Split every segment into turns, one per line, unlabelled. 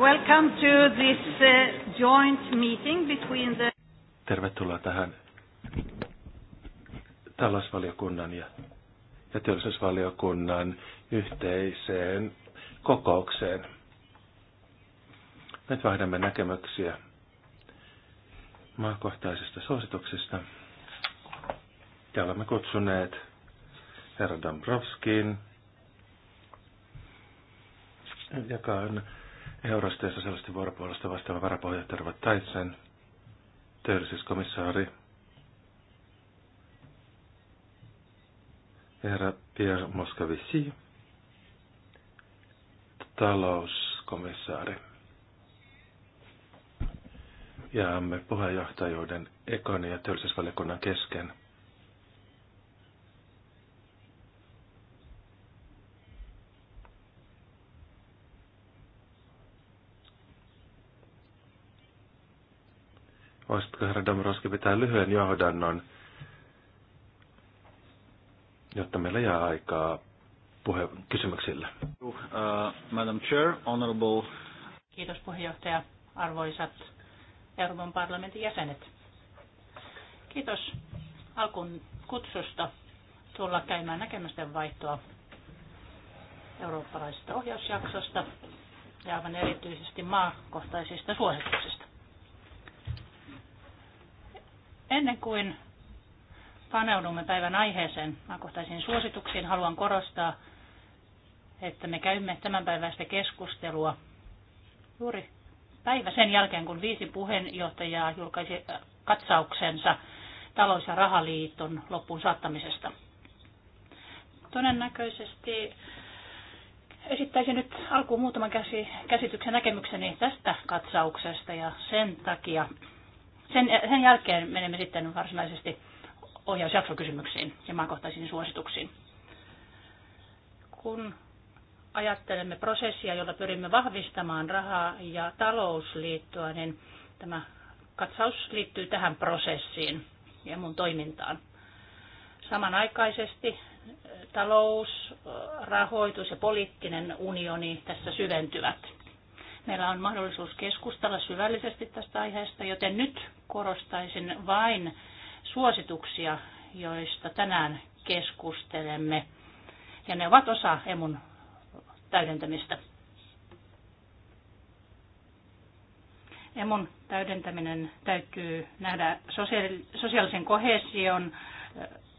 Welcome to this uh, joint meeting between the...
Tervetuloa tähän talousvaliokunnan ja, ja teollisuusvaliokunnan yhteiseen kokoukseen. Nyt vaihdamme näkemyksiä maakohtaisista suosituksista. Ja olemme kutsuneet herra Dombrovskin, joka on eurosta ja sosiaalisten vuoropuolesta vastaava varapuheenjohtaja Rova Taitsen, teollisuuskomissaari herra Pierre Moscovici, talouskomissaari. me puheenjohtajuuden Ekon ja teollisuusvaliokunnan kesken. Voisitko herra Domroski pitää lyhyen johdannon, jotta meillä jää aikaa puhe- kysymyksille? Uh, Madam Chair, honorable...
Kiitos puheenjohtaja, arvoisat Euroopan parlamentin jäsenet. Kiitos alkun kutsusta tulla käymään näkemysten vaihtoa eurooppalaisesta ohjausjaksosta ja aivan erityisesti maakohtaisista suosituksista. Ennen kuin paneudumme päivän aiheeseen, maakohtaisiin suosituksiin, haluan korostaa, että me käymme tämän päiväistä keskustelua juuri päivä sen jälkeen, kun viisi puheenjohtajaa julkaisi äh, katsauksensa talous- ja rahaliiton loppuun saattamisesta. Todennäköisesti esittäisin nyt alkuun muutaman käsityksen näkemykseni tästä katsauksesta ja sen takia sen, sen jälkeen menemme sitten varsinaisesti ohjausjaksokysymyksiin ja maakohtaisiin suosituksiin. Kun ajattelemme prosessia, jolla pyrimme vahvistamaan rahaa ja talousliittoa, niin tämä katsaus liittyy tähän prosessiin ja mun toimintaan. Samanaikaisesti talous, rahoitus ja poliittinen unioni tässä syventyvät. Meillä on mahdollisuus keskustella syvällisesti tästä aiheesta, joten nyt korostaisin vain suosituksia, joista tänään keskustelemme. Ja ne ovat osa emun täydentämistä. Emun täydentäminen täytyy nähdä sosiaalisen kohesion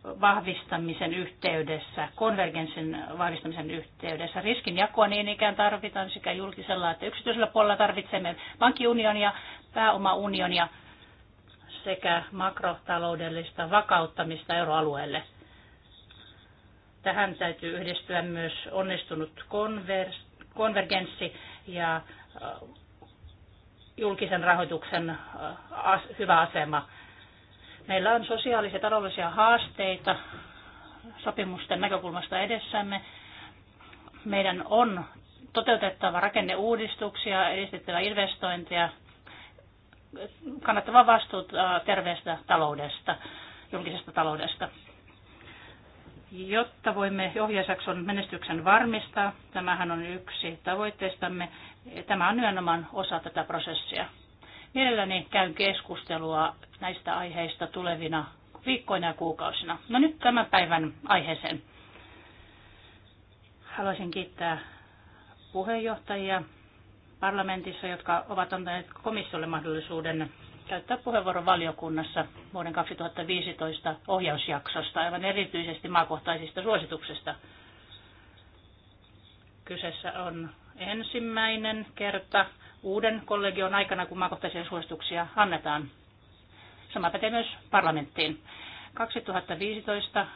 vahvistamisen yhteydessä, konvergenssin vahvistamisen yhteydessä. jakoa niin ikään tarvitaan sekä julkisella että yksityisellä puolella tarvitsemme pankkiunionia, pääomaunionia sekä makrotaloudellista vakauttamista euroalueelle. Tähän täytyy yhdistyä myös onnistunut konver- konvergenssi ja äh, julkisen rahoituksen äh, hyvä asema – Meillä on sosiaalisia ja taloudellisia haasteita sopimusten näkökulmasta edessämme. Meidän on toteutettava rakenneuudistuksia, edistettävä investointeja, kannattava vastuuta terveestä taloudesta, julkisesta taloudesta. Jotta voimme ohjausjakson menestyksen varmistaa, tämähän on yksi tavoitteistamme, tämä on nimenomaan osa tätä prosessia. Mielelläni käyn keskustelua näistä aiheista tulevina viikkoina ja kuukausina. No nyt tämän päivän aiheeseen. Haluaisin kiittää puheenjohtajia parlamentissa, jotka ovat antaneet komissiolle mahdollisuuden käyttää puheenvuoron valiokunnassa vuoden 2015 ohjausjaksosta, aivan erityisesti maakohtaisista suosituksista. Kyseessä on ensimmäinen kerta, uuden kollegion aikana, kun maakohtaisia suosituksia annetaan. Sama pätee myös parlamenttiin. 2015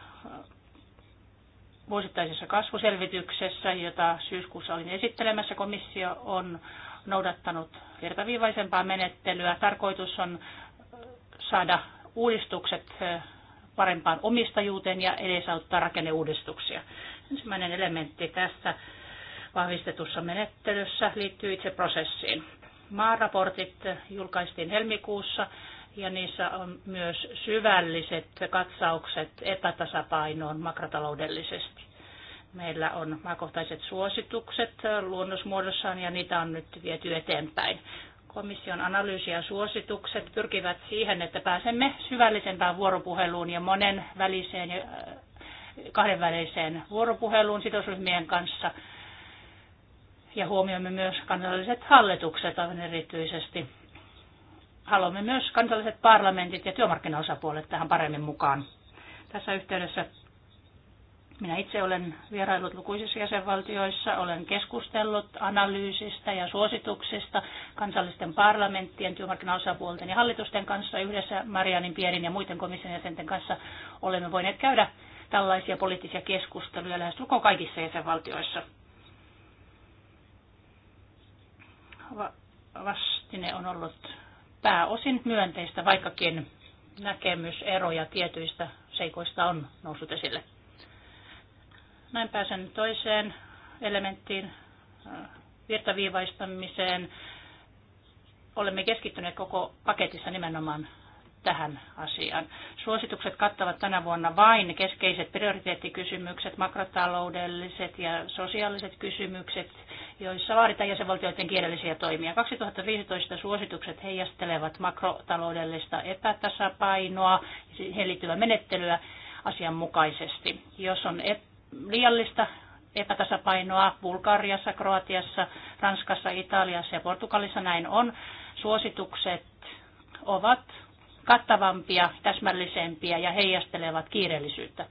vuosittaisessa kasvuselvityksessä, jota syyskuussa olin esittelemässä, komissio on noudattanut virtaviivaisempaa menettelyä. Tarkoitus on saada uudistukset parempaan omistajuuteen ja edesauttaa rakenneuudistuksia. Ensimmäinen elementti tässä vahvistetussa menettelyssä liittyy itse prosessiin. Maaraportit julkaistiin helmikuussa ja niissä on myös syvälliset katsaukset epätasapainoon makrotaloudellisesti. Meillä on maakohtaiset suositukset luonnosmuodossaan ja niitä on nyt viety eteenpäin. Komission analyysi ja suositukset pyrkivät siihen, että pääsemme syvällisempään vuoropuheluun ja monen väliseen ja äh, kahdenväliseen vuoropuheluun sidosryhmien kanssa – ja huomioimme myös kansalliset hallitukset aivan erityisesti. Haluamme myös kansalliset parlamentit ja työmarkkinaosapuolet tähän paremmin mukaan. Tässä yhteydessä minä itse olen vierailut lukuisissa jäsenvaltioissa, olen keskustellut analyysistä ja suosituksista kansallisten parlamenttien, työmarkkinaosapuolten ja hallitusten kanssa yhdessä Marianin Pierin ja muiden komission jäsenten kanssa olemme voineet käydä tällaisia poliittisia keskusteluja lähes kaikissa jäsenvaltioissa. vastine on ollut pääosin myönteistä, vaikkakin näkemyseroja tietyistä seikoista on noussut esille. Näin pääsen toiseen elementtiin, äh, virtaviivaistamiseen. Olemme keskittyneet koko paketissa nimenomaan tähän asiaan. Suositukset kattavat tänä vuonna vain keskeiset prioriteettikysymykset, makrotaloudelliset ja sosiaaliset kysymykset joissa vaaditaan jäsenvaltioiden kielellisiä toimia. 2015 suositukset heijastelevat makrotaloudellista epätasapainoa ja siihen liittyvää menettelyä asianmukaisesti. Jos on liiallista epätasapainoa Bulgariassa, Kroatiassa, Ranskassa, Italiassa ja Portugalissa näin on, suositukset ovat kattavampia, täsmällisempiä ja heijastelevat kiireellisyyttä.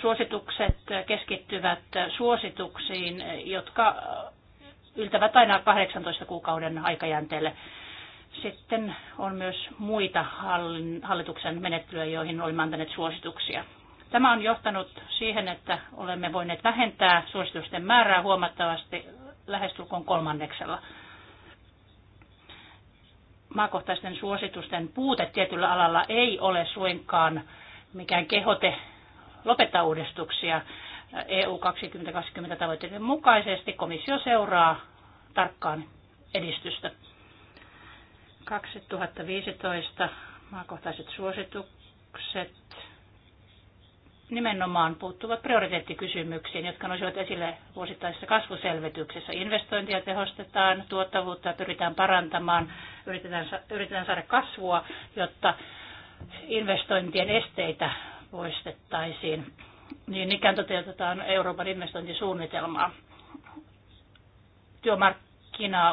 suositukset keskittyvät suosituksiin, jotka yltävät aina 18 kuukauden aikajänteelle. Sitten on myös muita hallituksen menettelyjä, joihin olemme antaneet suosituksia. Tämä on johtanut siihen, että olemme voineet vähentää suositusten määrää huomattavasti lähestulkoon kolmanneksella. Maakohtaisten suositusten puute tietyllä alalla ei ole suinkaan mikään kehote lopettaa uudistuksia EU 2020 tavoitteiden mukaisesti. Komissio seuraa tarkkaan edistystä. 2015 maakohtaiset suositukset nimenomaan puuttuvat prioriteettikysymyksiin, jotka nousivat esille vuosittaisessa kasvuselvityksessä. Investointia tehostetaan, tuottavuutta pyritään parantamaan, yritetään, yritetään saada kasvua, jotta investointien esteitä poistettaisiin. Niin ikään toteutetaan Euroopan investointisuunnitelmaa.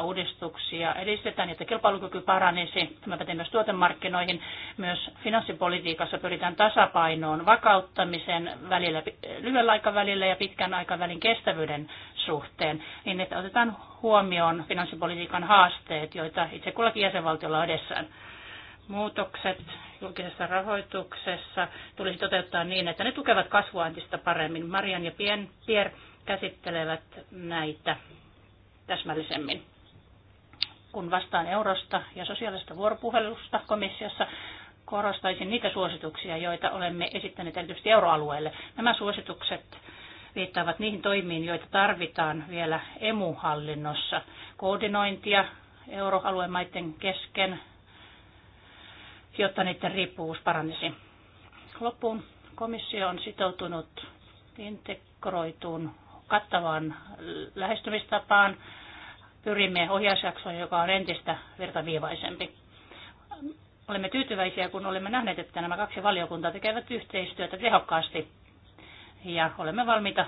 uudistuksia edistetään, jotta kilpailukyky paranisi. Tämä pätee myös tuotemarkkinoihin. Myös finanssipolitiikassa pyritään tasapainoon vakauttamisen välillä, lyhyellä aikavälillä ja pitkän aikavälin kestävyyden suhteen, niin että otetaan huomioon finanssipolitiikan haasteet, joita itse kullakin jäsenvaltiolla on edessään. Muutokset julkisessa rahoituksessa tulisi toteuttaa niin, että ne tukevat kasvua entistä paremmin. Marian ja Pierre käsittelevät näitä täsmällisemmin. Kun vastaan eurosta ja sosiaalista vuoropuhelusta komissiossa, korostaisin niitä suosituksia, joita olemme esittäneet erityisesti euroalueelle. Nämä suositukset viittaavat niihin toimiin, joita tarvitaan vielä emuhallinnossa. Koordinointia euroalueen maiden kesken, jotta niiden riippuvuus paranisi. Loppuun komissio on sitoutunut integroituun kattavaan lähestymistapaan. Pyrimme ohjausjaksoon, joka on entistä virtaviivaisempi. Olemme tyytyväisiä, kun olemme nähneet, että nämä kaksi valiokuntaa tekevät yhteistyötä tehokkaasti ja olemme valmiita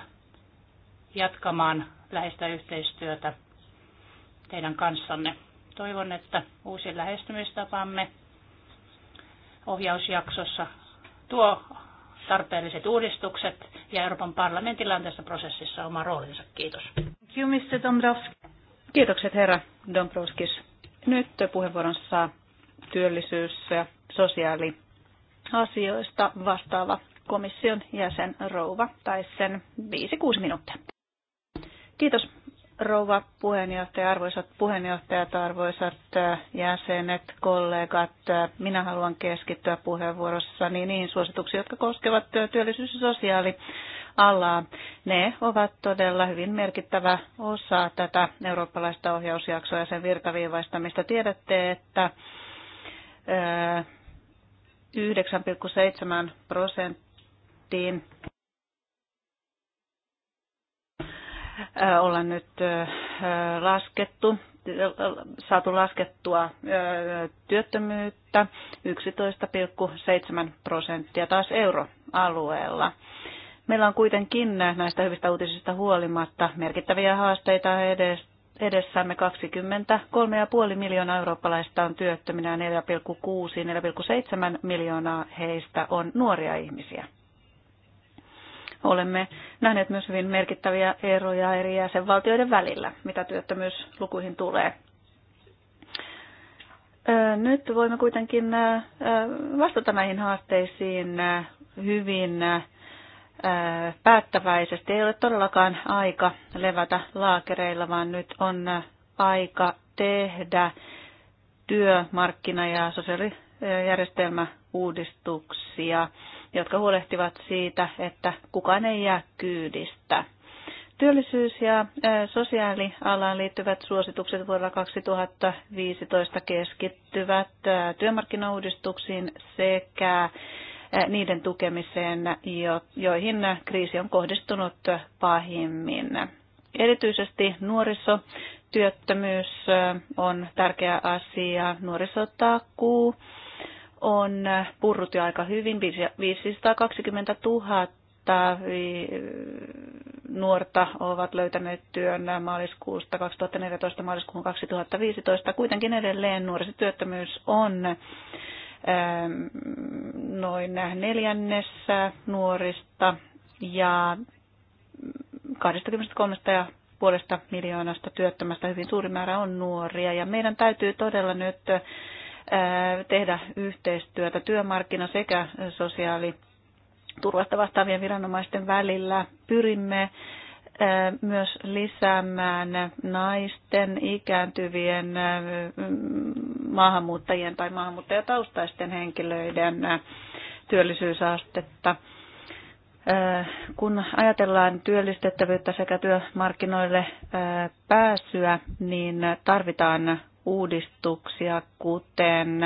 jatkamaan läheistä yhteistyötä teidän kanssanne. Toivon, että uusi lähestymistapamme ohjausjaksossa tuo tarpeelliset uudistukset ja Euroopan parlamentilla on tässä prosessissa oma roolinsa. Kiitos.
Kiitokset herra Dombrovskis. Nyt puheenvuoron saa työllisyys- ja sosiaaliasioista vastaava komission jäsen Rouva tai sen 5-6 minuuttia. Kiitos rouva puheenjohtaja, arvoisat puheenjohtajat, arvoisat äh, jäsenet, kollegat. Äh, minä haluan keskittyä puheenvuorossani niihin suosituksiin, jotka koskevat äh, työllisyys- ja sosiaalialaa. Ne ovat todella hyvin merkittävä osa tätä eurooppalaista ohjausjaksoa ja sen virtaviivaistamista. Tiedätte, että 9,7 prosenttiin olla nyt laskettu, saatu laskettua työttömyyttä 11,7 prosenttia taas euroalueella. Meillä on kuitenkin näistä hyvistä uutisista huolimatta merkittäviä haasteita edes edessämme 23,5 miljoonaa eurooppalaista on työttöminä ja 4,6-4,7 miljoonaa heistä on nuoria ihmisiä olemme nähneet myös hyvin merkittäviä eroja eri jäsenvaltioiden välillä, mitä työttömyyslukuihin tulee. Nyt voimme kuitenkin vastata näihin haasteisiin hyvin päättäväisesti. Ei ole todellakaan aika levätä laakereilla, vaan nyt on aika tehdä työmarkkina- ja sosiaalijärjestelmäuudistuksia. uudistuksia jotka huolehtivat siitä, että kukaan ei jää kyydistä. Työllisyys- ja sosiaalialaan liittyvät suositukset vuonna 2015 keskittyvät työmarkkinauudistuksiin sekä niiden tukemiseen, joihin kriisi on kohdistunut pahimmin. Erityisesti nuorisotyöttömyys on tärkeä asia. Nuorisotakuu on purrut jo aika hyvin, 520 000 nuorta ovat löytäneet työn maaliskuusta 2014 maaliskuun 2015. Kuitenkin edelleen nuorisotyöttömyys on ähm, noin neljännessä nuorista ja 23 ja puolesta miljoonasta työttömästä hyvin suuri määrä on nuoria ja meidän täytyy todella nyt tehdä yhteistyötä työmarkkina sekä sosiaali turvasta vastaavien viranomaisten välillä. Pyrimme myös lisäämään naisten, ikääntyvien maahanmuuttajien tai maahanmuuttajataustaisten henkilöiden työllisyysastetta. Kun ajatellaan työllistettävyyttä sekä työmarkkinoille pääsyä, niin tarvitaan uudistuksia, kuten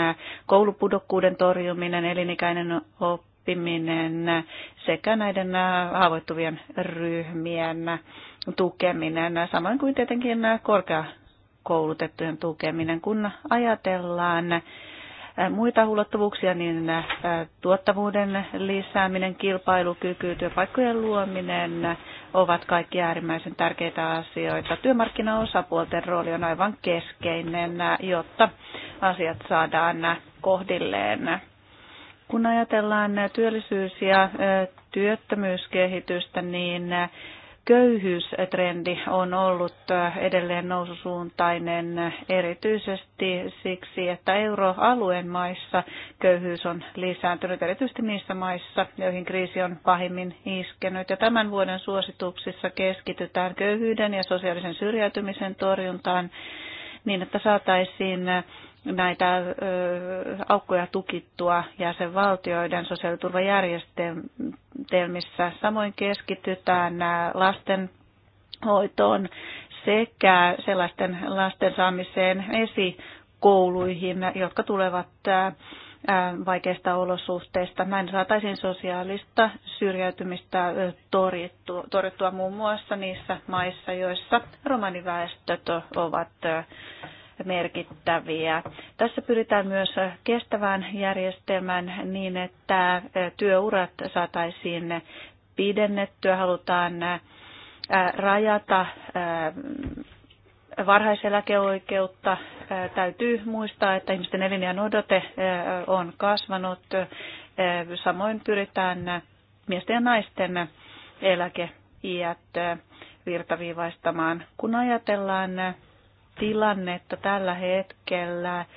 koulupudokkuuden torjuminen, elinikäinen oppiminen sekä näiden haavoittuvien ryhmien tukeminen, samoin kuin tietenkin korkeakoulutettujen tukeminen, kun ajatellaan muita ulottuvuuksia, niin tuottavuuden lisääminen, kilpailukyky, työpaikkojen luominen ovat kaikki äärimmäisen tärkeitä asioita. Työmarkkinaosapuolten rooli on aivan keskeinen, jotta asiat saadaan kohdilleen. Kun ajatellaan työllisyys- ja työttömyyskehitystä, niin Köyhyystrendi on ollut edelleen noususuuntainen erityisesti siksi, että euroalueen maissa köyhyys on lisääntynyt, erityisesti niissä maissa, joihin kriisi on pahimmin iskenyt. Ja tämän vuoden suosituksissa keskitytään köyhyyden ja sosiaalisen syrjäytymisen torjuntaan niin, että saataisiin näitä aukkoja tukittua jäsenvaltioiden sosiaaliturvajärjestelmissä. Samoin keskitytään lasten hoitoon sekä sellaisten lasten saamiseen esikouluihin, jotka tulevat vaikeista olosuhteista. Näin saataisiin sosiaalista syrjäytymistä torjuttua, torjuttua muun muassa niissä maissa, joissa romaniväestöt ovat merkittäviä. Tässä pyritään myös kestävään järjestelmään niin, että työurat saataisiin pidennettyä, halutaan rajata varhaiseläkeoikeutta. Täytyy muistaa, että ihmisten elinjään odote on kasvanut. Samoin pyritään miesten ja naisten eläkeiät virtaviivaistamaan. Kun ajatellaan tilannetta tällä hetkellä eh,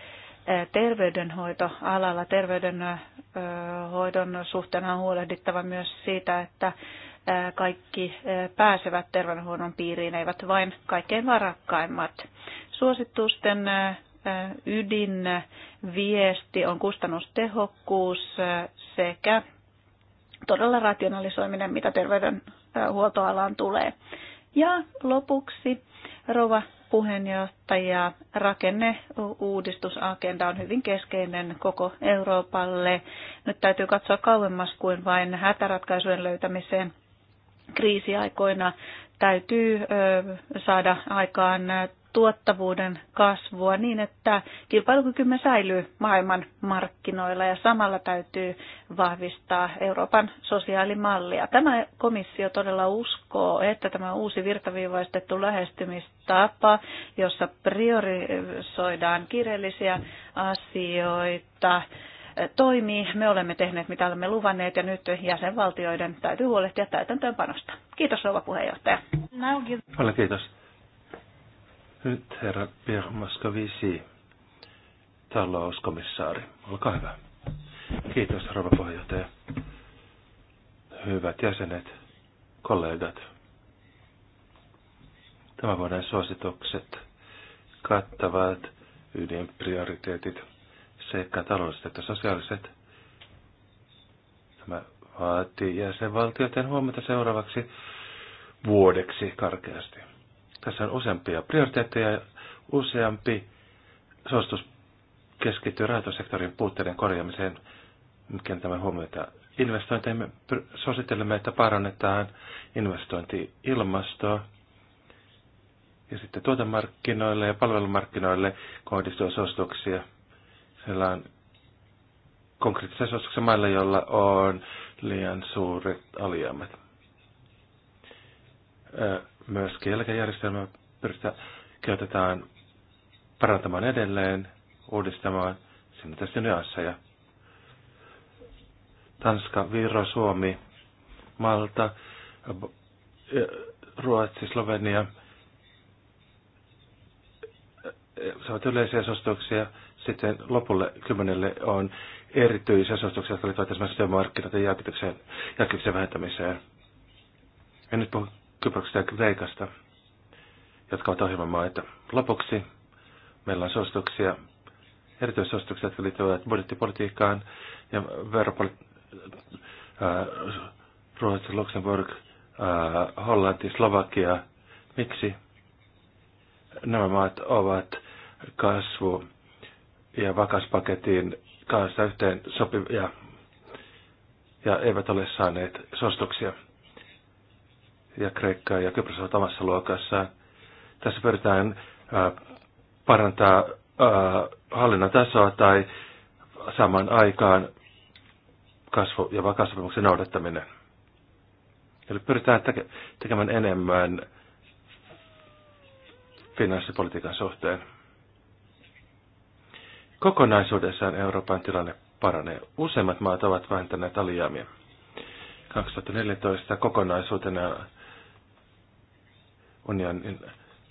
terveydenhoitoalalla. Terveydenhoidon suhteen on huolehdittava myös siitä, että eh, kaikki eh, pääsevät terveydenhuollon piiriin, eivät vain kaikkein varakkaimmat. Suositusten ydinviesti on kustannustehokkuus sekä todella rationalisoiminen, mitä terveydenhuoltoalaan tulee. Ja lopuksi Rova puheenjohtaja. Rakenneuudistusagenda on hyvin keskeinen koko Euroopalle. Nyt täytyy katsoa kauemmas kuin vain hätäratkaisujen löytämiseen kriisiaikoina. Täytyy saada aikaan tuottavuuden kasvua niin, että kilpailukykymme säilyy maailman markkinoilla ja samalla täytyy vahvistaa Euroopan sosiaalimallia. Tämä komissio todella uskoo, että tämä uusi virtaviivaistettu lähestymistapa, jossa priorisoidaan kirjallisia asioita, toimii. Me olemme tehneet, mitä olemme luvanneet, ja nyt jäsenvaltioiden täytyy huolehtia täytäntöönpanosta. Kiitos, rouva puheenjohtaja.
Paljon kiitos. Nyt herra Pierre Moscovici, talouskomissaari, olkaa hyvä. Kiitos, rouva puheenjohtaja. Hyvät jäsenet, kollegat. Tämän vuoden suositukset kattavat ydinprioriteetit sekä taloudelliset että sosiaaliset. Tämä vaatii jäsenvaltioiden huomata seuraavaksi vuodeksi karkeasti. Tässä on useampia prioriteetteja ja useampi suositus keskittyy rahoitussektorin puutteiden korjaamiseen, mikä tämä huomiota investointeja. Me suosittelemme, että parannetaan investointi-ilmastoa ja sitten tuotemarkkinoille ja palvelumarkkinoille kohdistuu suosituksia. Siellä on konkreettisia suosituksia mailla, joilla on liian suuret alijäämät myös eläkejärjestelmää käytetään parantamaan edelleen, uudistamaan sinne tässä Ja Tanska, Viro, Suomi, Malta, Ruotsi, Slovenia e, e, saavat yleisiä suosituksia. Sitten lopulle kymmenelle on erityisiä suosituksia, jotka liittyvät esimerkiksi työmarkkinoiden järkytyksen, vähentämiseen. En nyt puhu Kyproksesta ja Kreikasta, jotka ovat maita. Lopuksi meillä on suosituksia, erityissuosituksia, jotka liittyvät budjettipolitiikkaan ja veropolitiikkaan. Äh, Ruotsi, Luxemburg, äh, Hollanti, Slovakia. Miksi nämä maat ovat kasvu- ja vakauspaketin kanssa yhteen sopivia ja eivät ole saaneet suosituksia? ja Kreikka ja Kypros ovat omassa luokassaan. Tässä pyritään parantaa hallinnan tasoa tai saman aikaan kasvu- ja vakaussopimuksen noudattaminen. Eli pyritään teke- tekemään enemmän finanssipolitiikan suhteen. Kokonaisuudessaan Euroopan tilanne paranee. Useimmat maat ovat vähentäneet alijäämiä. 2014 kokonaisuutena unionin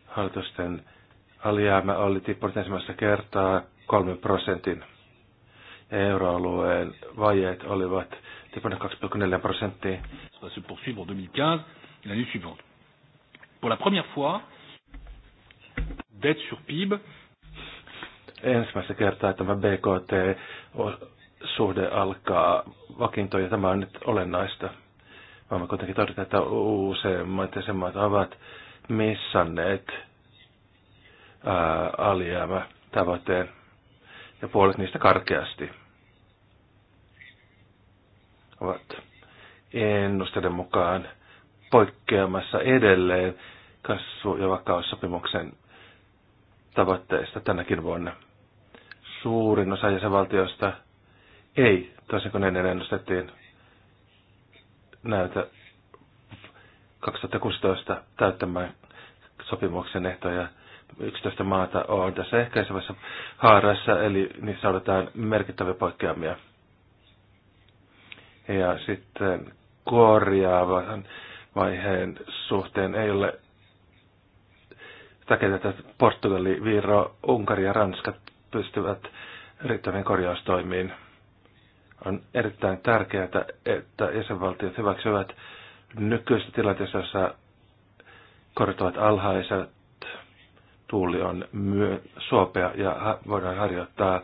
hallitusten alijäämä oli tippunut ensimmäistä kertaa kolmen prosentin. Euroalueen vajeet olivat tippunut 2,4 prosenttia. Se poursuivre 2015 l'année suivante. Pour la première fois, dette sur PIB. Ensimmäistä kertaa tämä BKT-suhde alkaa vakiintoja. Tämä on nyt olennaista. Voimme kuitenkin todeta, että useimmat jäsenmaat ovat missanneet ää, alijäämä tavoitteen ja puolet niistä karkeasti ovat ennusteiden mukaan poikkeamassa edelleen kasvu- ja vakaussopimuksen tavoitteista tänäkin vuonna. Suurin osa jäsenvaltioista ei, toisin kuin ennen ennustettiin, näytä 2016 täyttämään sopimuksen ehtoja. 11 maata on tässä ehkäisevässä haarassa, eli niissä odotetaan merkittäviä poikkeamia. Ja sitten korjaavan vaiheen suhteen ei ole takia, että Portugali, Viro, Unkari ja Ranska pystyvät riittäviin korjaustoimiin. On erittäin tärkeää, että jäsenvaltiot hyväksyvät nykyisessä tilanteessa, jossa korot ovat alhaiset, tuuli on myö, suopea ja ha, voidaan harjoittaa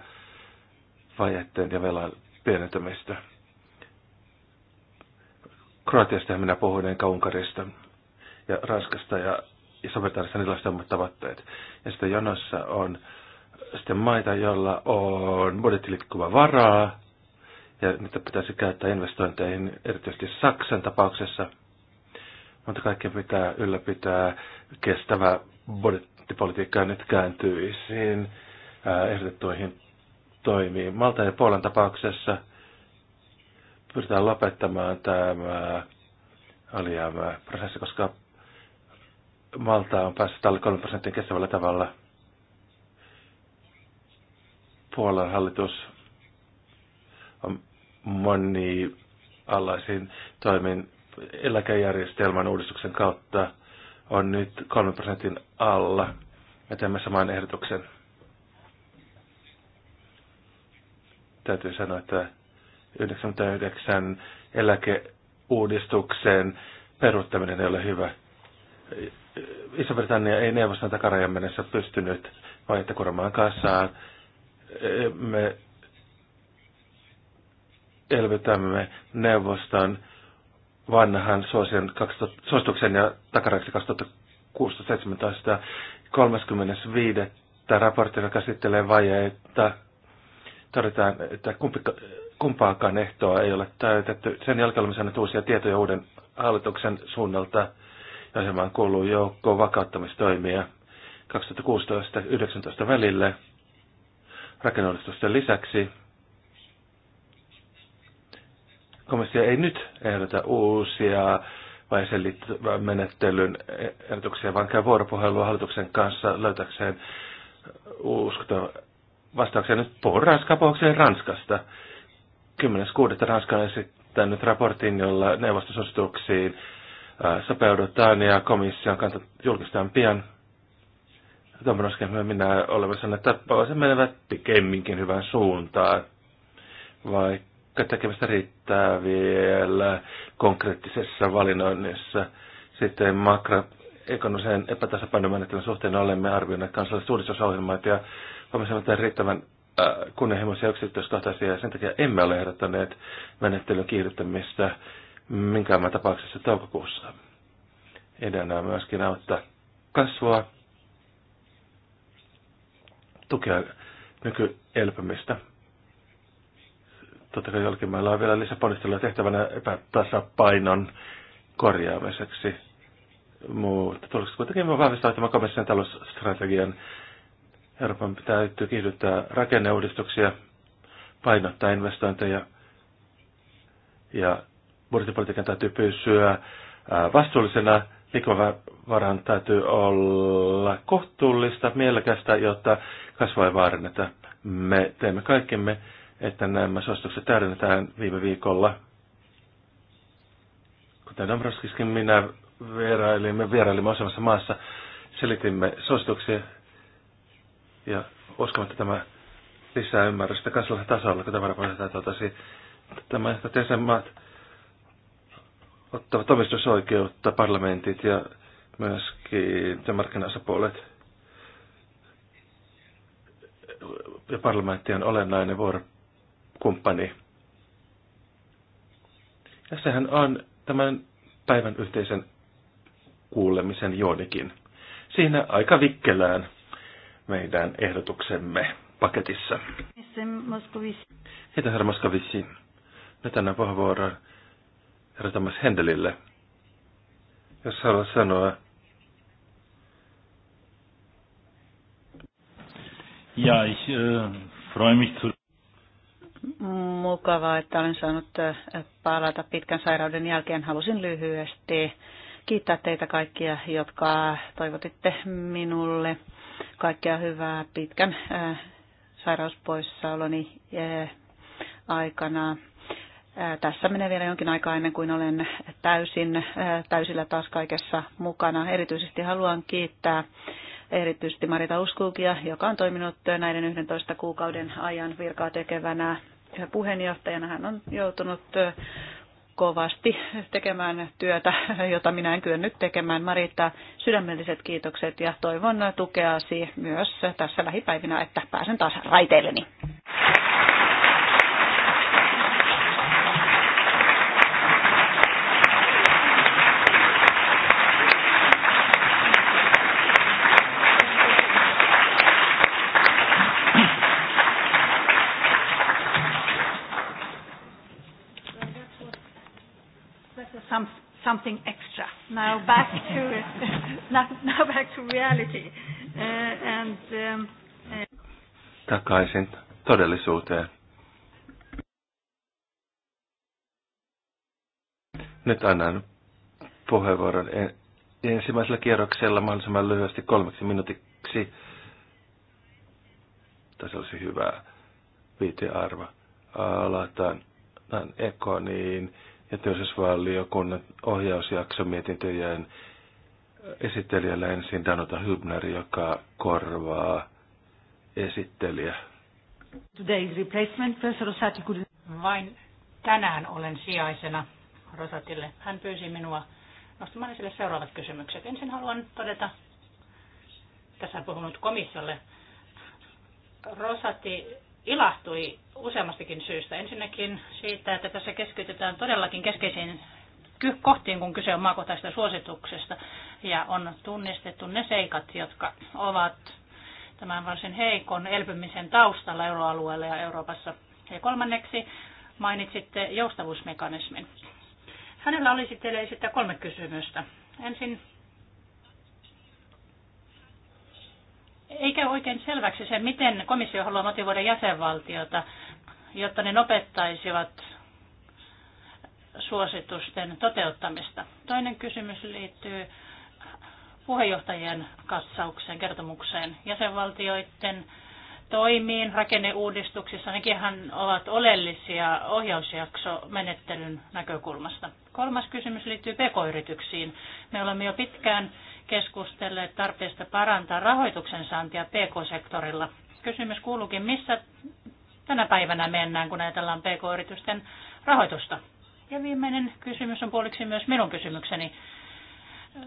vajetteen ja velan pienentämistä. Kroatiasta minä puhuin, enkä Unkarista ja Ranskasta ja Iso-Britanniasta niillä on tavoitteet. Ja sitten jonossa on sitten maita, joilla on budjettilikkuva varaa, ja niitä pitäisi käyttää investointeihin, erityisesti Saksan tapauksessa. Mutta kaikkea pitää ylläpitää kestävä budjettipolitiikka nyt kääntyisiin ehdotettuihin toimiin. Malta ja Puolan tapauksessa pyritään lopettamaan tämä alijäämäprosessi, koska Malta on päässyt alle 3 prosentin kestävällä tavalla. Puolan hallitus on monialaisiin toimin eläkejärjestelmän uudistuksen kautta on nyt 3 prosentin alla. Me teemme saman ehdotuksen. Täytyy sanoa, että 99 eläkeuudistuksen peruuttaminen ei ole hyvä. Iso-Britannia ei neuvoston takarajan mennessä pystynyt vaihtokurmaan kassaan. Me elvytämme neuvoston vanhan suosion 2000, suosituksen ja takaraksi 2016-2017 35. raportilla käsittelee vajeita. Todetaan, että kumpi, kumpaakaan ehtoa ei ole täytetty. Sen jälkeen olemme saaneet uusia tietoja uuden hallituksen suunnalta. Asemaan kuuluu joukko vakauttamistoimia 2016-2019 välille rakennuudistusten lisäksi komissio ei nyt ehdota uusia vai sen liittyvän menettelyn ehdotuksia, vaan käy vuoropuhelua hallituksen kanssa löytäkseen uskottavan vastauksen. Nyt puhun Ranskapaukseen Ranskasta. 10.6. Ranska on esittänyt raportin, jolla neuvostosuosituksiin äh, sopeudutaan ja komission kanta julkistetaan pian. Tomroskin minä olemme sanoneet, että menevät pikemminkin hyvään suuntaan, vaikka tekemistä riittää vielä konkreettisessa valinnoinnissa. Sitten makroekonomisen epätasapainomenettelyn suhteen olemme arvioineet kansalliset uudistusohjelmat ja huomasimme riittävän äh, kunnianhimoisia yksityiskohtaisia ja sen takia emme ole ehdottaneet menettelyn kiihdyttämistä minkään tapauksessa toukokuussa. Ideana on myöskin auttaa kasvua, tukea nykyelpymistä Totta kai jollakin on vielä lisäponnisteluja tehtävänä epätasapainon korjaamiseksi. Mutta tulisi kuitenkin vahvistaa tämän komission talousstrategian. Euroopan täytyy kiihdyttää rakenneuudistuksia, painottaa investointeja ja budjettipolitiikan täytyy pysyä vastuullisena. Liikkumavaran täytyy olla kohtuullista, mielekästä, jotta kasvaa ei vaaranneta. Me teemme kaikkemme, että nämä suositukset täydennetään viime viikolla. Kuten Dombrovskiskin minä vierailimme, vierailimme osaamassa maassa, selitimme suosituksia ja uskon, että tämä lisää ymmärrystä kansallisella tasolla, kun tavarapuolella tosi. tämä, että jäsenmaat ottavat omistusoikeutta parlamentit ja myöskin työmarkkinaosapuolet. Ja parlamentti on olennainen vuoro kumppani. Ja sehän on tämän päivän yhteisen kuulemisen joonikin. Siinä aika vikkelään meidän ehdotuksemme paketissa. Heitä herra Moskovissi. Nyt annan puheenvuoron herra Thomas Hendelille. Jos haluat sanoa Ja, ich äh, freue mich zu
mukavaa, että olen saanut äh, palata pitkän sairauden jälkeen. Halusin lyhyesti kiittää teitä kaikkia, jotka toivotitte minulle kaikkea hyvää pitkän äh, sairauspoissaoloni äh, aikana. Tässä menee vielä jonkin aikaa ennen kuin olen täysin, täysillä taas kaikessa mukana. Erityisesti haluan kiittää erityisesti Marita Uskuukia, joka on toiminut näiden 11 kuukauden ajan virkaa tekevänä puheenjohtajana. Hän on joutunut kovasti tekemään työtä, jota minä en kyennyt tekemään. Marita, sydämelliset kiitokset ja toivon tukeasi myös tässä lähipäivinä, että pääsen taas raiteilleni. something extra. Now back
to now,
back to reality. Uh, um, uh,
Takaisin todellisuuteen. Nyt annan puheenvuoron ensimmäisellä kierroksella mahdollisimman lyhyesti kolmeksi minuutiksi. Tässä olisi hyvä viitearvo. Aloitan Ekoniin ja liian ohjausjakso mietintöjen esittelijällä ensin Danuta Hübner, joka korvaa esittelijä.
Today's replacement, Professor Rosati, could...
Vain tänään olen sijaisena Rosatille. Hän pyysi minua nostamaan esille seuraavat kysymykset. Ensin haluan todeta, tässä puhunut komissiolle, Rosati ilahtui useammastakin syystä. Ensinnäkin siitä, että tässä keskitytään todellakin keskeisiin kohtiin, kun kyse on maakohtaisesta suosituksesta, ja on tunnistettu ne seikat, jotka ovat tämän varsin heikon elpymisen taustalla euroalueella ja Euroopassa. Ja kolmanneksi mainitsitte joustavuusmekanismin. Hänellä olisi teille esittää kolme kysymystä. Ensin ei käy oikein selväksi se, miten komissio haluaa motivoida jäsenvaltiota, jotta ne nopeuttaisivat suositusten toteuttamista. Toinen kysymys liittyy puheenjohtajien katsaukseen, kertomukseen, jäsenvaltioiden toimiin rakenneuudistuksissa. Nekinhan ovat oleellisia ohjausjakso menettelyn näkökulmasta. Kolmas kysymys liittyy pk-yrityksiin. Me olemme jo pitkään keskustelleet tarpeesta parantaa rahoituksen saantia PK-sektorilla. Kysymys kuuluukin, missä tänä päivänä mennään, kun ajatellaan PK-yritysten rahoitusta? Ja viimeinen kysymys on puoliksi myös minun kysymykseni.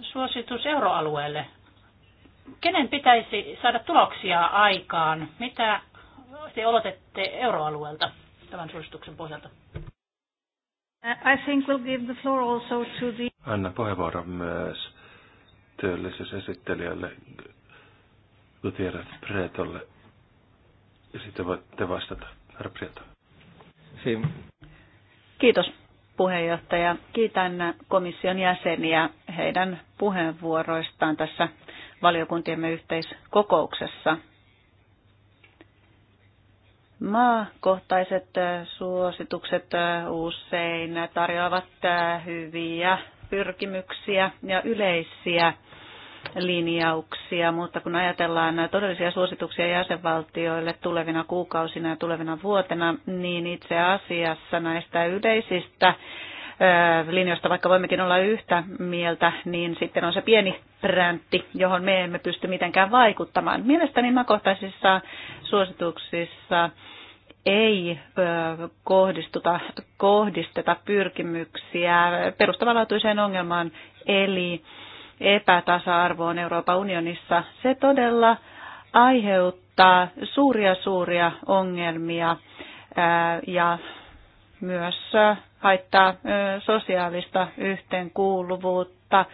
Suositus euroalueelle. Kenen pitäisi saada tuloksia aikaan? Mitä te olotette euroalueelta tämän suosituksen pohjalta? I think we'll give the floor also to the...
Anna puheenvuoron myös työllisyysesittelijälle Gutierrez Pretolle. Ja sitten voitte vastata, herra Siin.
Kiitos puheenjohtaja. Kiitän komission jäseniä heidän puheenvuoroistaan tässä valiokuntiemme yhteiskokouksessa. Maakohtaiset suositukset usein tarjoavat hyviä pyrkimyksiä ja yleisiä linjauksia, mutta kun ajatellaan todellisia suosituksia jäsenvaltioille tulevina kuukausina ja tulevina vuotena, niin itse asiassa näistä yleisistä linjoista, vaikka voimmekin olla yhtä mieltä, niin sitten on se pieni präntti, johon me emme pysty mitenkään vaikuttamaan. Mielestäni makohtaisissa suosituksissa ei kohdistuta, kohdisteta pyrkimyksiä perustavanlaatuiseen ongelmaan, eli epätasa-arvoon Euroopan unionissa, se todella aiheuttaa suuria suuria ongelmia ja myös haittaa sosiaalista yhteenkuuluvuutta,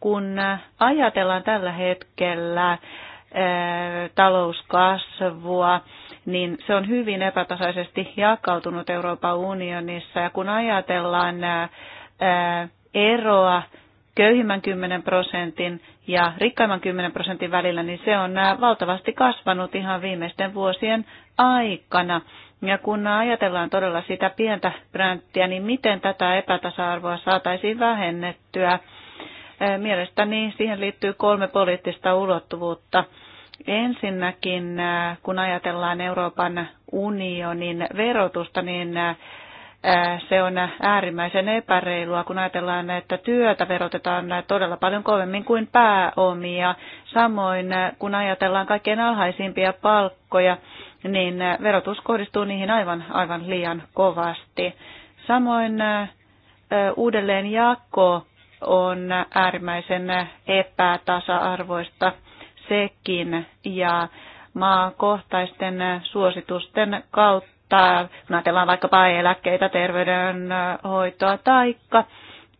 kun ajatellaan tällä hetkellä talouskasvua, niin se on hyvin epätasaisesti jakautunut Euroopan unionissa. Ja kun ajatellaan eroa köyhimmän 10 prosentin ja rikkaimman 10 prosentin välillä, niin se on valtavasti kasvanut ihan viimeisten vuosien aikana. Ja kun ajatellaan todella sitä pientä bränttiä, niin miten tätä epätasa-arvoa saataisiin vähennettyä? Mielestäni siihen liittyy kolme poliittista ulottuvuutta. Ensinnäkin, kun ajatellaan Euroopan unionin verotusta, niin se on äärimmäisen epäreilua, kun ajatellaan, että työtä verotetaan todella paljon kovemmin kuin pääomia. Samoin kun ajatellaan kaikkein alhaisimpia palkkoja, niin verotus kohdistuu niihin aivan, aivan liian kovasti. Samoin uudelleenjako on äärimmäisen epätasa-arvoista sekin ja maakohtaisten suositusten kautta mutta kun ajatellaan vaikkapa eläkkeitä, terveydenhoitoa tai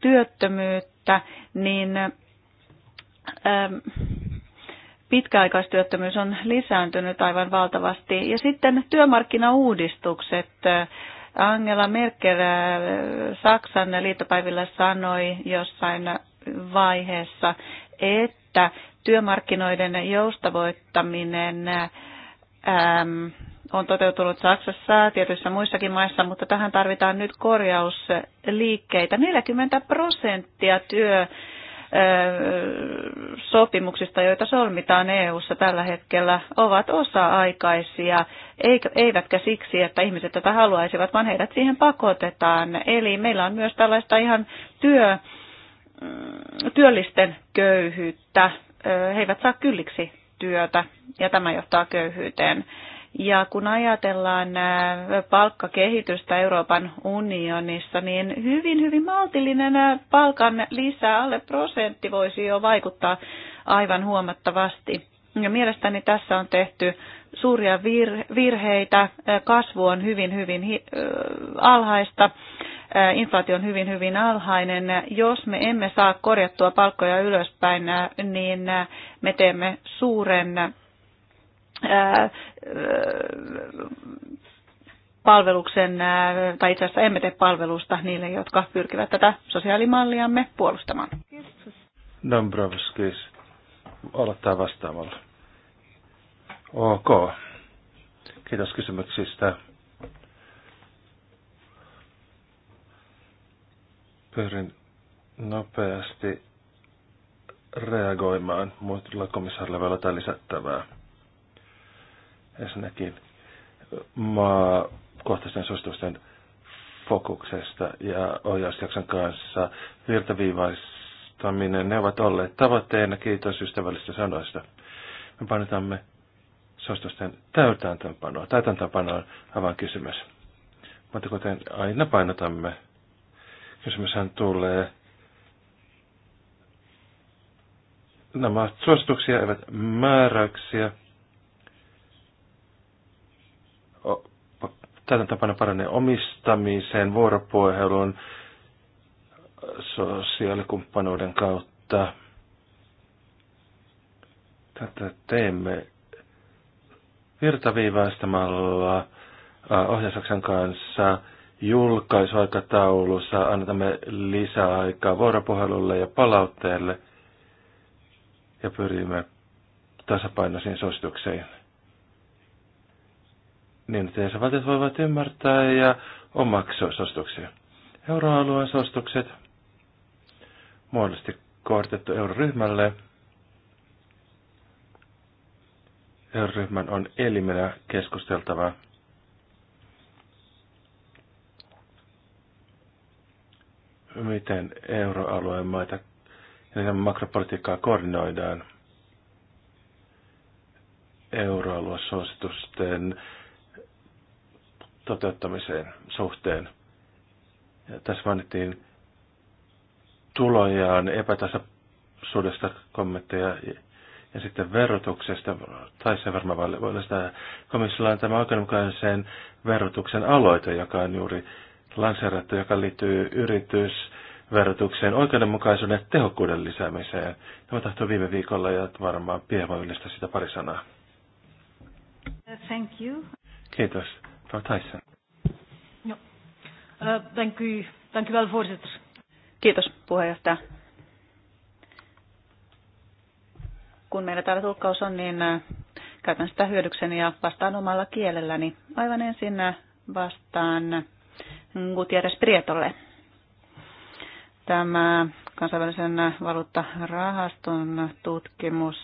työttömyyttä, niin ähm, pitkäaikaistyöttömyys on lisääntynyt aivan valtavasti. Ja sitten työmarkkinauudistukset. Angela Merkel äh, Saksan liittopäivillä sanoi jossain vaiheessa, että työmarkkinoiden joustavoittaminen äm, on toteutunut Saksassa, tietyissä muissakin maissa, mutta tähän tarvitaan nyt korjausliikkeitä. 40 prosenttia työ sopimuksista, joita solmitaan EU:ssa tällä hetkellä, ovat osa-aikaisia, eivätkä siksi, että ihmiset tätä haluaisivat, vaan heidät siihen pakotetaan. Eli meillä on myös tällaista ihan työ, mm, työllisten köyhyyttä. He eivät saa kylliksi työtä ja tämä johtaa köyhyyteen. Ja kun ajatellaan äh, palkkakehitystä Euroopan unionissa, niin hyvin, hyvin maltillinen äh, palkan lisää alle prosentti voisi jo vaikuttaa aivan huomattavasti. Ja mielestäni tässä on tehty suuria virheitä, äh, kasvu on hyvin, hyvin alhaista, inflaatio on hyvin, hyvin alhainen. Jos me emme saa korjattua palkkoja ylöspäin, niin me teemme suuren palveluksen, tai itse asiassa emme tee palvelusta niille, jotka pyrkivät tätä sosiaalimalliamme puolustamaan.
Dombrovskis aloittaa vastaamalla. Ok. Kiitos kysymyksistä. Pyrin nopeasti reagoimaan muilla komissaarilla vielä lisättävää ensinnäkin maakohtaisten suositusten fokuksesta ja ohjausjakson kanssa virtaviivaistaminen. Ne ovat olleet tavoitteena, kiitos ystävällisistä sanoista. Me painotamme suositusten täytäntöönpanoa. Täytäntöönpano on aivan kysymys. Mutta kuten aina painotamme, kysymyshän tulee nämä suosituksia eivät määräyksiä. tämän tapana paranee omistamiseen, vuoropuheluun, sosiaalikumppanuuden kautta. Tätä teemme virtaviivaistamalla ohjausaksen kanssa julkaisuaikataulussa. Annamme lisää aikaa vuoropuhelulle ja palautteelle ja pyrimme tasapainoisiin suosituksiin niin, että jäsenvaltiot voivat ymmärtää ja omaksua suosituksia. Euroalueen suositukset muodollisesti kohdettu euroryhmälle. Euroryhmän on elimenä keskusteltava miten euroalueen maita ja niiden makropolitiikkaa koordinoidaan suositusten toteuttamiseen suhteen. Ja tässä mainittiin tulojaan epätasaisuudesta kommentteja ja sitten verotuksesta, tai se varmaan sitä Komissiolla on tämä oikeudenmukaisen verotuksen aloite, joka on juuri lanseerattu, joka liittyy yritysverotukseen, oikeudenmukaisuuden ja tehokkuuden lisäämiseen. Tämä tahtoi viime viikolla ja varmaan voi sitä pari sanaa. Thank you. Kiitos. Thijssen.
Ja. Uh, dank, u. dank u wel, voorzitter. Kiitos puheenjohtaja. Kun meillä täällä tulkkaus on, niin eh, käytän sitä hyödykseni ja vastaan omalla kielelläni. Aivan ensin eh, vastaan Gutierrez Prietolle. Tämä kansainvälisen valuuttarahaston tutkimus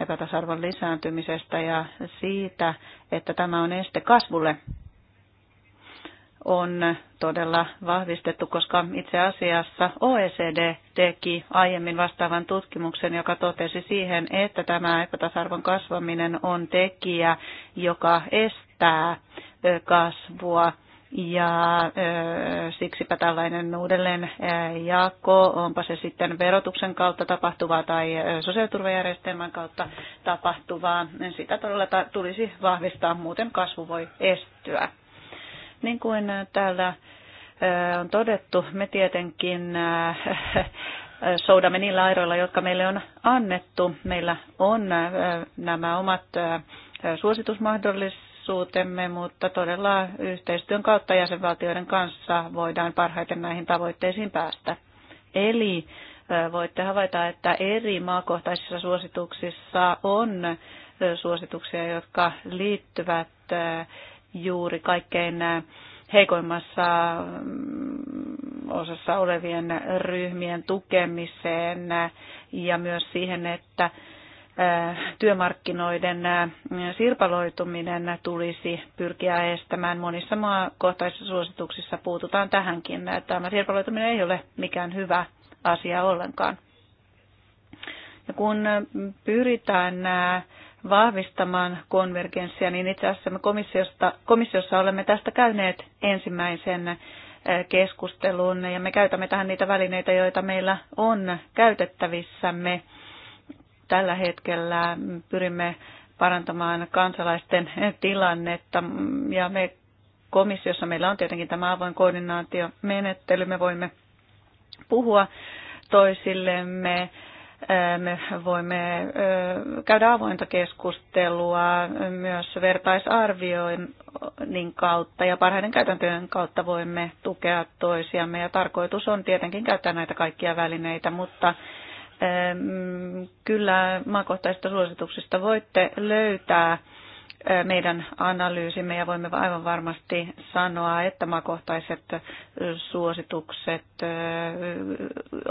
epätasarvon lisääntymisestä ja siitä, että tämä on este kasvulle on todella vahvistettu, koska itse asiassa OECD teki aiemmin vastaavan tutkimuksen, joka totesi siihen, että tämä epätasarvon kasvaminen on tekijä, joka estää kasvua. Ja siksipä tällainen uudelleen jako, onpa se sitten verotuksen kautta tapahtuvaa tai sosiaaliturvajärjestelmän kautta tapahtuvaa, sitä todella tulisi vahvistaa, muuten kasvu voi estyä. Niin kuin täällä on todettu, me tietenkin soudamme niillä airoilla, jotka meille on annettu. Meillä on nämä omat suositusmahdollisuutemme, mutta todella yhteistyön kautta jäsenvaltioiden kanssa voidaan parhaiten näihin tavoitteisiin päästä. Eli voitte havaita, että eri maakohtaisissa suosituksissa on suosituksia, jotka liittyvät juuri kaikkein äh, heikoimmassa mm, osassa olevien ryhmien tukemiseen äh, ja myös siihen, että äh, työmarkkinoiden sirpaloituminen tulisi pyrkiä estämään. Monissa maakohtaisissa suosituksissa puututaan tähänkin. Tämä sirpaloituminen ei ole mikään hyvä asia ollenkaan. Ja kun pyritään vahvistamaan konvergenssia, niin itse asiassa me komissiosta, komissiossa olemme tästä käyneet ensimmäisen eh, keskustelun ja me käytämme tähän niitä välineitä, joita meillä on käytettävissämme. Tällä hetkellä pyrimme parantamaan kansalaisten tilannetta ja me komissiossa meillä on tietenkin tämä avoin koordinaatiomenettely, me voimme puhua toisillemme me voimme käydä avointa keskustelua myös vertaisarvioinnin kautta ja parhaiden käytäntöjen kautta voimme tukea toisiamme. Ja tarkoitus on tietenkin käyttää näitä kaikkia välineitä, mutta kyllä maakohtaisista suosituksista voitte löytää meidän analyysimme ja voimme aivan varmasti sanoa, että maakohtaiset suositukset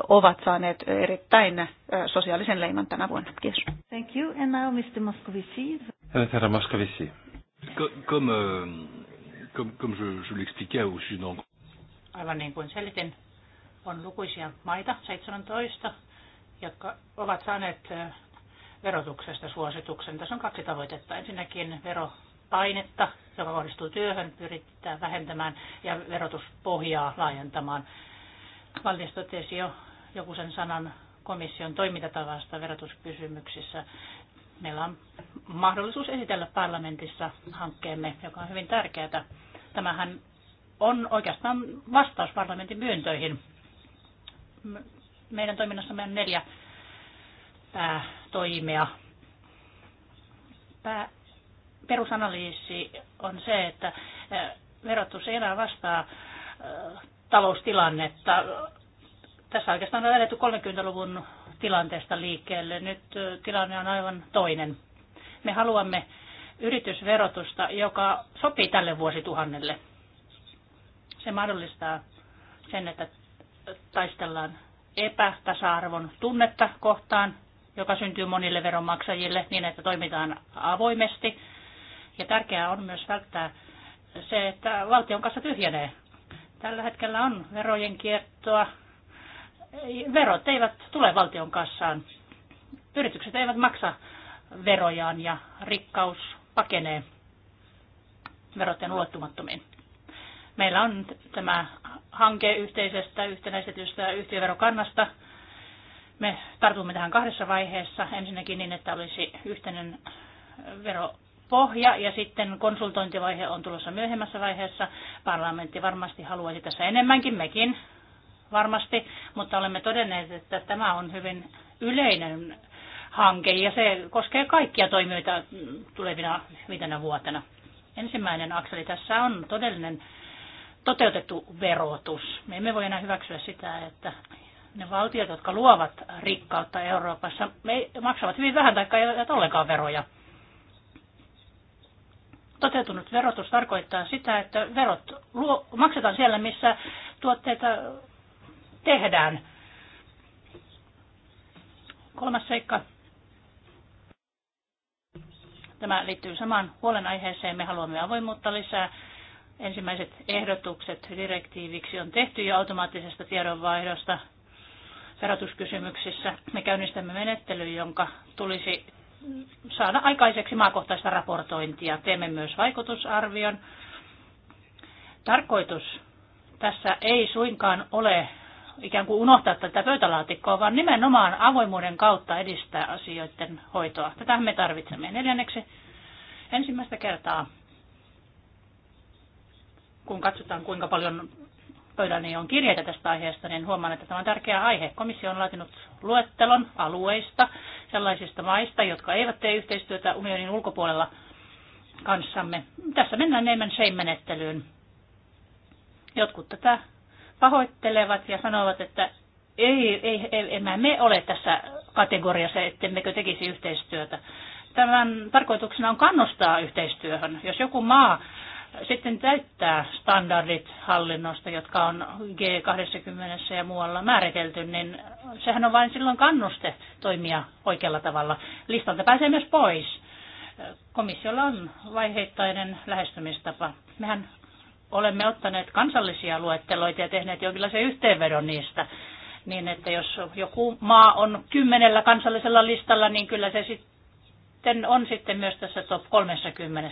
ovat saaneet erittäin sosiaalisen leiman tänä vuonna. Kiitos. Thank you. And now Mr. Moscovici. Herra
euh, Moscovici. Comme, euh, comme, comme je, je l'expliquais au Sudan.
Aivan niin kuin selitin, on lukuisia maita, 17, jotka ovat saaneet verotuksesta suosituksen. Tässä on kaksi tavoitetta. Ensinnäkin veropainetta, joka kohdistuu työhön, pyritään vähentämään ja verotuspohjaa laajentamaan. Vallis totesi jo joku sen sanan komission toimintatavasta verotuskysymyksissä. Meillä on mahdollisuus esitellä parlamentissa hankkeemme, joka on hyvin tärkeää. Tämähän on oikeastaan vastaus parlamentin pyyntöihin. Meidän toiminnassamme on neljä pää toimia. Pää, perusanalyysi on se, että verotus ei enää vastaa taloustilannetta. Tässä oikeastaan on edetty 30-luvun tilanteesta liikkeelle. Nyt tilanne on aivan toinen. Me haluamme yritysverotusta, joka sopii tälle vuosituhannelle. Se mahdollistaa sen, että taistellaan epätasa-arvon tunnetta kohtaan joka syntyy monille veronmaksajille niin, että toimitaan avoimesti. Ja tärkeää on myös välttää se, että valtion kanssa tyhjenee. Tällä hetkellä on verojen kiertoa. Verot eivät tule valtion kassaan. Yritykset eivät maksa verojaan ja rikkaus pakenee verotten ulottumattomiin. Meillä on tämä hanke yhteisestä yhtenäistetystä yhtiöverokannasta – me tartumme tähän kahdessa vaiheessa. Ensinnäkin niin, että olisi yhteinen veropohja ja sitten konsultointivaihe on tulossa myöhemmässä vaiheessa. Parlamentti varmasti haluaisi tässä enemmänkin, mekin varmasti, mutta olemme todenneet, että tämä on hyvin yleinen hanke ja se koskee kaikkia toimijoita tulevina viitenä vuotena. Ensimmäinen akseli tässä on todellinen toteutettu verotus. Me emme voi enää hyväksyä sitä, että ne valtiot, jotka luovat rikkautta Euroopassa, maksavat hyvin vähän tai eivät ollenkaan veroja. Toteutunut verotus tarkoittaa sitä, että verot luo, maksetaan siellä, missä tuotteita tehdään. Kolmas seikka. Tämä liittyy samaan huolenaiheeseen. Me haluamme avoimuutta lisää ensimmäiset ehdotukset direktiiviksi on tehty jo automaattisesta tiedonvaihdosta verotuskysymyksissä. Me käynnistämme menettelyn, jonka tulisi saada aikaiseksi maakohtaista raportointia. Teemme myös vaikutusarvion. Tarkoitus tässä ei suinkaan ole ikään kuin unohtaa tätä pöytälaatikkoa, vaan nimenomaan avoimuuden kautta edistää asioiden hoitoa. Tätä me tarvitsemme. Neljänneksi ensimmäistä kertaa, kun katsotaan kuinka paljon pöydälleni on kirjeitä tästä aiheesta, niin huomaan, että tämä on tärkeä aihe. Komissio on laatinut luettelon alueista, sellaisista maista, jotka eivät tee yhteistyötä unionin ulkopuolella kanssamme. Tässä mennään enemmän shame-menettelyyn. Jotkut tätä pahoittelevat ja sanovat, että ei, ei, ei, emme me ole tässä kategoriassa, ettemmekö tekisi yhteistyötä. Tämän tarkoituksena on kannustaa yhteistyöhön. Jos joku maa sitten täyttää standardit hallinnosta, jotka on G20 ja muualla määritelty, niin sehän on vain silloin kannuste toimia oikealla tavalla. Listalta pääsee myös pois. Komissiolla on vaiheittainen lähestymistapa. Mehän olemme ottaneet kansallisia luetteloita ja tehneet jonkinlaisen yhteenvedon niistä niin että jos joku maa on kymmenellä kansallisella listalla, niin kyllä se sitten on sitten myös tässä top 30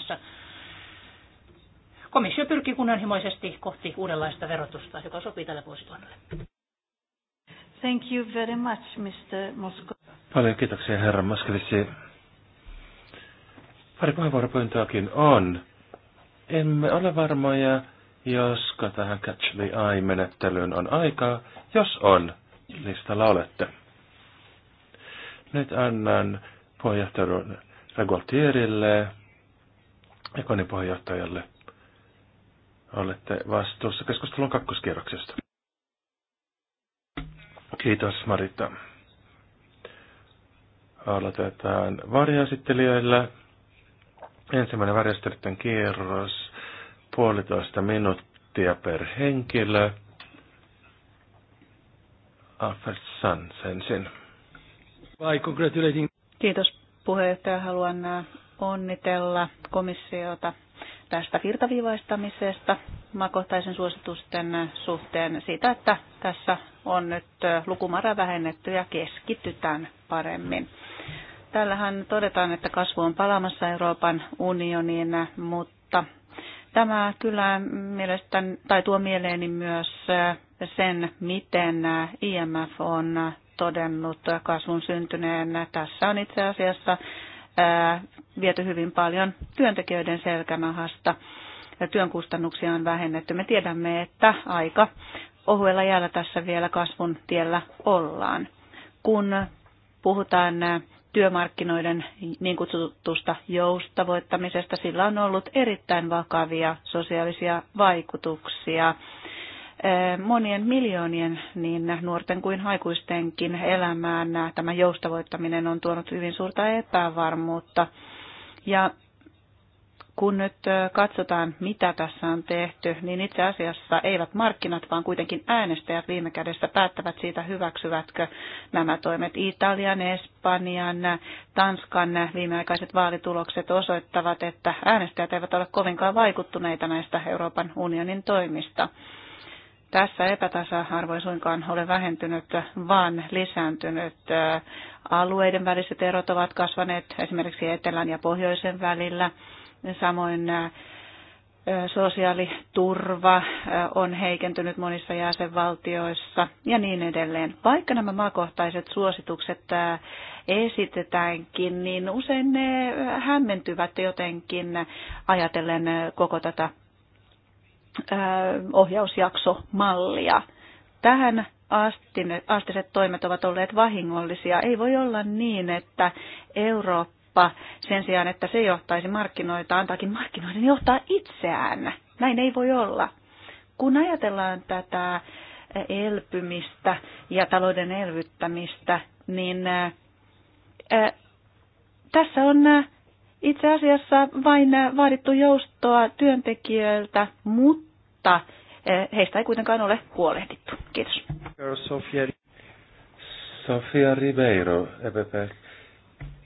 komissio pyrkii kunnianhimoisesti kohti uudenlaista verotusta, joka sopii tälle vuosituhannelle.
Thank you very much, Mr. Mosko.
Paljon kiitoksia, herra Moskovitsi. Pari puheenvuoropyyntöäkin on. Emme ole varmoja, josko tähän Catch the Eye-menettelyyn on aikaa. Jos on, listalla olette. Nyt annan puheenjohtajan Ragualtierille, Ekonin puheenjohtajalle, olette vastuussa keskustelun kakkoskierroksesta. Kiitos Marita. Aloitetaan varjaesittelijöillä. Ensimmäinen varjastelijoiden kierros, puolitoista minuuttia per henkilö. Alfred Sansensin.
Kiitos puheenjohtaja. Haluan äh, onnitella komissiota tästä virtaviivaistamisesta maakohtaisen suositusten suhteen siitä, että tässä on nyt lukumäärä vähennetty ja keskitytään paremmin. Tällähän todetaan, että kasvu on palaamassa Euroopan unioniin, mutta tämä kyllä mielestäni, tai tuo mieleeni myös sen, miten IMF on todennut kasvun syntyneen. Tässä on itse asiassa viety hyvin paljon työntekijöiden selkänahasta. Työn kustannuksia on vähennetty. Me tiedämme, että aika ohuella jäällä tässä vielä kasvun tiellä ollaan. Kun puhutaan työmarkkinoiden niin kutsutusta joustavoittamisesta, sillä on ollut erittäin vakavia sosiaalisia vaikutuksia Eh, monien miljoonien niin nuorten kuin aikuistenkin elämään eh, tämä joustavoittaminen on tuonut hyvin suurta epävarmuutta. Ja kun nyt eh, katsotaan, mitä tässä on tehty, niin itse asiassa eivät markkinat, vaan kuitenkin äänestäjät viime kädessä päättävät siitä, hyväksyvätkö nämä toimet. Italian, Espanjan, Tanskan viimeaikaiset vaalitulokset osoittavat, että äänestäjät eivät ole kovinkaan vaikuttuneita näistä Euroopan unionin toimista tässä epätasa-arvo ei suinkaan ole vähentynyt, vaan lisääntynyt. Alueiden väliset erot ovat kasvaneet esimerkiksi etelän ja pohjoisen välillä. Samoin sosiaaliturva on heikentynyt monissa jäsenvaltioissa ja niin edelleen. Vaikka nämä maakohtaiset suositukset esitetäänkin, niin usein ne hämmentyvät jotenkin ajatellen koko tätä ohjausjaksomallia. Tähän asti, astiset toimet ovat olleet vahingollisia. Ei voi olla niin, että Eurooppa sen sijaan, että se johtaisi markkinoita, antaakin markkinoiden niin johtaa itseään. Näin ei voi olla. Kun ajatellaan tätä elpymistä ja talouden elvyttämistä, niin tässä on itse asiassa vain äh, vaadittu joustoa työntekijöiltä, mutta äh, heistä ei kuitenkaan ole huolehdittu.
Kiitos. Sofia, Sofia Ribeiro, EPP.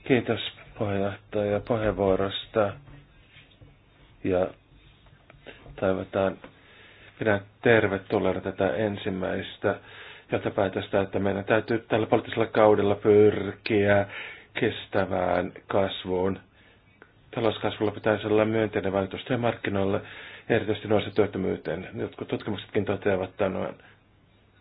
Kiitos puheenjohtaja puheenvuorosta. Ja toivotaan, pidän tervetulleena tätä ensimmäistä johtopäätöstä, että meidän täytyy tällä poliittisella kaudella pyrkiä kestävään kasvuun talouskasvulla pitäisi olla myönteinen vaikutus työmarkkinoille ja erityisesti työttömyyteen. Jotkut tutkimuksetkin toteavat, että on,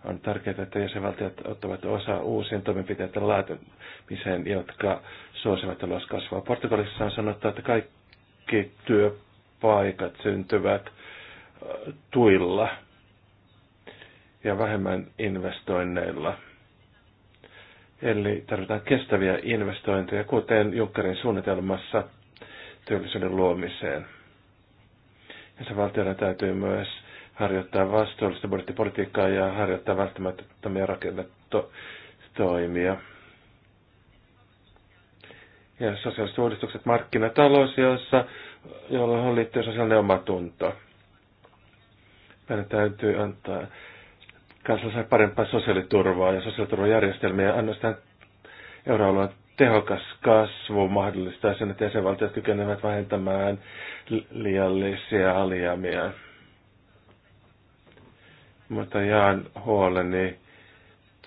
on tärkeää, että jäsenvaltiot ottavat osaa uusien toimenpiteiden laatimiseen, jotka suosivat talouskasvua. Portugalissa on sanottu, että kaikki työpaikat syntyvät äh, tuilla ja vähemmän investoinneilla. Eli tarvitaan kestäviä investointeja, kuten Junckerin suunnitelmassa – työllisyyden luomiseen. Ja se valtiolla täytyy myös harjoittaa vastuullista budjettipolitiikkaa ja harjoittaa välttämättömiä rakennetoimia. Ja sosiaaliset uudistukset markkinatalous, jossa, jolloin liittyy sosiaalinen omatunto. Meidän täytyy antaa kansalaisille parempaa sosiaaliturvaa ja sosiaaliturvajärjestelmiä. Ainoastaan euroalueen tehokas kasvu mahdollistaa sen, että jäsenvaltiot kykenevät vähentämään liiallisia alijäämiä. Mutta jaan huoleni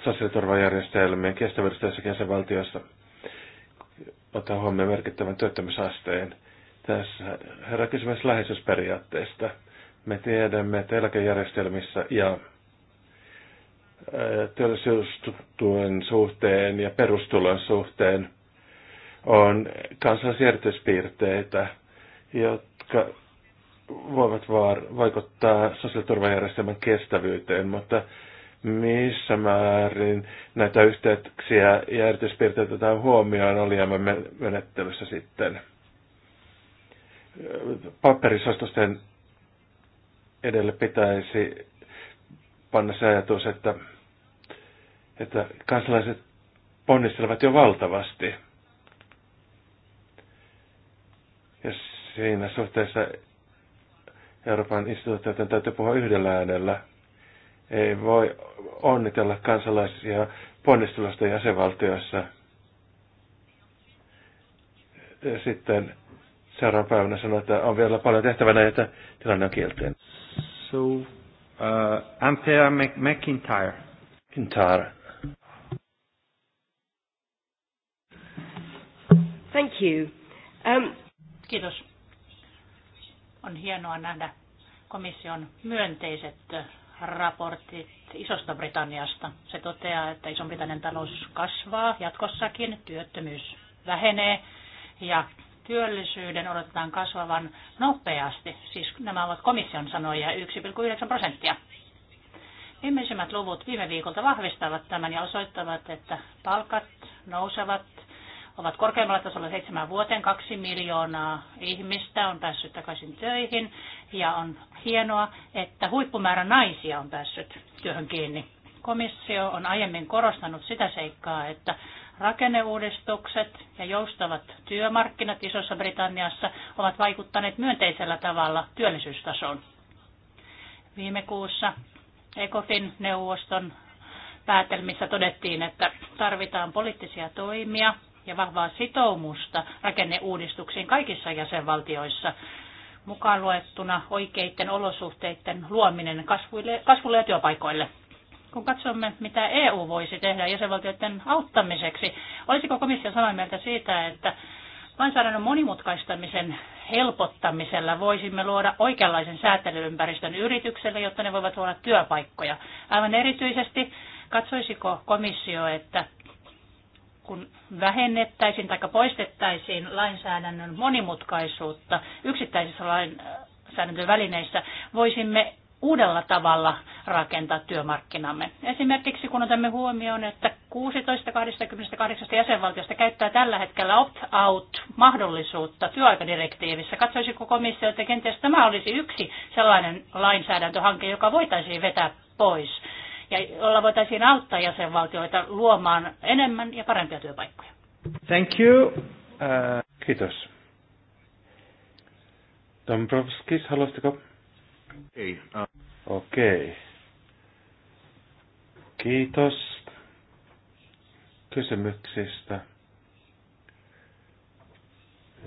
sosiaaliturvajärjestelmien kestävyydestä tässä jäsenvaltiossa ottaa huomioon merkittävän työttömyysasteen. Tässä Herra kysymys läheisyysperiaatteesta. Me tiedämme, että eläkejärjestelmissä ja työllisyystuen suhteen ja perustulon suhteen on kansallisia jotka voivat vaan vaikuttaa sosiaaliturvajärjestelmän kestävyyteen, mutta missä määrin näitä yhteyksiä ja erityispiirteitä otetaan huomioon olijäämän menettelyssä sitten. paperisastosten edelle pitäisi panna se ajatus, että, että kansalaiset ponnistelevat jo valtavasti. Ja siinä suhteessa Euroopan instituutioiden täytyy puhua yhdellä äänellä. Ei voi onnitella kansalaisia ponnistelusta jäsenvaltioissa. Ja sitten seuraavan päivänä sanoa, että on vielä paljon tehtävänä, että tilanne on kielteinen. So Uh, Anthea Mac McIntyre. McIntyre. Thank you.
Um, Kiitos. On hienoa nähdä komission myönteiset raportit Isosta Britanniasta. Se toteaa, että Iso-Britannian talous kasvaa jatkossakin, työttömyys vähenee ja työllisyyden odotetaan kasvavan nopeasti. Siis nämä ovat komission sanoja 1,9 prosenttia. Viimeisimmät luvut viime viikolta vahvistavat tämän ja osoittavat, että palkat nousevat, ovat korkeammalla tasolla seitsemän vuoteen. Kaksi miljoonaa ihmistä on päässyt takaisin töihin ja on hienoa, että huippumäärä naisia on päässyt työhön kiinni. Komissio on aiemmin korostanut sitä seikkaa, että rakenneuudistukset ja joustavat työmarkkinat Isossa Britanniassa ovat vaikuttaneet myönteisellä tavalla työllisyystasoon. Viime kuussa ECOFIN-neuvoston päätelmissä todettiin, että tarvitaan poliittisia toimia ja vahvaa sitoumusta rakenneuudistuksiin kaikissa jäsenvaltioissa, mukaan luettuna oikeiden olosuhteiden luominen kasvulle ja työpaikoille kun katsomme, mitä EU voisi tehdä jäsenvaltioiden auttamiseksi, olisiko komissio samaa mieltä siitä, että lainsäädännön monimutkaistamisen helpottamisella voisimme luoda oikeanlaisen säätelyympäristön yritykselle, jotta ne voivat luoda työpaikkoja. Aivan erityisesti katsoisiko komissio, että kun vähennettäisiin tai poistettaisiin lainsäädännön monimutkaisuutta yksittäisissä lainsäädäntövälineissä, voisimme uudella tavalla rakentaa työmarkkinamme. Esimerkiksi kun otamme huomioon, että 16-28 jäsenvaltiosta käyttää tällä hetkellä opt-out-mahdollisuutta työaikadirektiivissä. Katsoisiko komissio, että kenties tämä olisi yksi sellainen lainsäädäntöhanke, joka voitaisiin vetää pois ja jolla voitaisiin auttaa jäsenvaltioita luomaan enemmän ja parempia työpaikkoja.
Thank you. Uh, kiitos. Dombrovskis, haluaisitko Äh. Okei. Okay. Kiitos kysymyksistä.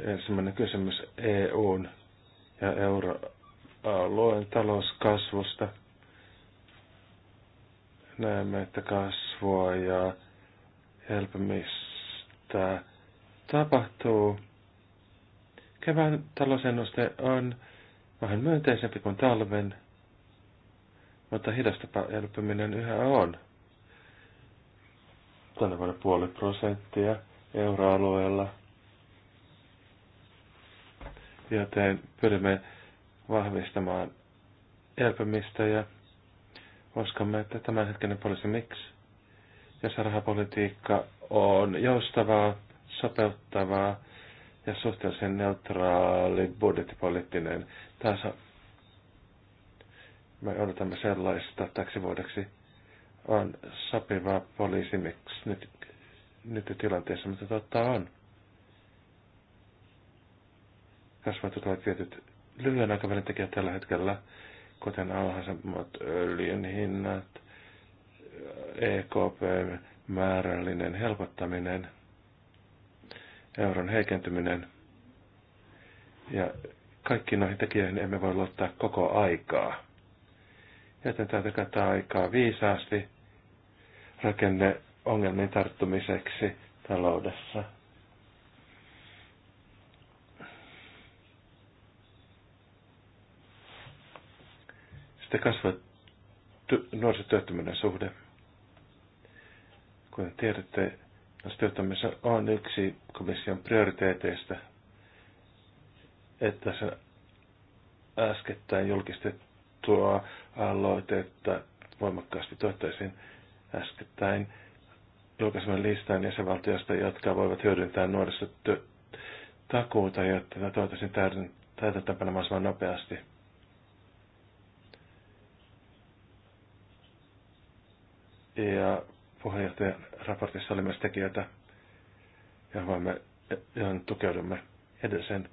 Ensimmäinen kysymys EUn ja euroalueen äh, talouskasvusta. Näemme, että kasvua ja helpomista tapahtuu. Kevään talousennuste on vähän myönteisempi kuin talven, mutta hidasta elpyminen yhä on. Tänä vuonna puoli prosenttia euroalueella, joten pyrimme vahvistamaan elpymistä ja uskomme, että tämänhetkinen poliisi miksi ja rahapolitiikka on joustavaa, sopeuttavaa ja suhteellisen neutraali budjettipoliittinen tässä Me odotamme sellaista täksi vuodeksi on poliisi, miksi nyt, tilanteessa, mutta totta on. Kasvatut ovat tietyt lyhyen aikavälin tekijät tällä hetkellä, kuten alhaisemmat öljyn hinnat, EKP määrällinen helpottaminen, euron heikentyminen ja kaikkiin noihin tekijöihin emme voi luottaa koko aikaa. Joten täytyy käyttää aikaa viisaasti rakenne ongelmiin tarttumiseksi taloudessa. Sitten kasvoi nuorisotyöttömyyden suhde. Kuten tiedätte, nuorisotyöttömyys on yksi komission prioriteeteista – että sen äskettäin julkistettua aloitetta voimakkaasti tuottaisin äskettäin julkaiseman listan jäsenvaltioista, jotka voivat hyödyntää takuuta, jotta toivottavasti täytäntöönpanomaan mahdollisimman nopeasti. Ja puheenjohtajan raportissa oli myös tekijöitä, johon, me johon tukeudumme edellisen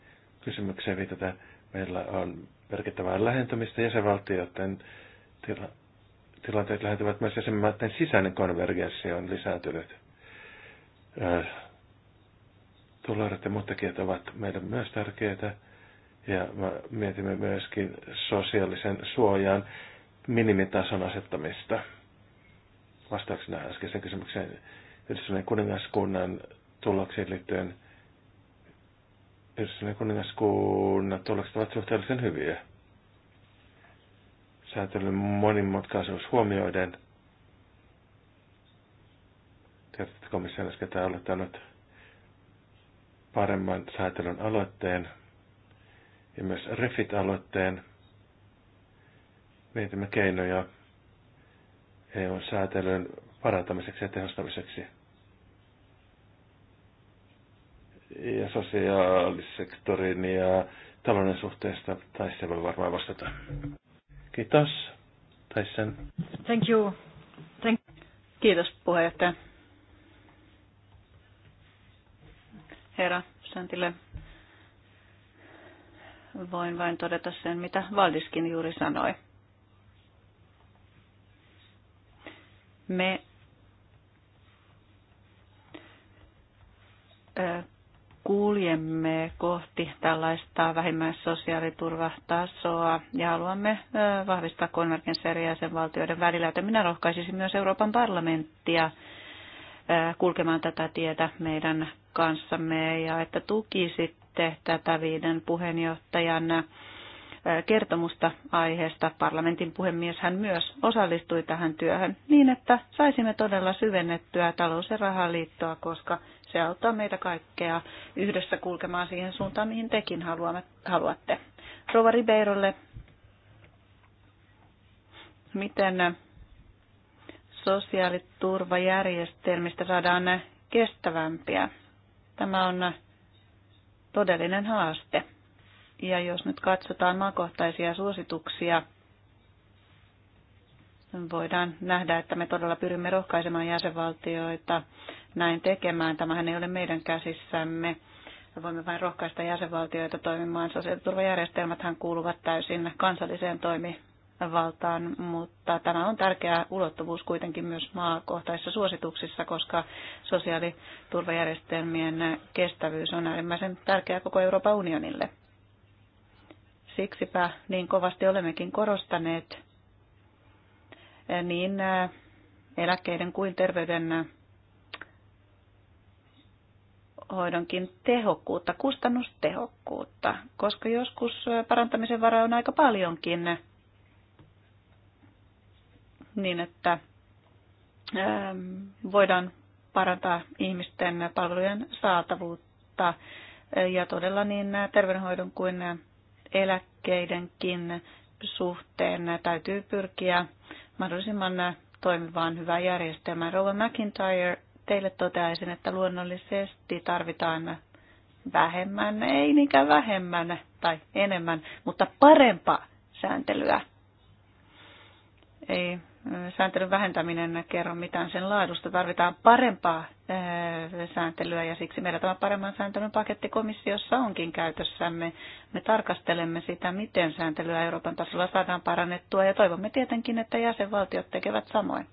kysymykseen viitataan. Meillä on merkittävää lähentymistä jäsenvaltioiden tila, tilanteet lähentyvät myös jäsenvaltioiden sisäinen konvergenssi on lisääntynyt. Äh, Tulorat ja muut tekijät ovat meidän myös tärkeitä. Ja mietimme myöskin sosiaalisen suojan minimitason asettamista. Vastauksena äskeiseen kysymykseen yhdessä kuningaskunnan tuloksiin liittyen – Yhdysvallan kuningaskunnat tulokset ovat suhteellisen hyviä. Säätelyn monimutkaisuus huomioiden. komissio komission äsken aloittanut paremman säätelyn aloitteen ja myös REFIT-aloitteen. Mietimme keinoja EUn säätelyn parantamiseksi ja tehostamiseksi. ja sosiaalisektorin ja talouden suhteesta tai se voi varmaan vastata. Kiitos. Taisen.
Thank you. Thank Kiitos puheenjohtaja. Herra Santille voin vain todeta sen, mitä Valdiskin juuri sanoi. Me kuljemme kohti tällaista vähimmäissosiaaliturvatasoa ja haluamme vahvistaa konvergenssia sen jäsenvaltioiden välillä, joten minä rohkaisisin myös Euroopan parlamenttia kulkemaan tätä tietä meidän kanssamme ja että tukisitte tätä viiden puheenjohtajan kertomusta aiheesta. Parlamentin puhemies hän myös osallistui tähän työhön niin, että saisimme todella syvennettyä talous- ja rahaliittoa, koska se auttaa meitä kaikkea yhdessä kulkemaan siihen suuntaan, mihin tekin haluatte. Rova Ribeirolle, miten sosiaaliturvajärjestelmistä saadaan kestävämpiä? Tämä on todellinen haaste. Ja jos nyt katsotaan maakohtaisia suosituksia, voidaan nähdä, että me todella pyrimme rohkaisemaan jäsenvaltioita näin tekemään. Tämähän ei ole meidän käsissämme. Voimme vain rohkaista jäsenvaltioita toimimaan. Sosiaaliturvajärjestelmäthän kuuluvat täysin kansalliseen toimivaltaan, mutta tämä on tärkeä ulottuvuus kuitenkin myös maakohtaisissa suosituksissa, koska sosiaaliturvajärjestelmien kestävyys on äärimmäisen tärkeää koko Euroopan unionille. Siksipä niin kovasti olemmekin korostaneet niin eläkkeiden kuin terveyden hoidonkin tehokkuutta, kustannustehokkuutta, koska joskus parantamisen varaa on aika paljonkin niin, että voidaan parantaa ihmisten palvelujen saatavuutta ja todella niin terveydenhoidon kuin eläkkeidenkin suhteen täytyy pyrkiä mahdollisimman toimivaan hyvään järjestelmään. Rova McIntyre teille toteaisin, että luonnollisesti tarvitaan vähemmän, ei niinkään vähemmän tai enemmän, mutta parempaa sääntelyä. Ei sääntelyn vähentäminen kerro mitään sen laadusta. Tarvitaan parempaa sääntelyä ja siksi meillä tämä paremman sääntelyn paketti komissiossa onkin käytössämme. Me tarkastelemme sitä, miten sääntelyä Euroopan tasolla saadaan parannettua ja toivomme tietenkin, että jäsenvaltiot tekevät samoin.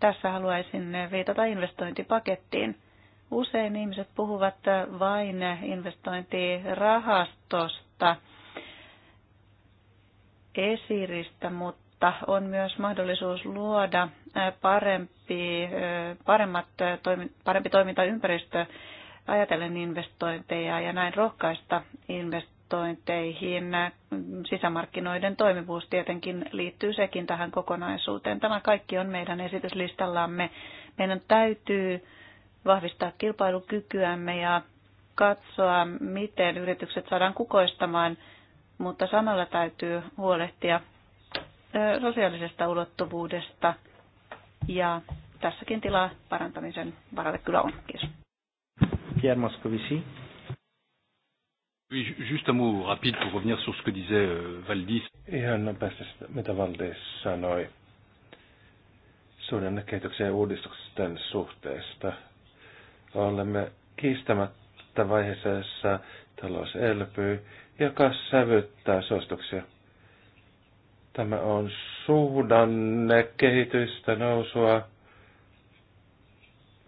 Tässä haluaisin viitata investointipakettiin. Usein ihmiset puhuvat vain investointirahastosta, esiristä, mutta on myös mahdollisuus luoda parempi, paremmat, parempi toimintaympäristö ajatellen investointeja ja näin rohkaista investointeja investointeihin. Sisämarkkinoiden toimivuus tietenkin liittyy sekin tähän kokonaisuuteen. Tämä kaikki on meidän esityslistallamme. Meidän täytyy vahvistaa kilpailukykyämme ja katsoa, miten yritykset saadaan kukoistamaan, mutta samalla täytyy huolehtia sosiaalisesta ulottuvuudesta ja tässäkin tilaa parantamisen varalle kyllä on. Kiitos.
Pierre Moscovici. Oui, Juste un mot rapide pour revenir sur ce que disait euh, Valdis. Ihan nopeasti sitä, mitä Valdis sanoi suunnilleen kehityksen ja uudistusten suhteesta. Olemme kiistämättä vaiheessa, jossa talous elpyy, joka sävyttää suosituksia. Tämä on suhdanne kehitystä nousua.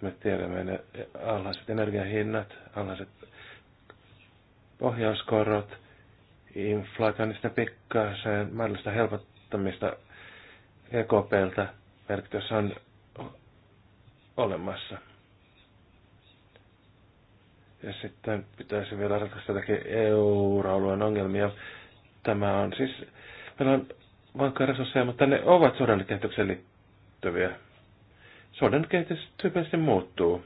Me tiedämme ne alhaiset energiahinnat, alhaiset ohjauskorot, inflaatioista pikkaisen mahdollista helpottamista EKPltä merkitys on olemassa. Ja sitten pitäisi vielä ratkaista jotakin euroalueen ongelmia. Tämä on siis, meillä on vankkaa resursseja, mutta ne ovat suhdannekehityksen liittyviä. Suhdannekehitys tyypillisesti muuttuu.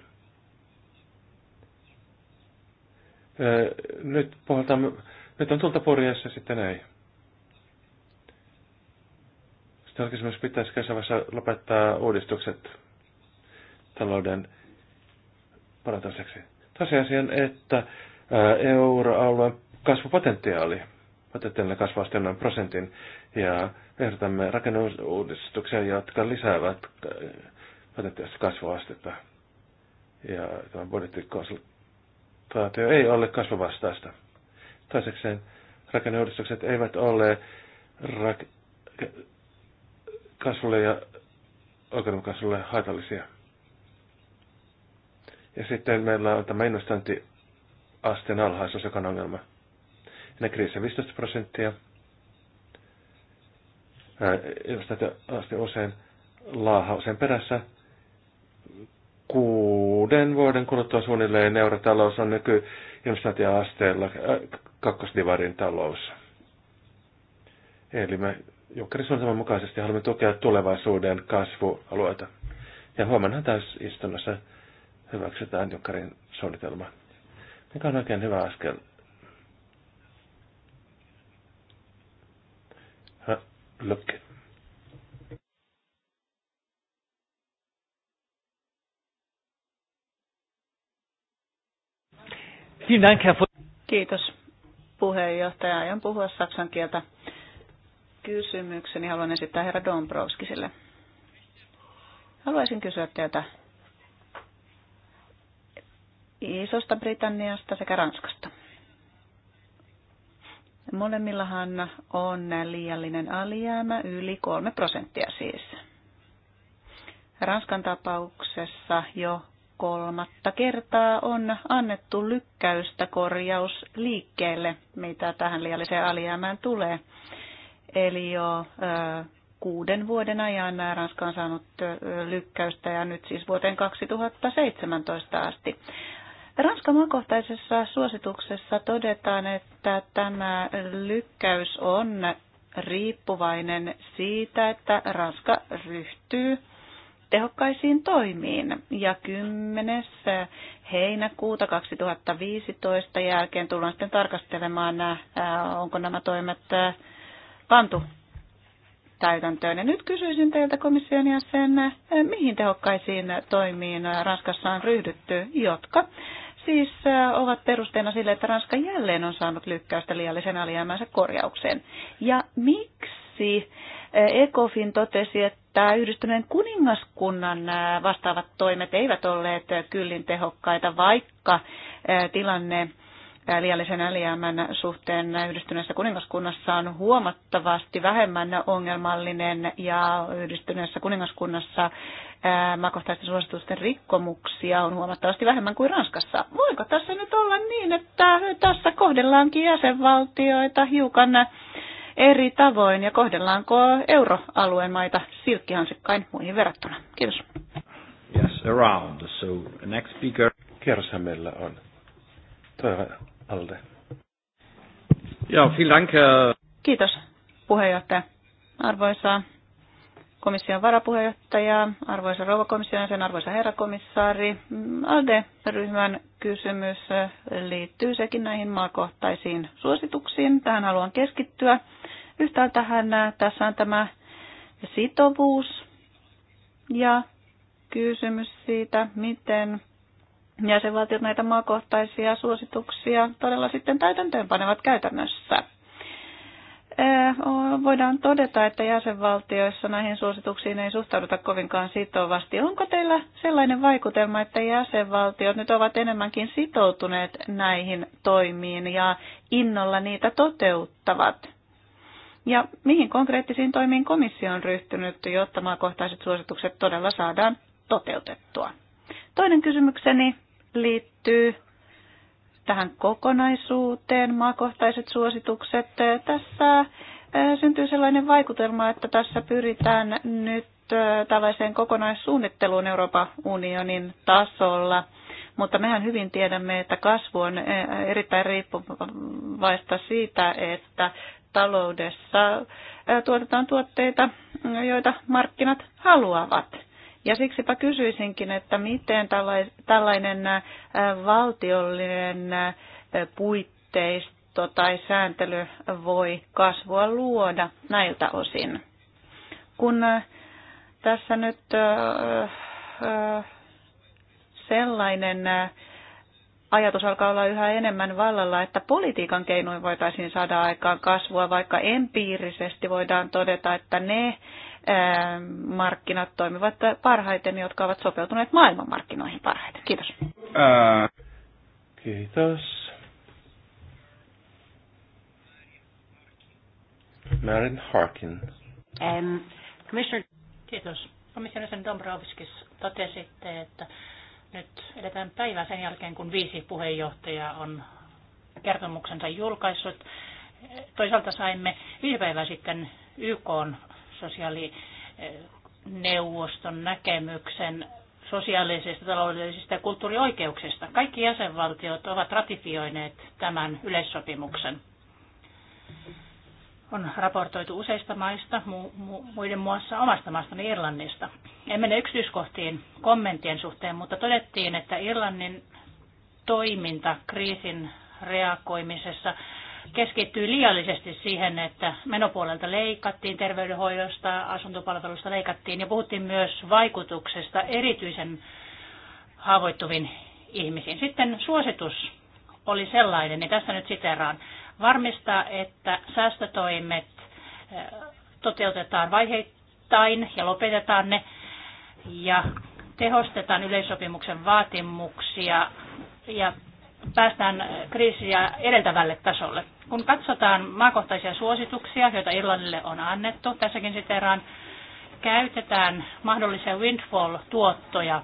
nyt, puhutaan, nyt on tulta purjeessa, sitten ei. Sitten on kysymys, pitäisi kesävässä lopettaa uudistukset talouden parantamiseksi. Tosiasian, että euroalueen kasvupotentiaali, potentiaalinen kasvuaste noin prosentin, ja ehdotamme rakennusuudistuksia, jotka lisäävät potentiaalista kasvuastetta. Ja tämä budjettikonsultti inflaatio ei ole kasvavastaista. Toisekseen rakenneuudistukset eivät ole rak- kasvulle ja oikeudenmukaisuudelle haitallisia. Ja sitten meillä on tämä investointiasteen alhaisuus, joka on ongelma. Ne kriisiä 15 prosenttia. Investointiaste usein laaha usein perässä. Kuu kuuden vuoden kuluttua suunnilleen eurotalous on nyky inflaatioasteella äh, kakkosdivarin talous. Eli me Junckerin suunnitelman mukaisesti haluamme tukea tulevaisuuden kasvualueita. Ja huomenna täysistunnossa hyväksytään Jukkarin suunnitelma, mikä on oikein hyvä askel. Äh, Look
Kiitos puheenjohtaja. Aion puhua saksan kieltä. Kysymykseni haluan esittää herra Dombrovskiselle. Haluaisin kysyä teiltä Isosta Britanniasta sekä Ranskasta. Molemmillahan on liiallinen alijäämä yli 3 prosenttia siis. Ranskan tapauksessa jo kolmatta kertaa on annettu lykkäystä korjaus liikkeelle, mitä tähän liialliseen alijäämään tulee. Eli jo kuuden vuoden ajan Ranska on saanut lykkäystä ja nyt siis vuoteen 2017 asti. Ranskan maakohtaisessa suosituksessa todetaan, että tämä lykkäys on riippuvainen siitä, että Ranska ryhtyy tehokkaisiin toimiin. Ja 10. heinäkuuta 2015 jälkeen tullaan sitten tarkastelemaan, äh, onko nämä toimet äh, pantu täytäntöön. Ja nyt kysyisin teiltä komission jäsen, äh, mihin tehokkaisiin toimiin Ranskassa on ryhdytty, jotka siis ovat perusteena sille, että Ranska jälleen on saanut lykkäystä liiallisen alijäämänsä korjaukseen. Ja miksi ECOFIN totesi, että yhdistyneen kuningaskunnan vastaavat toimet eivät olleet kyllin tehokkaita, vaikka tilanne liiallisen alijäämän suhteen yhdistyneessä kuningaskunnassa on huomattavasti vähemmän ongelmallinen ja yhdistyneessä kuningaskunnassa makohtaisten suositusten rikkomuksia on huomattavasti vähemmän kuin Ranskassa. Voiko tässä nyt olla niin, että tässä kohdellaankin jäsenvaltioita hiukan eri tavoin ja kohdellaanko euroalueen maita silkkihansikkain muihin verrattuna? Kiitos.
Yes, around. So next speaker. Kierroshan meillä on. Toivo Alde. Ja, vielen Dank. Äh,
Kiitos puheenjohtaja. Arvoisa komission varapuheenjohtaja, arvoisa rouva komission sen arvoisa herra komissaari. Mm, ALDE-ryhmän kysymys äh, liittyy sekin näihin maakohtaisiin suosituksiin. Tähän haluan keskittyä näe, äh, tässä on tämä sitovuus ja kysymys siitä, miten jäsenvaltiot näitä maakohtaisia suosituksia todella sitten täytäntöönpanevat käytännössä. Äh, voidaan todeta, että jäsenvaltioissa näihin suosituksiin ei suhtauduta kovinkaan sitovasti. Onko teillä sellainen vaikutelma, että jäsenvaltiot nyt ovat enemmänkin sitoutuneet näihin toimiin ja innolla niitä toteuttavat? Ja mihin konkreettisiin toimiin komissio on ryhtynyt, jotta maakohtaiset suositukset todella saadaan toteutettua? Toinen kysymykseni liittyy tähän kokonaisuuteen, maakohtaiset suositukset. Tässä äh, syntyy sellainen vaikutelma, että tässä pyritään nyt äh, tällaiseen kokonaissuunnitteluun Euroopan unionin tasolla, mutta mehän hyvin tiedämme, että kasvu on äh, erittäin riippuvaista siitä, että taloudessa tuotetaan tuotteita, mm, joita markkinat haluavat. Ja siksipä kysyisinkin, että miten tällainen valtiollinen puitteisto tai sääntely voi kasvua luoda näiltä osin. Kun tässä nyt sellainen ajatus alkaa olla yhä enemmän vallalla, että politiikan keinoin voitaisiin saada aikaan kasvua, vaikka empiirisesti voidaan todeta, että ne markkinat toimivat parhaiten, jotka ovat sopeutuneet maailmanmarkkinoihin parhaiten. Kiitos.
Ää, kiitos. Marin Harkin.
Um, Commissioner... Kiitos. Komissioner Dombrovskis totesitte, että nyt edetään päivää sen jälkeen, kun viisi puheenjohtajaa on kertomuksensa julkaissut. Toisaalta saimme viisi päivää sitten YK sosiaalineuvoston näkemyksen sosiaalisista, taloudellisista ja kulttuurioikeuksista. Kaikki jäsenvaltiot ovat ratifioineet tämän yleissopimuksen on raportoitu useista maista, muiden muassa omasta maastani Irlannista. En mene yksityiskohtiin kommenttien suhteen, mutta todettiin, että Irlannin toiminta kriisin reagoimisessa keskittyy liiallisesti siihen, että menopuolelta leikattiin, terveydenhoidosta, asuntopalvelusta leikattiin ja puhuttiin myös vaikutuksesta erityisen haavoittuvin ihmisiin. Sitten suositus oli sellainen, niin tässä nyt siteraan varmistaa, että säästötoimet eh, toteutetaan vaiheittain ja lopetetaan ne ja tehostetaan yleissopimuksen vaatimuksia ja päästään kriisiä edeltävälle tasolle. Kun katsotaan maakohtaisia suosituksia, joita Irlannille on annettu, tässäkin siteraan, käytetään mahdollisia windfall-tuottoja,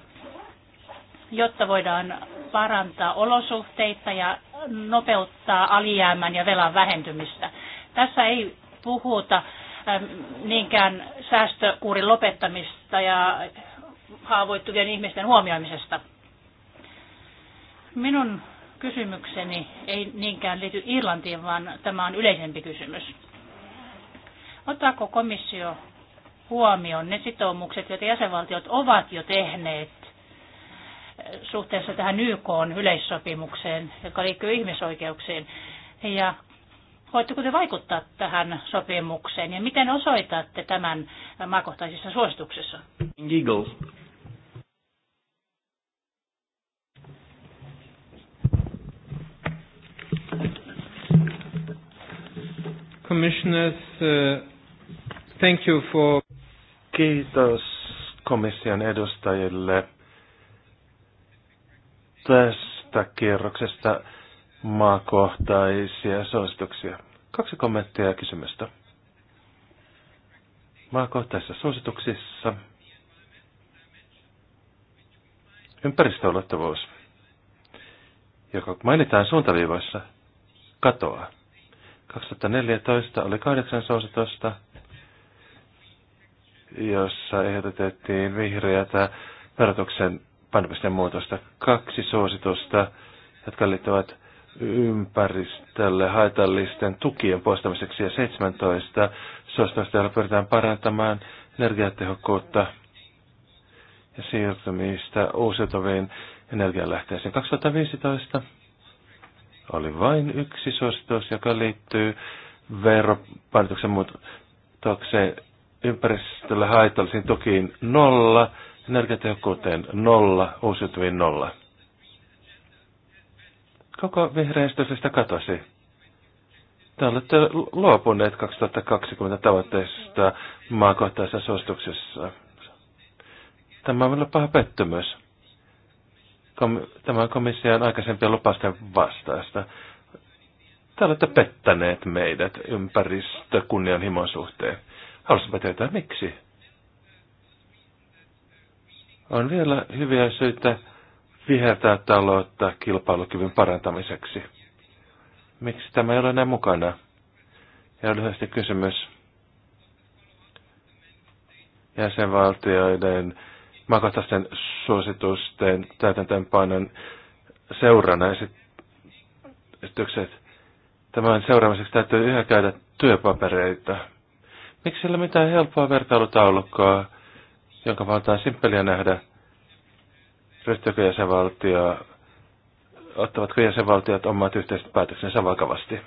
jotta voidaan parantaa olosuhteita ja nopeuttaa alijäämän ja velan vähentymistä. Tässä ei puhuta ähm, niinkään säästökuurin lopettamista ja haavoittuvien ihmisten huomioimisesta. Minun kysymykseni ei niinkään liity Irlantiin, vaan tämä on yleisempi kysymys. Ottaako komissio huomioon ne sitoumukset, joita jäsenvaltiot ovat jo tehneet suhteessa tähän YK yleissopimukseen, joka liittyy ihmisoikeuksiin. Ja voitteko te vaikuttaa tähän sopimukseen ja miten osoitatte tämän maakohtaisissa suosituksissa? Giggles.
Commissioners, uh, thank you for... Kiitos komission edustajille tästä kierroksesta maakohtaisia suosituksia. Kaksi kommenttia ja kysymystä. Maakohtaisissa suosituksissa ympäristöulottuvuus, joka mainitaan suuntaviivoissa, katoaa. 2014 oli kahdeksan suositusta, jossa ehdotettiin vihreätä verotuksen painopisteen muutosta. Kaksi suositusta, jotka liittyvät ympäristölle haitallisten tukien poistamiseksi ja 17 suositusta, joilla pyritään parantamaan energiatehokkuutta ja siirtymistä uusiutuviin energialähteisiin. 2015 oli vain yksi suositus, joka liittyy veropainotuksen muutokseen ympäristölle haitallisiin tukiin nolla energiatehokkuuteen nolla, uusiutuviin nolla. Koko vihreistö sitä katosi. Te olette luopuneet 2020 tavoitteista maakohtaisessa suosituksessa. Tämä on paha pettymys. Tämä on komission aikaisempien lupausten vastaista. Te olette pettäneet meidät ympäristökunnianhimon suhteen. Haluaisinpa tietää miksi. On vielä hyviä syitä vihertää taloutta kilpailukyvyn parantamiseksi. Miksi tämä ei ole enää mukana? Ja lyhyesti kysymys jäsenvaltioiden makotasten suositusten täytäntöönpanon seurana esitykset. Tämän seuraamiseksi täytyy yhä käydä työpapereita. Miksi sillä mitään helppoa vertailutaulukkoa? jonka valtaa simppeliä nähdä, ryhtyykö jäsenvaltio, ottavatko jäsenvaltiot omat yhteiset päätöksensä vakavasti.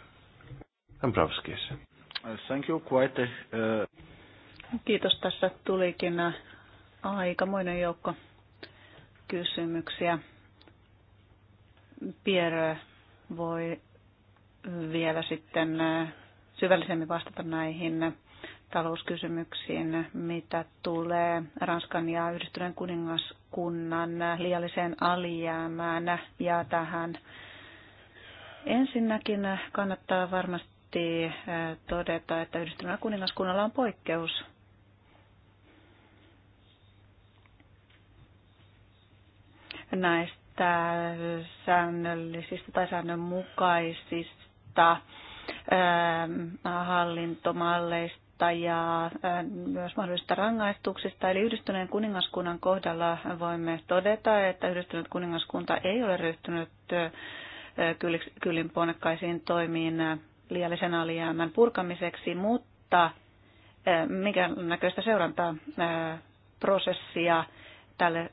Dombrovskis. Thank you quite, uh...
Kiitos. Tässä tulikin uh, aikamoinen joukko kysymyksiä. Pierre voi vielä sitten uh, syvällisemmin vastata näihin talouskysymyksiin, mitä tulee Ranskan ja Yhdistyneen kuningaskunnan liialliseen alijäämään ja tähän. Ensinnäkin kannattaa varmasti todeta, että Yhdistyneen kuningaskunnalla on poikkeus näistä säännöllisistä tai säännönmukaisista hallintomalleista ja myös mahdollisista rangaistuksista. Eli yhdistyneen kuningaskunnan kohdalla voimme todeta, että yhdistynyt kuningaskunta ei ole ryhtynyt kyllin ponnekkaisiin toimiin liiallisen alijäämän purkamiseksi, mutta mikä näköistä seurantaa prosessia tälle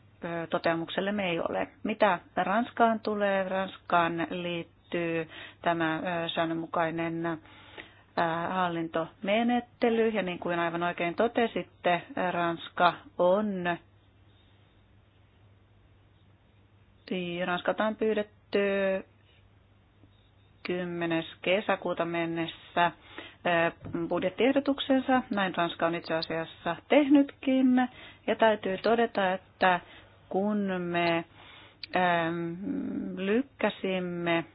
toteamukselle me ei ole. Mitä Ranskaan tulee, Ranskaan liittyy tämä säännönmukainen hallintomenettely. Ja niin kuin aivan oikein totesitte, Ranska on, Ranskalta on pyydetty 10. kesäkuuta mennessä eh, budjettiehdotuksensa. Näin Ranska on itse asiassa tehnytkin. Ja täytyy todeta, että kun me eh, lykkäsimme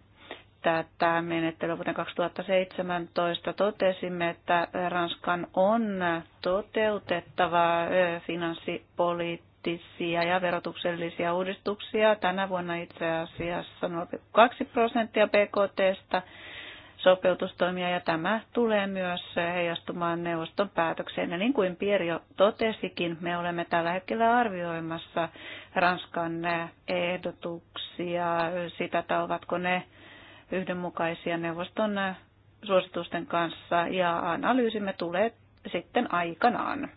tätä menettelyä vuoden 2017 totesimme, että Ranskan on toteutettava finanssipoliittisia ja verotuksellisia uudistuksia. Tänä vuonna itse asiassa 0,2 prosenttia BKTstä sopeutustoimia ja tämä tulee myös heijastumaan neuvoston päätökseen. Ja niin kuin Pieri jo totesikin, me olemme tällä hetkellä arvioimassa Ranskan ehdotuksia, sitä, että ovatko ne yhdenmukaisia neuvoston eh, suositusten kanssa ja analyysimme tulee sitten aikanaan.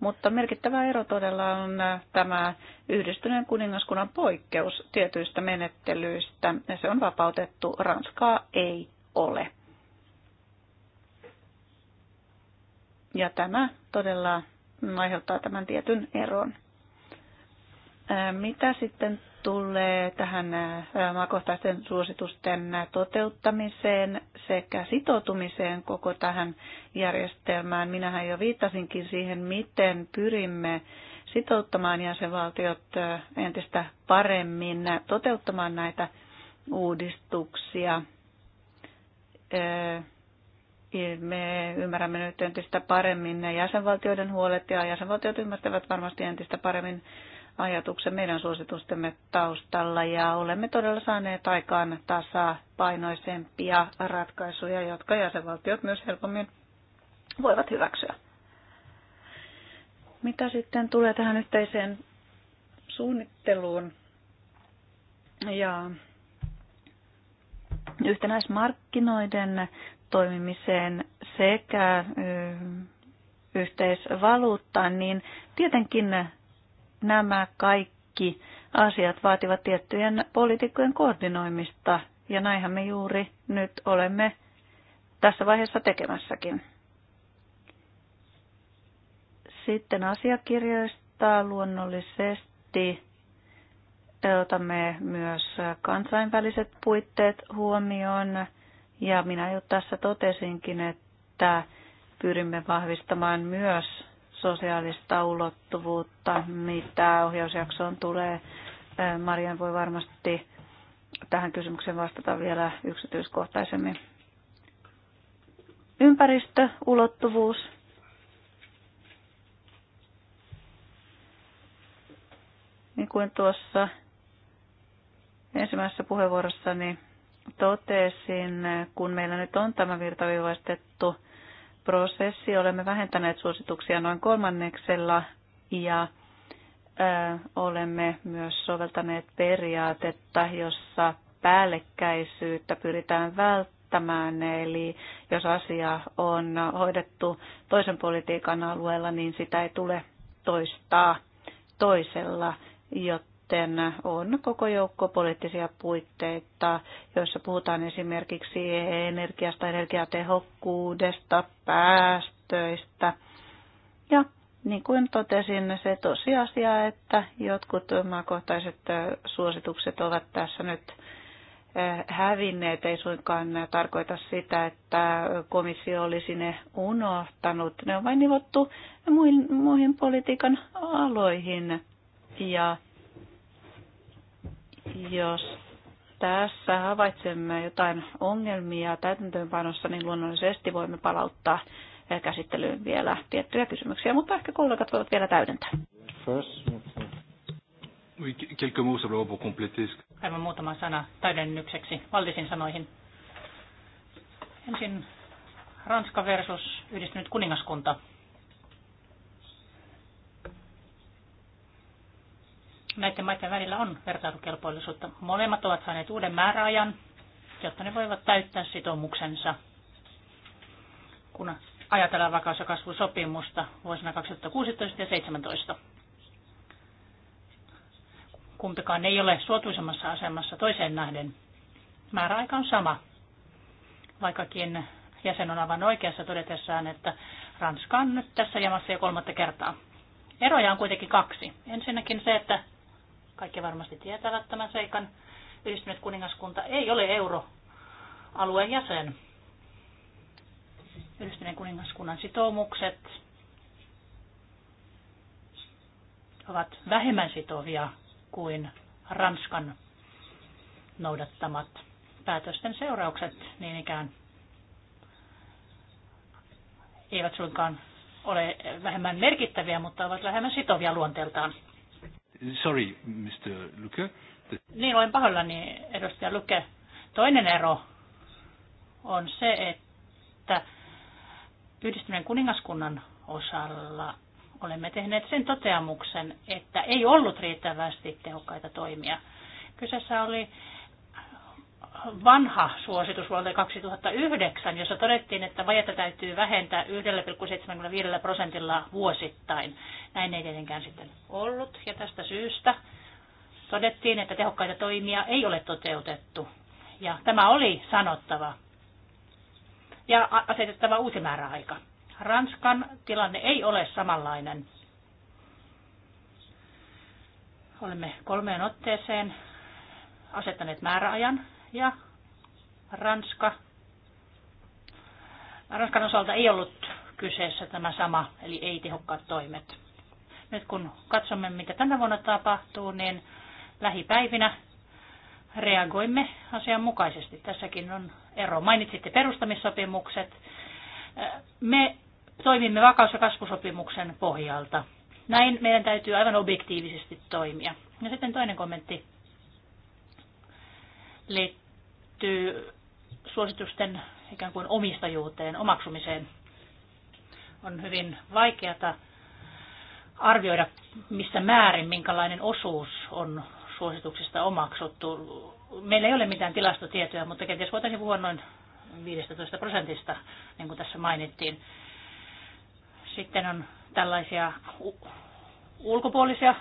Mutta merkittävä ero todella on eh, tämä yhdistyneen kuningaskunnan poikkeus tietyistä menettelyistä. Se on vapautettu, Ranskaa ei ole. Ja tämä todella aiheuttaa tämän tietyn eron. Eh, mitä sitten tulee tähän maakohtaisten suositusten toteuttamiseen sekä sitoutumiseen koko tähän järjestelmään. Minähän jo viittasinkin siihen, miten pyrimme sitouttamaan jäsenvaltiot entistä paremmin toteuttamaan näitä uudistuksia. Me ymmärrämme nyt entistä paremmin ne jäsenvaltioiden huolet ja jäsenvaltiot ymmärtävät varmasti entistä paremmin ajatuksen meidän suositustemme taustalla ja olemme todella saaneet aikaan tasapainoisempia ratkaisuja, jotka jäsenvaltiot myös helpommin voivat hyväksyä. Mitä sitten tulee tähän yhteiseen suunnitteluun ja yhtenäismarkkinoiden toimimiseen sekä yhteisvaluuttaan, niin tietenkin nämä kaikki asiat vaativat tiettyjen poliitikkojen koordinoimista, ja näinhän me juuri nyt olemme tässä vaiheessa tekemässäkin. Sitten asiakirjoista luonnollisesti otamme myös kansainväliset puitteet huomioon. Ja minä jo tässä totesinkin, että pyrimme vahvistamaan myös sosiaalista ulottuvuutta, mitä ohjausjaksoon tulee. Marian voi varmasti tähän kysymykseen vastata vielä yksityiskohtaisemmin. Ympäristöulottuvuus. Niin kuin tuossa ensimmäisessä puheenvuorossani totesin, kun meillä nyt on tämä virtaviivaistettu prosessi. Olemme vähentäneet suosituksia noin kolmanneksella ja olemme myös soveltaneet periaatetta, jossa päällekkäisyyttä pyritään välttämään. Eli jos asia on hoidettu toisen politiikan alueella, niin sitä ei tule toistaa toisella, jotta sitten on koko joukko poliittisia puitteita, joissa puhutaan esimerkiksi energiasta, energiatehokkuudesta, päästöistä. Ja niin kuin totesin, se tosiasia, että jotkut maakohtaiset suositukset ovat tässä nyt eh, hävinneet, ei suinkaan tarkoita sitä, että komissio olisi ne unohtanut. Ne on vain nivottu muihin, muihin politiikan aloihin. Ja jos tässä havaitsemme jotain ongelmia täytäntöönpanossa, niin luonnollisesti voimme palauttaa käsittelyyn vielä tiettyjä kysymyksiä, mutta ehkä kollegat voivat vielä täydentää.
Aivan muutama sana täydennykseksi Valdisin sanoihin. Ensin Ranska versus yhdistynyt kuningaskunta. näiden maiden välillä on vertailukelpoisuutta. Molemmat ovat saaneet uuden määräajan, jotta ne voivat täyttää sitoumuksensa, kun ajatellaan vakaus- ja kasvusopimusta vuosina 2016 ja 2017. Kumpikaan ei ole suotuisemmassa asemassa toiseen nähden. Määräaika on sama, vaikkakin jäsen on aivan oikeassa todetessaan, että Ranska on nyt tässä jamassa jo kolmatta kertaa. Eroja on kuitenkin kaksi. Ensinnäkin se, että kaikki varmasti tietävät tämän seikan. Yhdistynyt kuningaskunta ei ole euroalueen jäsen. Yhdistyneen kuningaskunnan sitoumukset ovat vähemmän sitovia kuin Ranskan noudattamat päätösten seuraukset niin ikään eivät suinkaan ole vähemmän merkittäviä, mutta ovat vähemmän sitovia luonteeltaan.
Sorry, Mr. Luke.
Niin, olen pahoillani, edustaja Luke. Toinen ero on se, että yhdistyneen kuningaskunnan osalla olemme tehneet sen toteamuksen, että ei ollut riittävästi tehokkaita toimia. Kyseessä oli vanha suositus vuodelta 2009, jossa todettiin, että vajetta täytyy vähentää 1,75 prosentilla vuosittain. Näin ei tietenkään sitten ollut, ja tästä syystä todettiin, että tehokkaita toimia ei ole toteutettu. Ja tämä oli sanottava ja asetettava uusi määräaika. Ranskan tilanne ei ole samanlainen. Olemme kolmeen otteeseen asettaneet määräajan ja Ranska. Ranskan osalta ei ollut kyseessä tämä sama, eli ei tehokkaat toimet. Nyt kun katsomme, mitä tänä vuonna tapahtuu, niin lähipäivinä
reagoimme
asianmukaisesti. Tässäkin on ero. Mainitsitte perustamissopimukset. Me toimimme vakaus- ja kasvusopimuksen pohjalta. Näin meidän täytyy aivan objektiivisesti toimia. Ja sitten toinen kommentti liittyy liittyy suositusten ikään kuin omistajuuteen, omaksumiseen. On hyvin vaikeata arvioida, missä määrin, minkälainen osuus on suosituksista omaksuttu. Meillä ei ole mitään tilastotietoja, mutta kenties voitaisiin puhua noin 15 prosentista, niin kuin tässä mainittiin. Sitten on tällaisia ulkopuolisia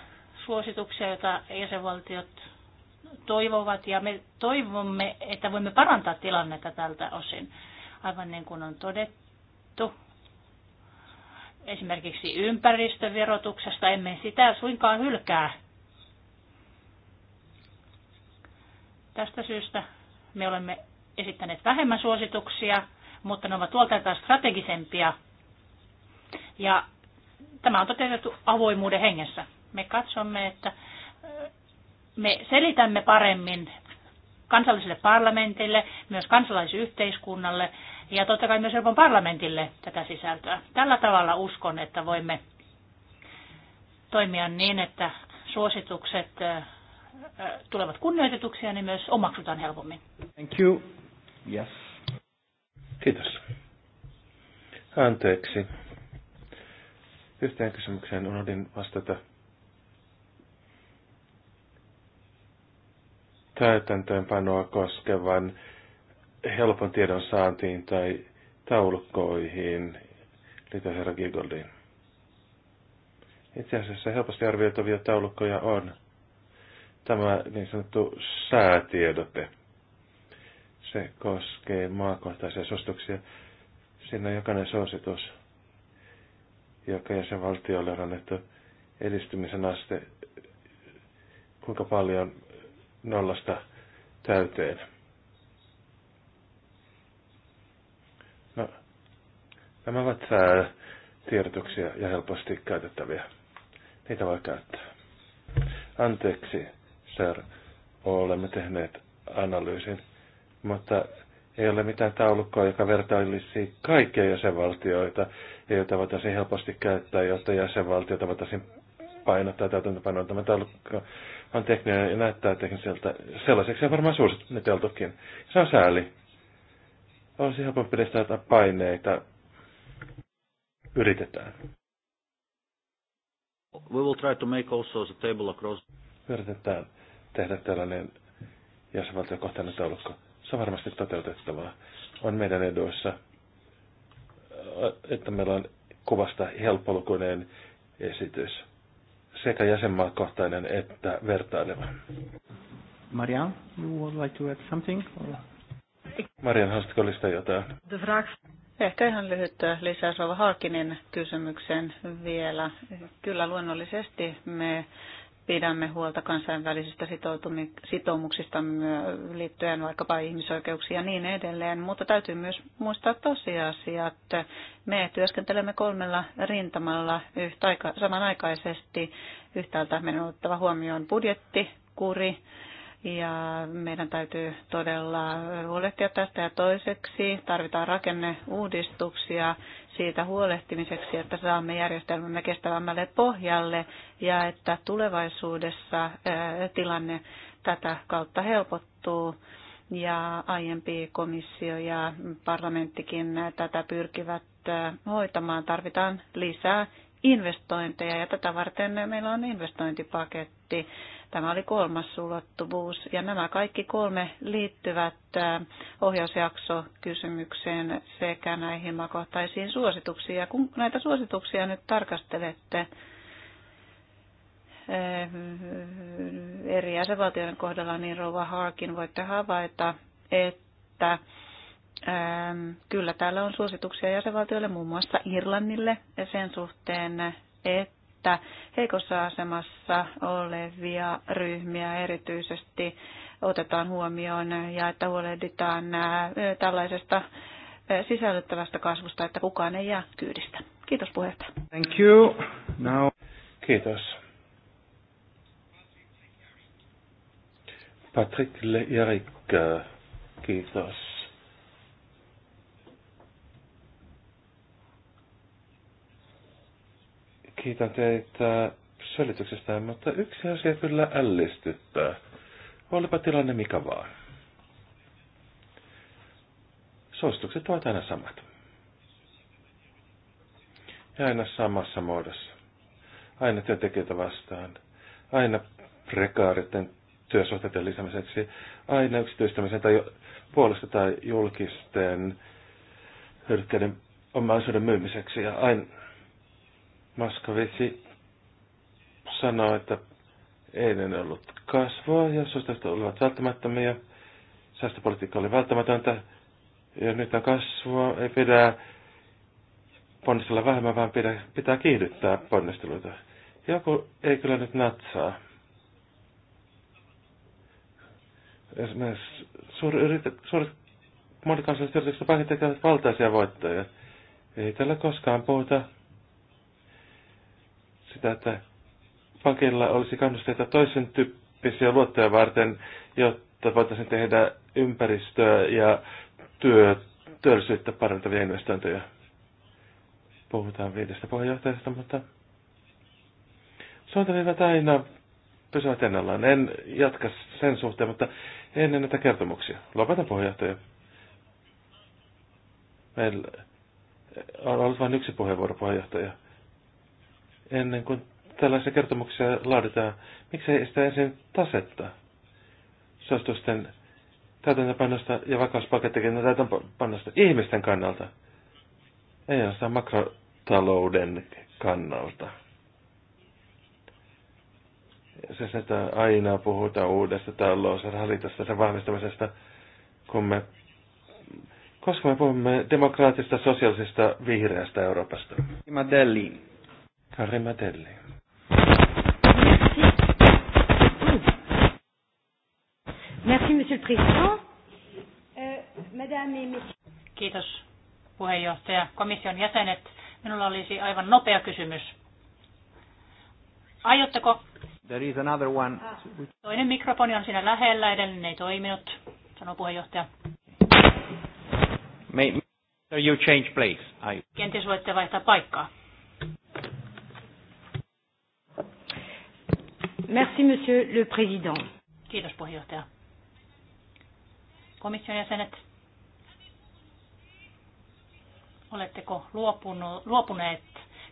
suosituksia, joita jäsenvaltiot toivovat ja me toivomme, että voimme parantaa tilannetta tältä osin. Aivan niin kuin on todettu, esimerkiksi ympäristöverotuksesta emme sitä suinkaan hylkää. Tästä syystä me olemme esittäneet vähemmän suosituksia, mutta ne ovat tuolta strategisempia. Ja tämä on toteutettu avoimuuden hengessä. Me katsomme, että me selitämme paremmin kansalliselle parlamentille, myös kansalaisyhteiskunnalle ja totta kai myös Euroopan parlamentille tätä sisältöä. Tällä tavalla uskon, että voimme toimia niin, että suositukset tulevat kunnioitetuksi ja ne myös omaksutaan helpommin.
Thank you. Yes. Kiitos. Anteeksi. Yhteen kysymykseen unohdin vastata täytäntöönpanoa koskevan helpon tiedon saantiin tai taulukkoihin, liittyen herra Gigoldin. Itse asiassa helposti arvioitavia taulukkoja on tämä niin sanottu säätiedote. Se koskee maakohtaisia suosituksia. Siinä on jokainen suositus, joka jäsenvaltiolle on annettu edistymisen aste, kuinka paljon nollasta täyteen. No, nämä ovat tiedotuksia ja helposti käytettäviä. Niitä voi käyttää. Anteeksi, sir, olemme tehneet analyysin, mutta ei ole mitään taulukkoa, joka vertailisi kaikkia jäsenvaltioita, ja jota voitaisiin helposti käyttää, jotta jäsenvaltiota voitaisiin painottaa täytäntöpanoa. Tämä taulukko on tekninen ja näyttää tekniseltä. Sellaiseksi on varmaan suositteltukin. Se on sääli. Olisi helpompi pidestää paineita. Yritetään.
We will try to make also the table across.
Yritetään tehdä tällainen jäsenvaltiokohtainen taulukko. Se on varmasti toteutettavaa. On meidän eduissa, että meillä on kuvasta helppolukuinen esitys sekä jäsenmaakohtainen että vertaileva. Marian, you would like to add something? Or... Marian, haluaisitko lisätä jotain?
The Ehkä ihan lyhyt lisäys Rova kysymyksen kysymykseen vielä. Kyllä luonnollisesti me pidämme huolta kansainvälisistä sitoumuksista liittyen vaikkapa ihmisoikeuksia ja niin edelleen, mutta täytyy myös muistaa tosiasiat. Me työskentelemme kolmella rintamalla yhtä aika, samanaikaisesti. Yhtäältä meidän on otettava huomioon budjetti, kuri, ja meidän täytyy todella huolehtia tästä ja toiseksi tarvitaan rakenneuudistuksia siitä huolehtimiseksi, että saamme järjestelmämme kestävämmälle pohjalle ja että tulevaisuudessa tilanne tätä kautta helpottuu ja aiempi komissio ja parlamenttikin tätä pyrkivät hoitamaan. Tarvitaan lisää investointeja ja tätä varten meillä on investointipaketti. Tämä oli kolmas ulottuvuus ja nämä kaikki kolme liittyvät äh, ohjausjaksokysymykseen sekä näihin makohtaisiin suosituksiin. Ja kun näitä suosituksia nyt tarkastelette äh, eri jäsenvaltioiden kohdalla, niin Rova Harkin voitte havaita, että ähm, kyllä täällä on suosituksia jäsenvaltioille, muun muassa Irlannille sen suhteen, että että heikossa asemassa olevia ryhmiä erityisesti otetaan huomioon ja että huolehditaan tällaisesta sisällyttävästä kasvusta, että kukaan ei jää kyydistä. Kiitos puheenjohtaja.
Thank you. Now. Kiitos. Patrick Le kiitos. Kiitän teitä selityksestä, mutta yksi asia kyllä ällistyttää. Olipa tilanne mikä vaan. Suositukset ovat aina samat. Ja aina samassa muodossa. Aina työntekijöitä vastaan. Aina prekaaritten työsuhteiden lisäämiseksi. Aina yksityistämisen tai puolesta tai julkisten hyödykkeiden omaisuuden myymiseksi. Ja aina Moskovisi sanoi, että eilen ollut kasvua ja suhteet olivat välttämättömiä. Säästöpolitiikka oli välttämätöntä ja nyt on kasvua. Ei pidä ponnistella vähemmän, vaan pidä, pitää kiihdyttää ponnisteluita. Joku ei kyllä nyt natsaa. Esimerkiksi suuri yritet, suuret monikansalliset yritykset tekevät valtaisia voittoja. Ei tällä koskaan puhuta sitä, että pankilla olisi kannusteita toisen tyyppisiä luottoja varten, jotta voitaisiin tehdä ympäristöä ja työ, työllisyyttä parantavia investointeja. Puhutaan viidestä puheenjohtajasta, mutta suuntaviivat aina pysyvät ennallaan. En jatka sen suhteen, mutta ennen näitä kertomuksia. Lopetan puheenjohtaja. Meillä on ollut vain yksi puheenvuoro puheenjohtaja ennen kuin tällaisia kertomuksia laaditaan, miksei sitä ensin tasetta suositusten täytäntöpannosta ja vakauspakettikin täytäntöpannosta ihmisten kannalta, ei ainoastaan makrotalouden kannalta. Se, että aina puhutaan uudesta talous- ja rahaliitosta sen vahvistamisesta, kun me, koska me puhumme demokraattista, sosiaalisesta, vihreästä Euroopasta. Madeline. Karin Madelli. Merci.
Merci, monsieur le président. Euh, Madame et messieurs. Kiitos, puheenjohtaja. Komission jäsenet, minulla olisi aivan nopea kysymys. Aiotteko?
There is another one. Ah,
Toinen mikrofoni on siinä lähellä, edellinen ei toiminut, sanoo puheenjohtaja.
May, may you change
place. I... Kenties voitte vaihtaa paikkaa. Merci, monsieur le président. Kiitos puheenjohtaja. Komission jäsenet, oletteko luopuneet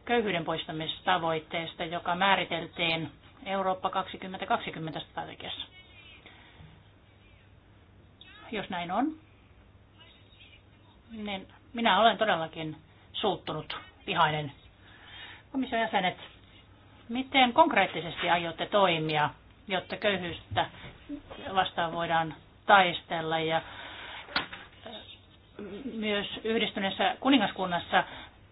köyhyyden poistamistavoitteesta, joka määriteltiin Eurooppa 2020 strategiassa? Jos näin on, niin minä olen todellakin suuttunut, vihainen. Komission jäsenet, Miten konkreettisesti aiotte toimia, jotta köyhyyttä vastaan voidaan taistella ja äh, myös yhdistyneessä kuningaskunnassa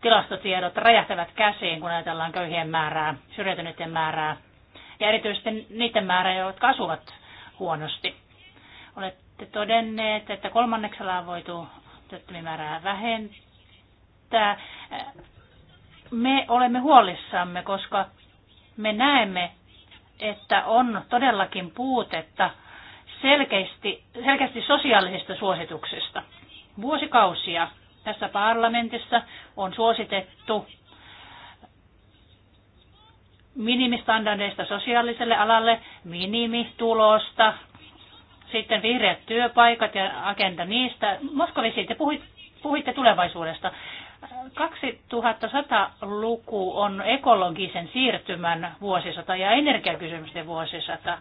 tilastotiedot räjähtävät käsiin, kun ajatellaan köyhien määrää, syrjäytyneiden määrää ja erityisesti niiden määrää, jotka asuvat huonosti. Olette todenneet, että kolmanneksella on voitu työttömimäärää vähentää. Äh, me olemme huolissamme, koska me näemme, että on todellakin puutetta selkeästi, selkeästi sosiaalisista suosituksista. Vuosikausia tässä parlamentissa on suositettu minimistandardeista sosiaaliselle alalle, minimitulosta, sitten vihreät työpaikat ja agenda niistä. Moskovisi, te puhuitte tulevaisuudesta. 2100-luku on ekologisen siirtymän vuosisata ja energiakysymysten vuosisata.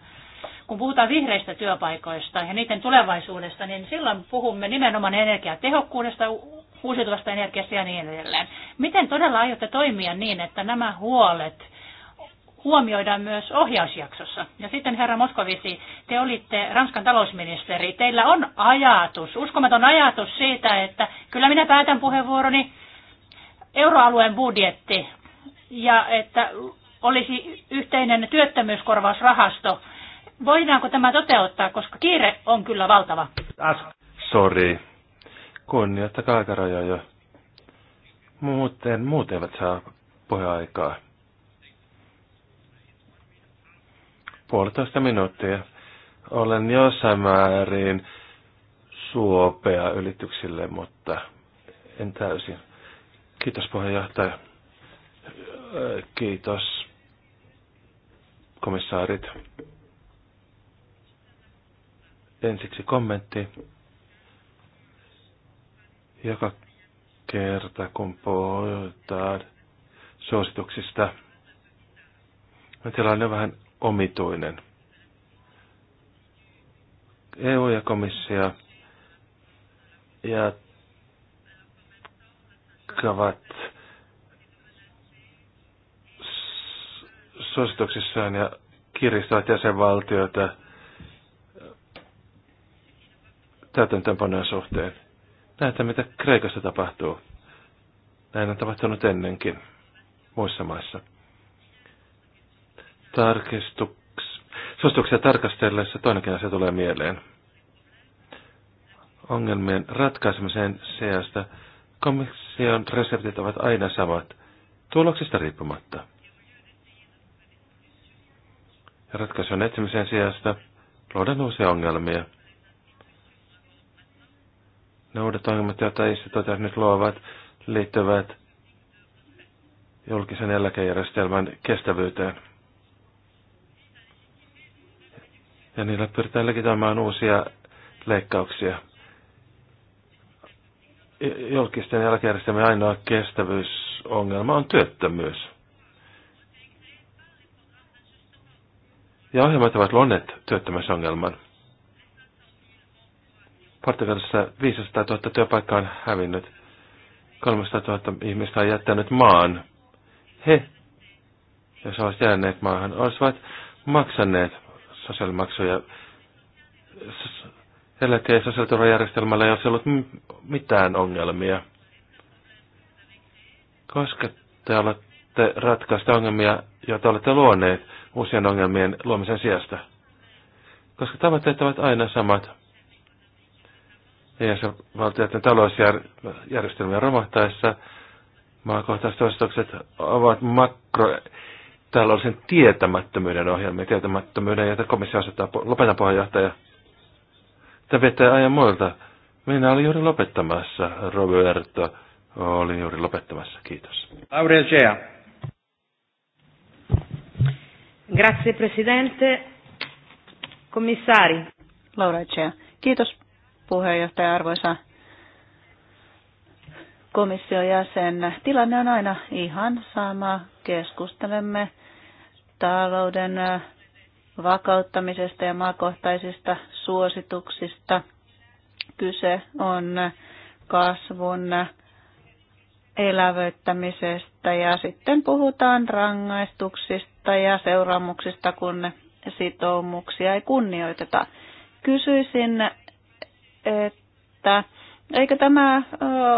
Kun puhutaan vihreistä työpaikoista ja niiden tulevaisuudesta, niin silloin puhumme nimenomaan energiatehokkuudesta, uusiutuvasta energiasta ja niin edelleen. Miten todella aiotte toimia niin, että nämä huolet huomioidaan myös ohjausjaksossa? Ja sitten herra Moskovisi, te olitte Ranskan talousministeri. Teillä on ajatus, uskomaton ajatus siitä, että kyllä minä päätän puheenvuoroni euroalueen budjetti ja että olisi yhteinen työttömyyskorvausrahasto. Voidaanko tämä toteuttaa, koska kiire on kyllä valtava?
Sori. Kunnioittakaa aikarajoja. Muuten, muuten eivät saa aikaa. Puolitoista minuuttia. Olen jossain määrin suopea ylityksille, mutta en täysin. Kiitos puheenjohtaja. Kiitos komissaarit. Ensiksi kommentti. Joka kerta kun puhutaan suosituksista, niin tilanne on vähän omituinen. EU ja komissio ja jatkavat suosituksissaan ja kiristävät jäsenvaltioita täytäntöönpanojen suhteen. Näitä, mitä Kreikassa tapahtuu. Näin on tapahtunut ennenkin muissa maissa. Tarkistuks... Suosituksia tarkastellessa toinenkin asia tulee mieleen. Ongelmien ratkaisemiseen sijasta Komission reseptit ovat aina samat, tuloksista riippumatta. Ratkaisun etsimisen sijasta luodaan uusia ongelmia. Ne uudet ongelmat, joita instituutiot nyt luovat, liittyvät julkisen eläkejärjestelmän kestävyyteen. Ja niillä pyritään legitoimaan uusia leikkauksia julkisten eläkejärjestelmien ainoa kestävyysongelma on työttömyys. Ja ohjelmat ovat luonneet työttömyysongelman. Portugalissa 500 000 työpaikkaa on hävinnyt. 300 000 ihmistä on jättänyt maan. He, jos olisivat jääneet maahan, olisivat maksaneet sosiaalimaksuja Eläke- ja sosiaaliturvajärjestelmällä ei olisi ollut mitään ongelmia. Koska te olette ratkaista ongelmia, joita olette luoneet uusien ongelmien luomisen sijasta. Koska tavoitteet ovat aina samat. ES-valtioiden talousjärjestelmien romahtaessa maakohtaiset suositukset ovat makrotaloudellisen tietämättömyyden ohjelmia, tietämättömyyden, jota komissio asettaa lopetan puheenjohtaja että vetää ajan muilta. Minä olin juuri lopettamassa, Roberto. Olin juuri lopettamassa, kiitos.
Laurel Gea. Grazie Presidente. Komissaari. Laura Gea. Kiitos puheenjohtaja, arvoisa komission jäsen. Tilanne on aina ihan sama. Keskustelemme talouden vakauttamisesta ja maakohtaisista suosituksista. Kyse on kasvun elävöittämisestä ja sitten puhutaan rangaistuksista ja seuraamuksista, kun sitoumuksia ei kunnioiteta. Kysyisin, että eikö tämä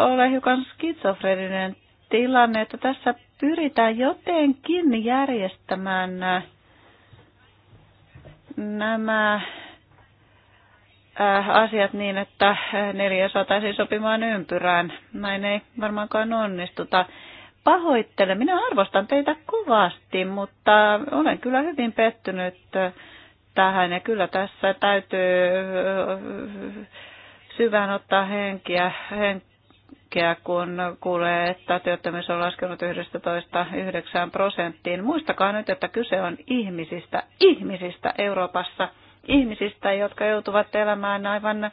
ole hiukan skitsofreninen tilanne, että tässä pyritään jotenkin järjestämään nämä äh, asiat niin, että neljä saataisiin sopimaan ympyrään. Näin ei varmaankaan onnistuta. Pahoittelen, minä arvostan teitä kovasti, mutta olen kyllä hyvin pettynyt tähän ja kyllä tässä täytyy äh, syvään ottaa henkiä, hen, hetkeä, kun kuulee, että työttömyys on laskenut 11,9 prosenttiin. Muistakaa nyt, että kyse on ihmisistä, ihmisistä Euroopassa, ihmisistä, jotka joutuvat elämään aivan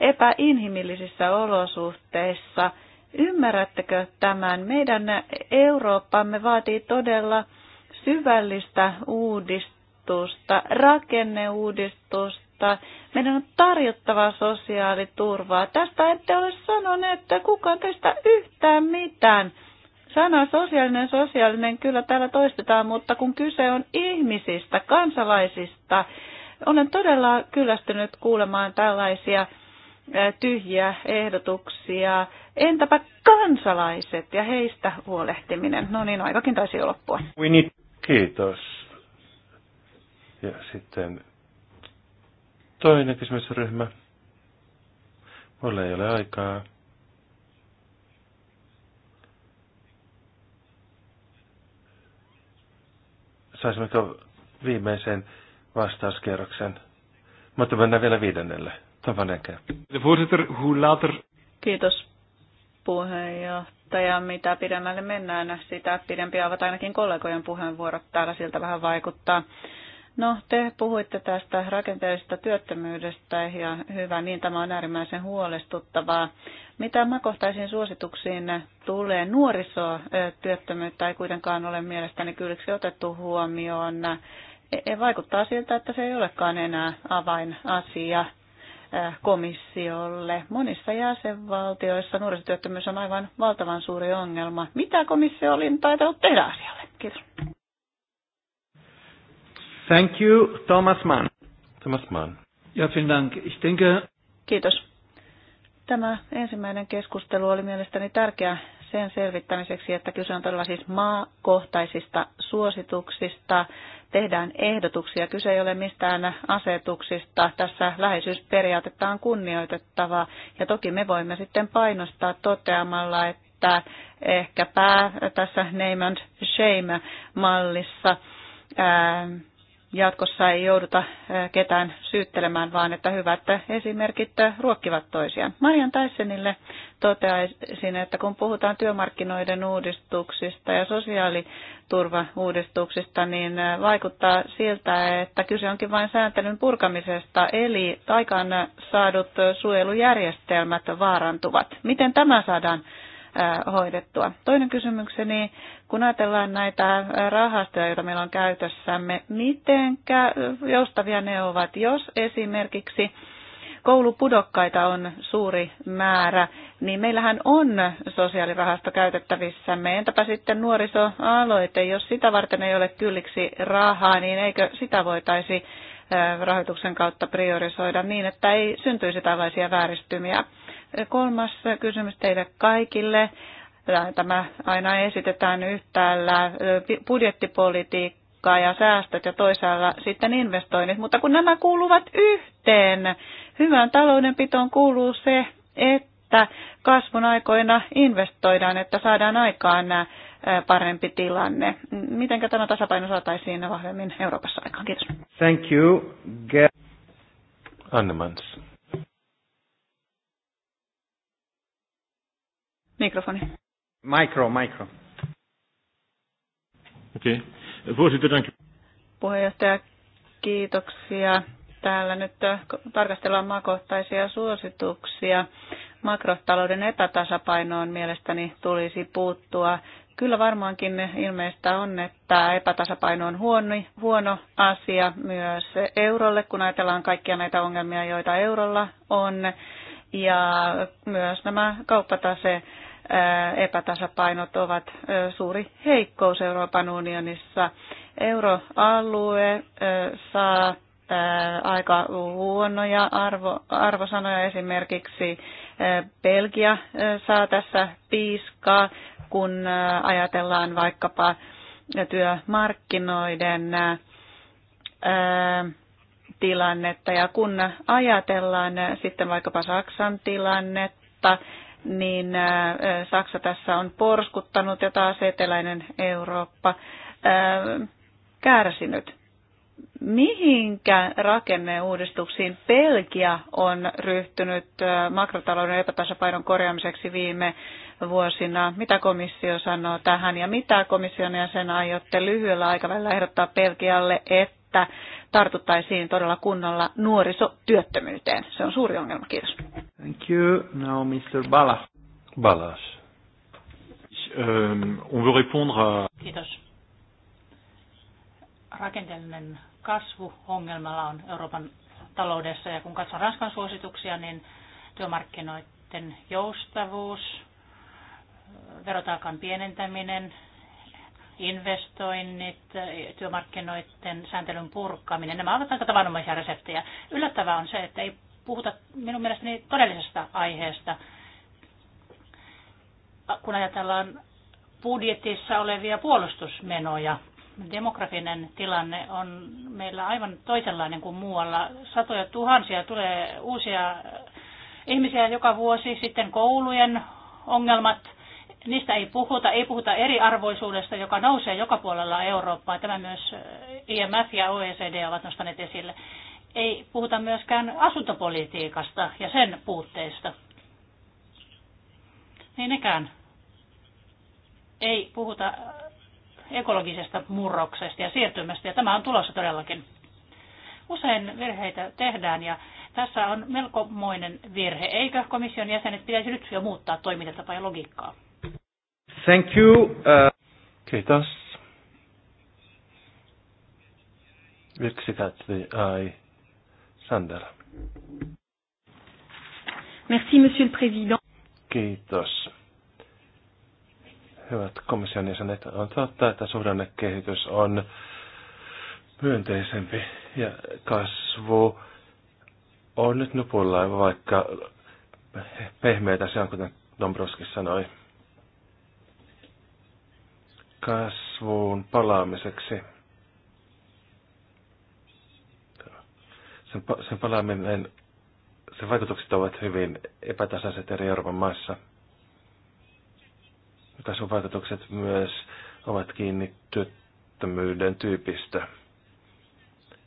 epäinhimillisissä olosuhteissa. Ymmärrättekö tämän? Meidän Eurooppamme vaatii todella syvällistä uudistusta, rakenneuudistusta tarjota. Meidän on tarjottava sosiaaliturvaa. Tästä ette ole sanoneet, että kukaan teistä yhtään mitään. Sana sosiaalinen, sosiaalinen kyllä täällä toistetaan, mutta kun kyse on ihmisistä, kansalaisista, olen todella kyllästynyt kuulemaan tällaisia tyhjiä ehdotuksia. Entäpä kansalaiset ja heistä huolehtiminen? No niin, aikakin taisi jo loppua.
Kiitos. Ja sitten Toinen kysymysryhmä. Mulla ei ole aikaa. Saisimmeko viimeisen vastauskierroksen? Mutta mennään vielä viidennelle. Tavanenkään.
Kiitos puheenjohtaja. Mitä pidemmälle mennään, sitä pidempi ovat ainakin kollegojen puheenvuorot. Täällä siltä vähän vaikuttaa. No, te puhuitte tästä rakenteellisesta työttömyydestä ja hyvä, niin tämä on äärimmäisen huolestuttavaa. Mitä makohtaisiin suosituksiin tulee? Nuorisotyöttömyyttä ei kuitenkaan ole mielestäni kylliksi otettu huomioon. E, e, vaikuttaa siltä, että se ei olekaan enää avainasia komissiolle. Monissa jäsenvaltioissa nuorisotyöttömyys on aivan valtavan suuri ongelma. Mitä komissio oli taitanut tehdä asialle? Kiitos.
Thank you, Thomas Mann. Thomas Mann. Ja, vielen Dank. Ich denke...
Kiitos. Tämä ensimmäinen keskustelu oli mielestäni tärkeä sen selvittämiseksi, että kyse on todella siis maakohtaisista suosituksista. Tehdään ehdotuksia. Kyse ei ole mistään asetuksista. Tässä läheisyysperiaatetta on kunnioitettava. Ja toki me voimme sitten painostaa toteamalla, että ehkäpä tässä and Shame-mallissa jatkossa ei jouduta ketään syyttelemään, vaan että hyvät esimerkit ruokkivat toisiaan. Marian Tyssenille toteaisin, että kun puhutaan työmarkkinoiden uudistuksista ja sosiaaliturvauudistuksista, niin vaikuttaa siltä, että kyse onkin vain sääntelyn purkamisesta, eli aikaan saadut suojelujärjestelmät vaarantuvat. Miten tämä saadaan hoidettua? Toinen kysymykseni kun ajatellaan näitä rahastoja, joita meillä on käytössämme, miten joustavia ne ovat, jos esimerkiksi koulupudokkaita on suuri määrä, niin meillähän on sosiaalirahasto käytettävissämme. Entäpä sitten nuorisoaloite, jos sitä varten ei ole kylliksi rahaa, niin eikö sitä voitaisi rahoituksen kautta priorisoida niin, että ei syntyisi tällaisia vääristymiä. Kolmas kysymys teille kaikille tämä aina esitetään yhtäällä budjettipolitiikkaa ja säästöt ja toisaalla sitten investoinnit, mutta kun nämä kuuluvat yhteen, hyvään taloudenpitoon kuuluu se, että kasvun aikoina investoidaan, että saadaan aikaan parempi tilanne. Miten tämä tasapaino saataisiin vahvemmin Euroopassa aikaan? Kiitos. Thank
you. Annemans. Mikrofoni. Micro, micro. Okei. Okay. Voisitte dank
Puheenjohtaja, kiitoksia. Täällä nyt äh, tarkastellaan makohtaisia suosituksia. Makrotalouden epätasapainoon mielestäni tulisi puuttua. Kyllä varmaankin ilmeistä on, että epätasapaino on huono, huono asia myös eurolle, kun ajatellaan kaikkia näitä ongelmia, joita eurolla on. Ja myös nämä kauppatase epätasapainot ovat suuri heikkous Euroopan unionissa. Euroalue saa aika huonoja arvo, arvosanoja. Esimerkiksi Belgia saa tässä piiskaa, kun ajatellaan vaikkapa työmarkkinoiden tilannetta. Ja kun ajatellaan sitten vaikkapa Saksan tilannetta, niin äh, äh, Saksa tässä on porskuttanut ja taas eteläinen Eurooppa äh, kärsinyt. Mihinkä rakenneuudistuksiin Belgia on ryhtynyt makrotalouden epätasapainon korjaamiseksi viime vuosina? Mitä komissio sanoo tähän ja mitä komission jäsen aiotte lyhyellä aikavälillä ehdottaa Belgialle, että että tartuttaisiin todella kunnolla nuorisotyöttömyyteen. Se on suuri ongelma. Kiitos.
Thank you. Now Mr. Bala. Balas. Um, on veut répondre à...
Kiitos.
Rakenteellinen ongelmalla on Euroopan taloudessa ja kun katson Ranskan suosituksia, niin työmarkkinoiden joustavuus, verotaakan pienentäminen, investoinnit, työmarkkinoiden sääntelyn purkaminen, nämä ovat aika tavanomaisia reseptejä. Yllättävää on se, että ei puhuta minun mielestäni todellisesta aiheesta. Kun ajatellaan budjetissa olevia puolustusmenoja, demografinen tilanne on meillä aivan toisenlainen kuin muualla. Satoja tuhansia tulee uusia ihmisiä joka vuosi, sitten koulujen ongelmat, niistä ei puhuta, ei puhuta eriarvoisuudesta, joka nousee joka puolella Eurooppaa. Tämä myös eh, IMF ja OECD ovat nostaneet esille. Ei puhuta myöskään asuntopolitiikasta ja sen puutteista. Niin nekään. Ei puhuta eh, ekologisesta murroksesta ja siirtymästä, ja tämä on tulossa todellakin. Usein virheitä tehdään, ja tässä on melkomoinen virhe. Eikö komission jäsenet pitäisi nyt jo muuttaa toimintatapaa ja logiikkaa?
Thank you. Uh... Kiitos. Yksi katvi, ai. Sandra.
Merci, monsieur le président.
Kiitos. Hyvät komission jäsenet, on totta, että suhdannekehitys on myönteisempi ja kasvu on nyt nupulla, vaikka pehmeitä se on, kuten Dombrovskis sanoi kasvuun palaamiseksi. Sen, sen palaaminen, sen vaikutukset ovat hyvin epätasaiset eri Euroopan maissa. Kasvun vaikutukset myös ovat kiinni työttömyyden tyypistä.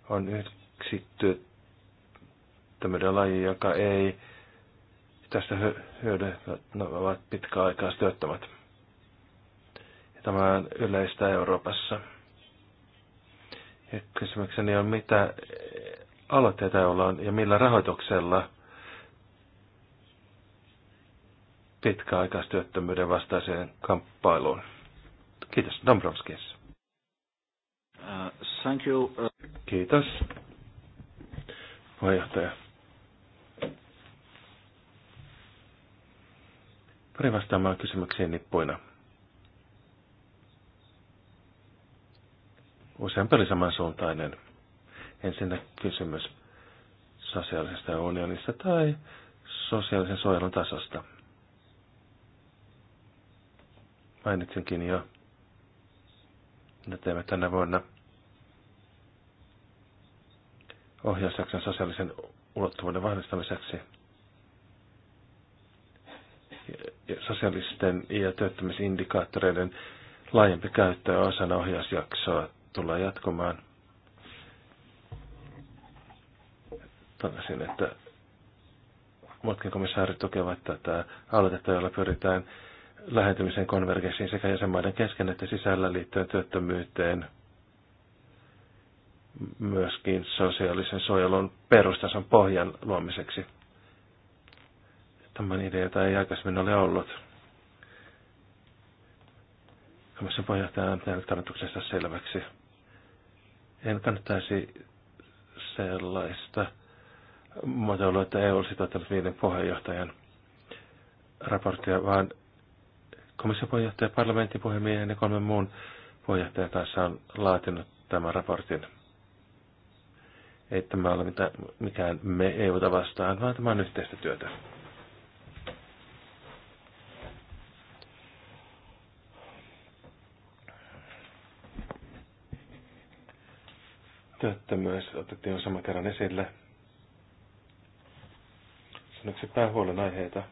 On yksi työttömyyden laji, joka ei tästä hyödy, no, ovat pitkäaikaistyöttömät tämän yleistä Euroopassa. Ja kysymykseni on, mitä aloitteita ollaan ja millä rahoituksella pitkäaikaistyöttömyyden vastaiseen kamppailuun. Kiitos, Dombrovskis. Uh, thank you. Uh... Kiitos, puheenjohtaja. Pari vastaamaan kysymyksiin nippuina. Useampi oli samansuuntainen. Ensin kysymys sosiaalisesta unionista tai sosiaalisen suojelun tasosta. Mainitsinkin jo, että teemme tänä vuonna ohjausjakson sosiaalisen ulottuvuuden vahvistamiseksi sosiaalisten ja työttömyysindikaattoreiden laajempi käyttö osana ohjausjaksoa tullaan jatkumaan. tällaisin, että muutkin komissaarit tukevat tätä aloitetta, jolla pyritään lähentymisen konvergenssiin sekä jäsenmaiden kesken että sisällä liittyen työttömyyteen, myöskin sosiaalisen suojelun perustason pohjan luomiseksi. Tämän idea, jota ei aikaisemmin ole ollut. Komission puheenjohtaja on tehnyt kannatuksesta selväksi en kannattaisi sellaista muotoilua, että EU olisi toteuttanut viiden puheenjohtajan raporttia, vaan komission puheenjohtaja, parlamentin puhemiehen ja kolmen muun puheenjohtajan kanssa on laatinut tämän raportin. Ei tämä ole mitään, mikään me EUta vastaan, vaan tämä on yhteistä työtä. Työttömyys otettiin saman kerran esille. Se on päähuolen aiheita.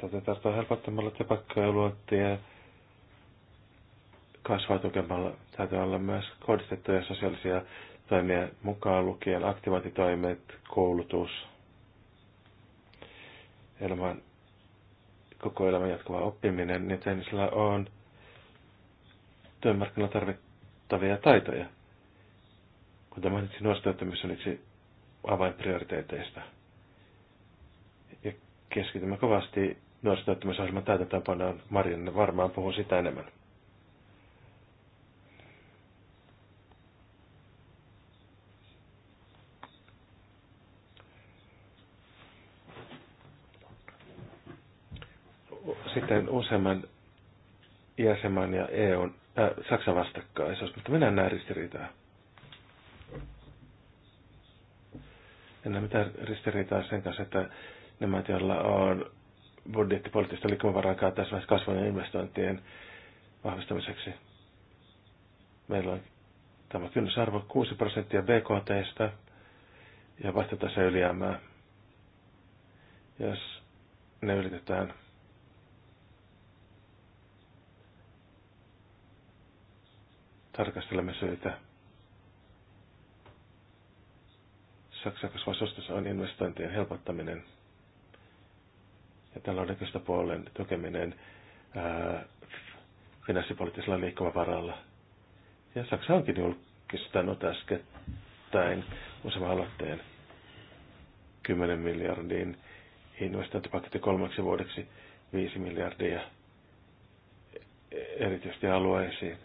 Tätä tarttua helpottamalla luottia kasvaa tukemalla. Täytyy olla myös kohdistettuja sosiaalisia toimia mukaan lukien aktivointitoimet, koulutus, elämän, koko elämän jatkuva oppiminen, niin tennisillä on työmarkkinoilla tarvittavia taitoja. Kuten mainitsin, nuorisotyöttömyys on yksi avainprioriteeteista. Ja keskitymme kovasti nuorisotyöttömyysohjelman täytäntöönpanoon. Marjan varmaan puhuu sitä enemmän. sitten useamman jäsenmaan ja EUn, äh, Saksan vastakkaisuus, mutta minä en näe ristiriitaa. En näe mitään ristiriitaa sen kanssa, että nämä, joilla on budjettipoliittista liikkumavaraa käytetään kasvun investointien vahvistamiseksi. Meillä on tämä kynnysarvo 6 prosenttia BKTstä ja vastatase ylijäämää. Jos ne ylitetään, tarkastelemme syitä. Saksan kasvasostus on investointien helpottaminen ja taloudellisesta puolen tukeminen ää, finanssipoliittisella liikkumavaralla. Ja Saksa onkin julkistanut äskettäin useamman aloitteen 10 miljardin investointipaketti kolmeksi vuodeksi 5 miljardia erityisesti alueisiin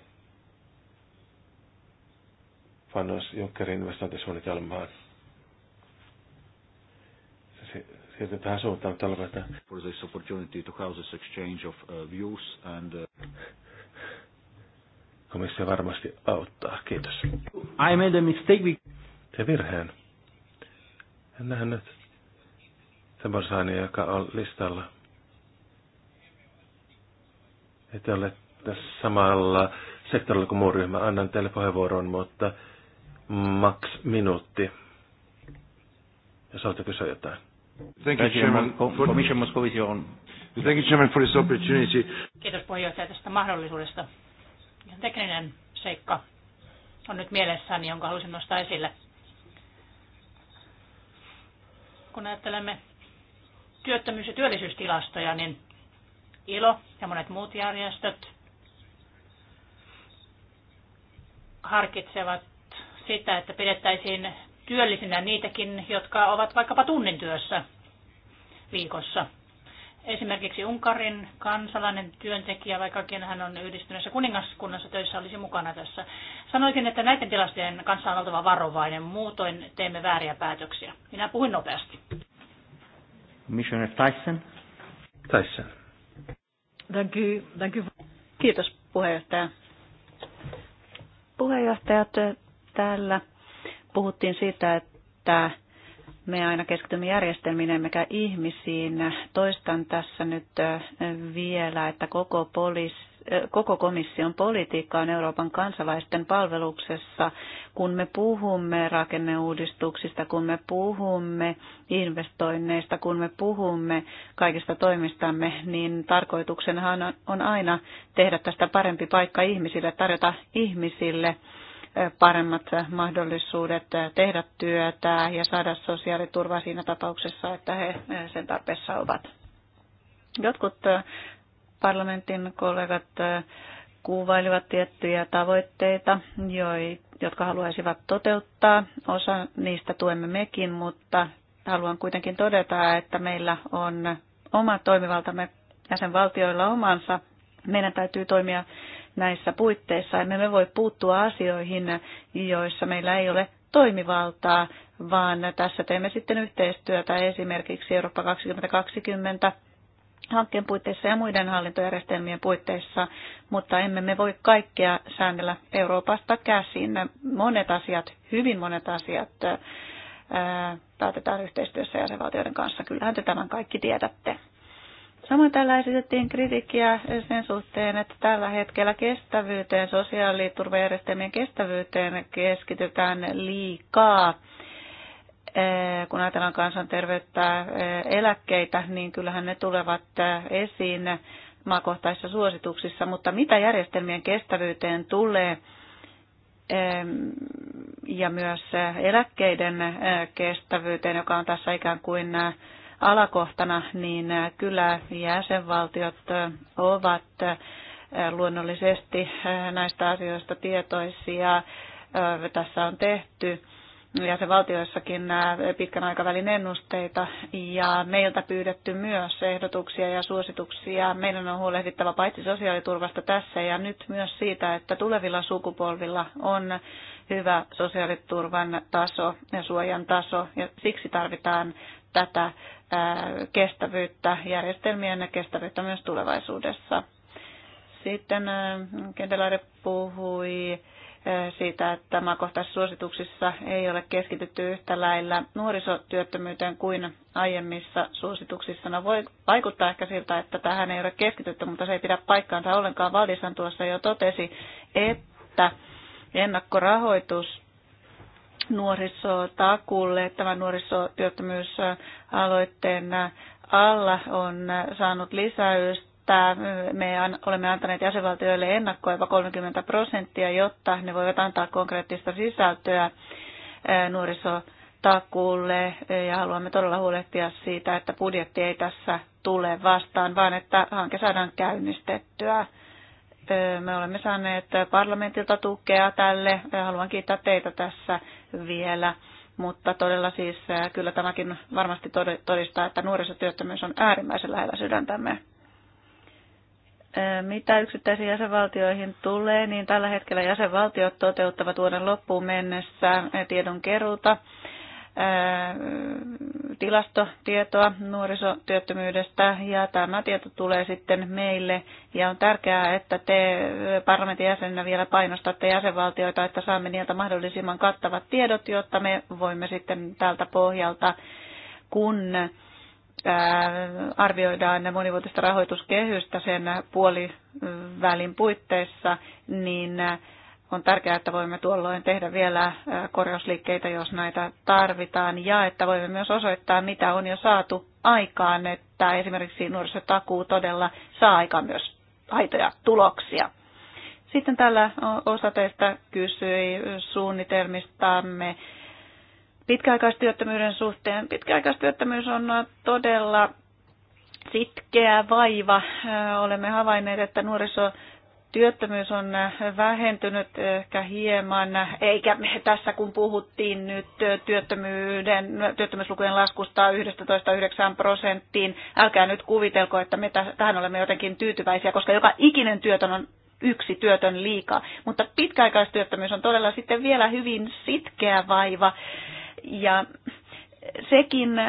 panos Junckerin investointisuunnitelmaan. Sieltä tähän suuntaan talvelta. For this opportunity to house this exchange of uh, views and... Uh... Komissio varmasti auttaa. Kiitos. I made a mistake. With... Te virheen. En nähnyt Tamborsania, joka on listalla. Ette ole tässä samalla sektorilla kuin muu ryhmä. Annan teille puheenvuoron, mutta Max minuutti. ja saatte kysyä jotain. Thank you, Chairman. Commission Moscovici on. Thank you, Chairman, for this opportunity.
Kiitos puheenjohtaja tästä mahdollisuudesta. Ihan tekninen seikka on nyt mielessäni, jonka halusin nostaa esille. Kun ajattelemme työttömyys- ja työllisyystilastoja, niin ILO ja monet muut järjestöt harkitsevat sitä, että pidettäisiin työllisinä niitäkin, jotka ovat vaikkapa tunnin työssä viikossa. Esimerkiksi Unkarin kansalainen työntekijä, vaikkakin hän on yhdistyneessä kuningaskunnassa töissä, olisi mukana tässä. Sanoisin, että näiden tilastojen kanssa on oltava varovainen, muutoin teemme vääriä päätöksiä. Minä puhuin nopeasti.
Missioner Tyson. Tyson.
Thank you. Thank you. Kiitos puheenjohtaja. Puheenjohtajat, Täällä puhuttiin siitä, että me aina keskitymme järjestelmiin emmekä ihmisiin. Toistan tässä nyt vielä, että koko, poliis, koko komission politiikka on Euroopan kansalaisten palveluksessa. Kun me puhumme rakenneuudistuksista, kun me puhumme investoinneista, kun me puhumme kaikista toimistamme, niin tarkoituksenhan on aina tehdä tästä parempi paikka ihmisille, tarjota ihmisille – paremmat mahdollisuudet tehdä työtä ja saada sosiaaliturvaa siinä tapauksessa, että he sen tarpeessa ovat. Jotkut äh, parlamentin kollegat äh, kuvailivat tiettyjä tavoitteita, jotka haluaisivat toteuttaa. Osa niistä tuemme mekin, mutta haluan kuitenkin todeta, että meillä on oma toimivaltamme jäsenvaltioilla omansa. Meidän täytyy toimia näissä puitteissa. Emme me voi puuttua asioihin, joissa meillä ei ole toimivaltaa, vaan tässä teemme sitten yhteistyötä esimerkiksi Eurooppa 2020 hankkeen puitteissa ja muiden hallintojärjestelmien puitteissa, mutta emme me voi kaikkea säännellä Euroopasta käsin. Monet asiat, hyvin monet asiat päätetään yhteistyössä jäsenvaltioiden kanssa. Kyllähän te tämän kaikki tiedätte. Samoin täällä esitettiin kritiikkiä sen suhteen, että tällä hetkellä kestävyyteen, sosiaaliturvajärjestelmien kestävyyteen keskitytään liikaa. Kun ajatellaan kansanterveyttä, eläkkeitä, niin kyllähän ne tulevat esiin maakohtaisissa suosituksissa, mutta mitä järjestelmien kestävyyteen tulee ja myös eläkkeiden kestävyyteen, joka on tässä ikään kuin alakohtana, niin äh, kyllä jäsenvaltiot äh, ovat äh, luonnollisesti näistä asioista tietoisia. Tässä on tehty jäsenvaltioissakin pitkän aikavälin ennusteita ja meiltä pyydetty myös ehdotuksia ja suosituksia. Meidän on huolehdittava paitsi sosiaaliturvasta tässä ja nyt myös siitä, että tulevilla sukupolvilla on hyvä sosiaaliturvan taso ja suojan taso ja siksi tarvitaan tätä kestävyyttä, järjestelmien kestävyyttä myös tulevaisuudessa. Sitten Kendelaide puhui siitä, että suosituksissa ei ole keskitytty yhtä lailla nuorisotyöttömyyteen kuin aiemmissa suosituksissa. No voi vaikuttaa ehkä siltä, että tähän ei ole keskitytty, mutta se ei pidä paikkaansa ollenkaan. Valdisan tuossa jo totesi, että ennakkorahoitus nuorisotakulle. Tämä nuorisotyöttömyysaloitteen alla on saanut lisäystä me olemme antaneet jäsenvaltioille jopa 30 prosenttia, jotta ne voivat antaa konkreettista sisältöä nuorisotakuulle ja haluamme todella huolehtia siitä, että budjetti ei tässä tule vastaan, vaan että hanke saadaan käynnistettyä. Me olemme saaneet parlamentilta tukea tälle. Haluan kiittää teitä tässä vielä. Mutta todella siis kyllä tämäkin varmasti todistaa, että nuorisotyöttömyys on äärimmäisen lähellä sydäntämme. Mitä yksittäisiin jäsenvaltioihin tulee, niin tällä hetkellä jäsenvaltiot toteuttavat vuoden loppuun mennessä tiedon keruuta tilastotietoa nuorisotyöttömyydestä ja tämä tieto tulee sitten meille ja on tärkeää, että te parlamentin jäsenenä vielä painostatte jäsenvaltioita, että saamme niiltä mahdollisimman kattavat tiedot, jotta me voimme sitten tältä pohjalta, kun arvioidaan monivuotista rahoituskehystä sen puolivälin puitteissa, niin on tärkeää, että voimme tuolloin tehdä vielä korjausliikkeitä, jos näitä tarvitaan, ja että voimme myös osoittaa, mitä on jo saatu aikaan, että esimerkiksi nuorisotakuu todella saa aikaan myös aitoja tuloksia. Sitten täällä osa teistä kysyi suunnitelmistamme pitkäaikaistyöttömyyden suhteen. Pitkäaikaistyöttömyys on todella sitkeä vaiva. Olemme havainneet, että nuoriso työttömyys on äh, vähentynyt ehkä hieman, äh, eikä tässä kun puhuttiin nyt äh, työttömyyden, työttömyyslukujen laskusta 11,9 prosenttiin, älkää nyt kuvitelko, että me tähän olemme jotenkin tyytyväisiä, koska joka ikinen työtön on yksi työtön liikaa. Mutta pitkäaikaistyöttömyys on todella sitten vielä hyvin sitkeä vaiva, ja sekin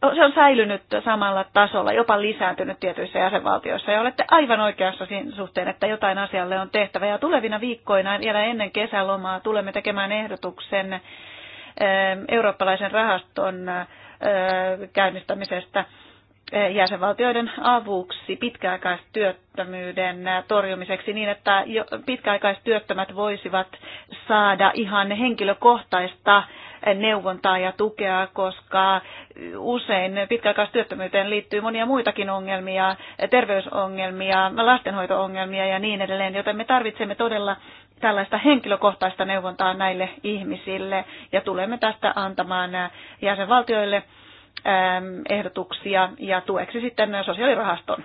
se on säilynyt samalla tasolla, jopa lisääntynyt tietyissä jäsenvaltioissa. Ja olette aivan oikeassa siinä suhteen, että jotain asialle on tehtävä. Ja tulevina viikkoina, vielä ennen kesälomaa, tulemme tekemään ehdotuksen eurooppalaisen rahaston käynnistämisestä jäsenvaltioiden avuksi pitkäaikaistyöttömyyden torjumiseksi niin, että pitkäaikaistyöttömät voisivat saada ihan henkilökohtaista neuvontaa ja tukea, koska usein pitkäaikaistyöttömyyteen liittyy monia muitakin ongelmia, terveysongelmia, lastenhoito-ongelmia ja niin edelleen, joten me tarvitsemme todella tällaista henkilökohtaista neuvontaa näille ihmisille ja tulemme tästä antamaan jäsenvaltioille ehdotuksia ja tueksi sitten sosiaalirahaston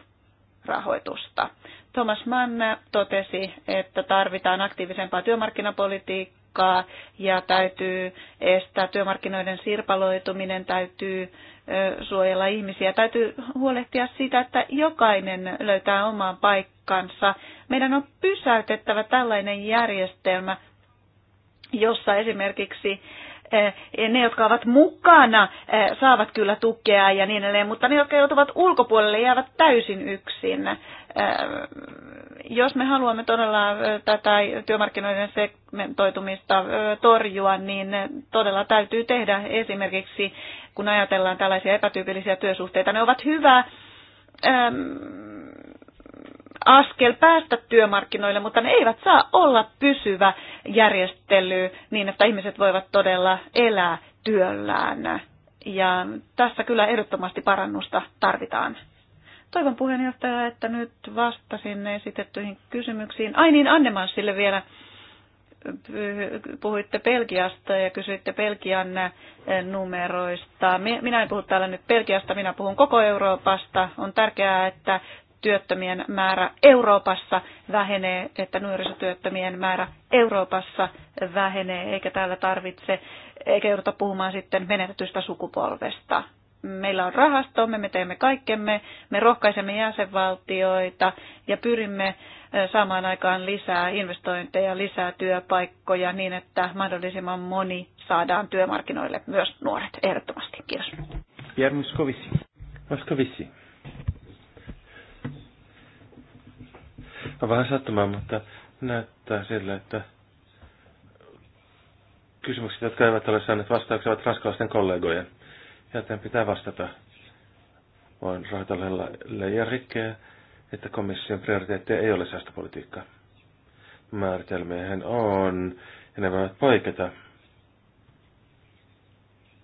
rahoitusta. Thomas Mann totesi, että tarvitaan aktiivisempaa työmarkkinapolitiikkaa tiukkaa ja täytyy estää työmarkkinoiden sirpaloituminen, täytyy suojella ihmisiä. Täytyy huolehtia siitä, että jokainen löytää oman paikkansa. Meidän on pysäytettävä tällainen järjestelmä, jossa esimerkiksi ne, jotka ovat mukana, saavat kyllä tukea ja niin edelleen, mutta ne, jotka joutuvat ulkopuolelle, jäävät täysin yksin jos me haluamme todella tätä työmarkkinoiden segmentoitumista torjua, niin todella täytyy tehdä esimerkiksi, kun ajatellaan tällaisia epätyypillisiä työsuhteita, ne ovat hyvä askel päästä työmarkkinoille, mutta ne eivät saa olla pysyvä järjestely niin, että ihmiset voivat todella elää työllään. Ja tässä kyllä ehdottomasti parannusta tarvitaan. Toivon puheenjohtaja, että nyt vastasin esitettyihin kysymyksiin. Ai niin, sille vielä puhuitte Pelkiasta ja kysyitte Pelkian eh, numeroista. Minä en puhu täällä nyt Pelkiasta, minä puhun koko Euroopasta. On tärkeää, että työttömien määrä Euroopassa vähenee, että nuorisotyöttömien määrä Euroopassa vähenee, eikä täällä tarvitse, eikä jouduta puhumaan sitten menetetystä sukupolvesta meillä on rahasto, me teemme kaikkemme, me rohkaisemme jäsenvaltioita ja pyrimme saamaan aikaan lisää investointeja, lisää työpaikkoja niin, että mahdollisimman moni saadaan työmarkkinoille, myös nuoret, ehdottomasti. Kiitos.
Jerry On vähän sattumaa, mutta näyttää sillä, että kysymykset, jotka eivät ole saaneet vastauksia, ovat ranskalaisten kollegojen joten pitää vastata. Voin rahoitella leijä rikkeä, että komission prioriteetti ei ole säästöpolitiikka. Määritelmiehen on, ja ne voivat poiketa.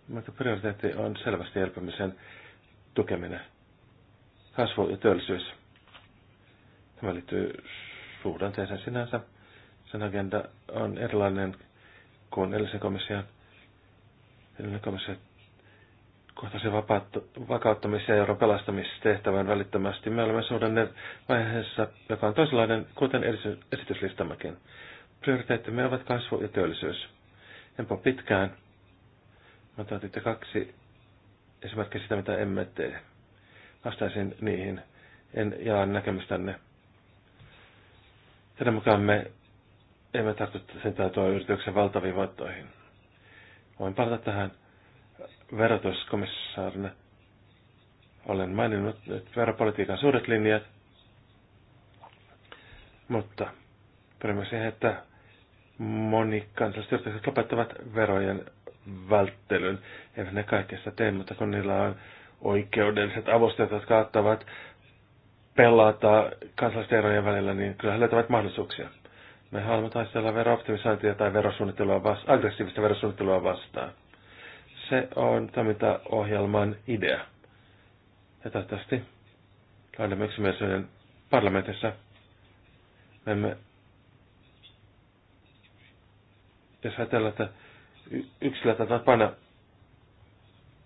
Mutta prioriteetti on selvästi elpymisen tukeminen, kasvu ja työllisyys. Tämä liittyy suhdanteeseen sinänsä. Sen agenda on erilainen kuin edellisen komission. Edellinen komissio henkilökohtaisen vakauttamis- ja euron pelastamistehtävän välittömästi. Me olemme suhdanne vaiheessa, joka on toisenlainen, kuten esityslistammekin. Prioriteettimme ovat kasvu ja työllisyys. Enpä pitkään, mutta otitte kaksi esimerkkiä sitä, mitä emme tee. Vastaisin niihin. En jaa näkemystänne. Tänä mukaan me emme tartu sen täytyä yrityksen valtaviin voittoihin. Voin palata tähän verotuskomissaarina olen maininnut veropolitiikan suuret linjat, mutta pyrimme siihen, että moni yritykset lopettavat verojen välttelyn. Eivät ne kaikesta tee, mutta kun niillä on oikeudelliset avustajat, jotka auttavat pelata kansallisten erojen välillä, niin kyllä he löytävät mahdollisuuksia. Me haluamme taistella verooptimisointia tai verosuunnittelua vasta- aggressiivista verosuunnittelua vastaan. Se on toimintaohjelman idea. Ja toivottavasti löydämme yksimielisyyden parlamentissa. Me emme, jos ajatellaan, että yksilöt antavat panna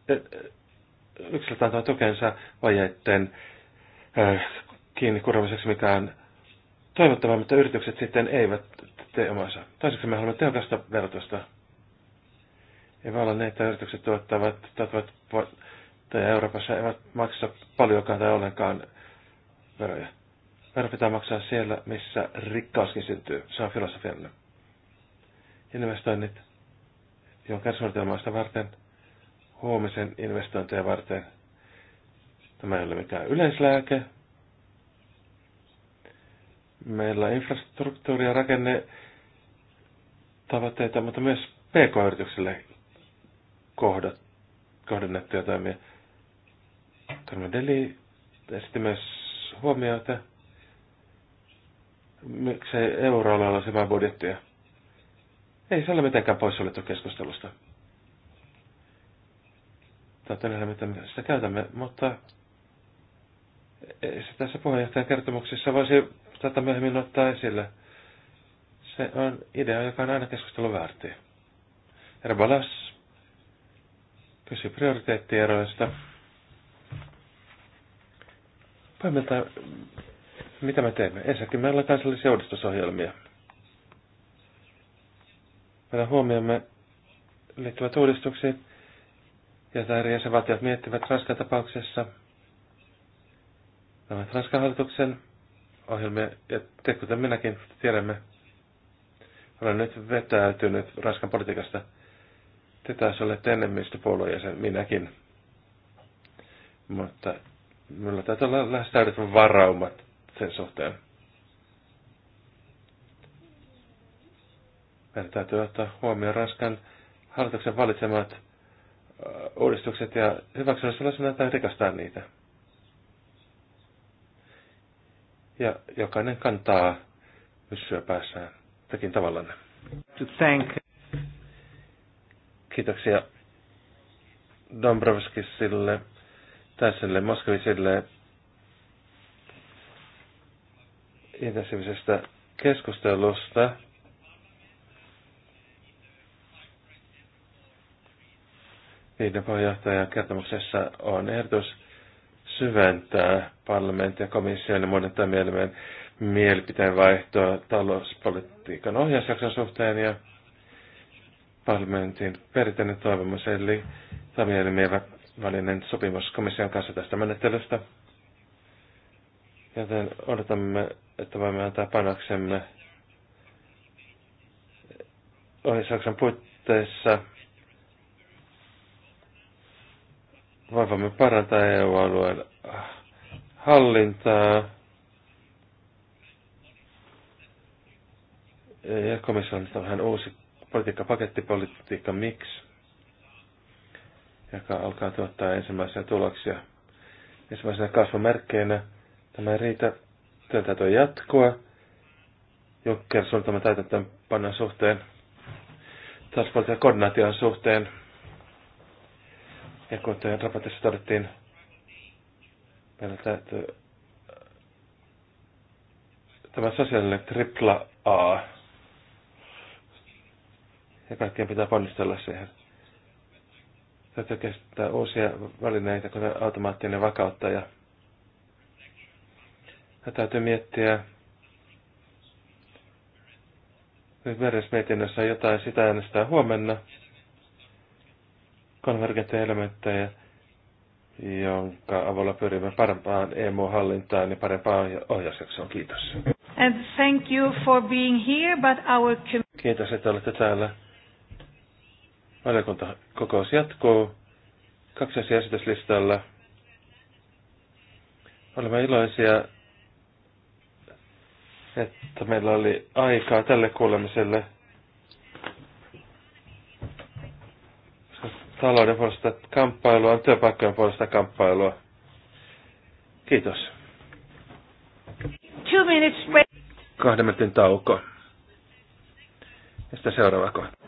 e-, e-, yksilöt antavat tukensa vajeiden kiinni kurvamiseksi, mikä on toivottavaa, mutta yritykset sitten eivät tee omansa. Toiseksi me haluamme tehokasta verotusta. Ei voi olla niin, että yritykset tuottavat, tuottavat tai Euroopassa eivät maksa paljonkaan tai ollenkaan veroja. Vero pitää maksaa siellä, missä rikkauskin syntyy. Se on filosofiallinen. Investoinnit, jonka suunnitelmaista varten, huomisen investointeja varten. Tämä ei ole mikään yleislääke. Meillä on infrastruktuuri ja rakenne tavoitteita, mutta myös PK-yrityksille kohdat, kohdennettuja toimia. Tämä Deli esitti myös huomioita, miksei euroalueella olisi vain budjettia. Ei se ole mitenkään poissuljettu keskustelusta. Tätä mitä me sitä käytämme, mutta se tässä puheenjohtajan kertomuksessa voisi tätä myöhemmin ottaa esille. Se on idea, joka on aina keskustelun väärti. Herra Balas Kysy prioriteettieroista. Paimentaa, mitä me teemme. Ensinnäkin meillä on kansallisia uudistusohjelmia. Meidän huomiomme liittyvät uudistukset, ja eri jäsenvaltiot miettivät Ranskan tapauksessa. Nämä Ranskan hallituksen ohjelmia, ja te kuten minäkin tiedämme, olen nyt vetäytynyt Ranskan politiikasta – te taas olette enemmistöpuolueen jäsen, minäkin. Mutta minulla täytyy olla lähes täydet varaumat sen suhteen. Meidän täytyy ottaa huomioon Ranskan hallituksen valitsemat uudistukset ja hyväksyä sellaisena tai rikastaa niitä. Ja jokainen kantaa pyssyä päässään tekin tavallaan. To thank Kiitoksia Dombrovskisille, Täiselle Moskovisille intensiivisestä keskustelusta. Viiden puheenjohtajan kertomuksessa on ehdotus syventää parlamentin ja komission ja muiden toimielimen mielipiteen vaihtoa talouspolitiikan ohjausjakson suhteen ja parlamentin perinteinen toivomus, eli toimielimien välinen sopimus komission kanssa tästä menettelystä. Joten odotamme, että voimme antaa panoksemme ohjeisaksen puitteissa voimme parantaa EU-alueen hallintaa ja komissio on vähän uusi politiikka, pakettipolitiikka miksi, joka alkaa tuottaa ensimmäisiä tuloksia. Ensimmäisenä kasvumerkkeinä tämä ei riitä, tätä tuo jatkoa. Juncker suunnitelma täytäntöönpanon suhteen, talouspolitiikan koordinaation suhteen. Ja kuten raportissa todettiin, meillä täytyy tämä sosiaalinen tripla A ja kaikkien pitää ponnistella siihen. Täytyy kestää uusia välineitä, kuten automaattinen vakauttaja. Ja täytyy miettiä, nyt verresmietinnössä on jotain, sitä äänestää huomenna. Konvergentteja elementtejä, jonka avulla pyrimme parempaan EMU-hallintaan ja parempaan ohjausjaksoon. Kiitos.
And thank you for being here, but our...
Kiitos, että olette täällä. Valiokuntakokous jatkuu. Kaksi asiaa esityslistalla. Olemme iloisia, että meillä oli aikaa tälle kuulemiselle. Talouden puolesta kamppailua on työpaikkojen puolesta kamppailua. Kiitos. Kahden minuutin tauko. Ja sitten seuraava kohta.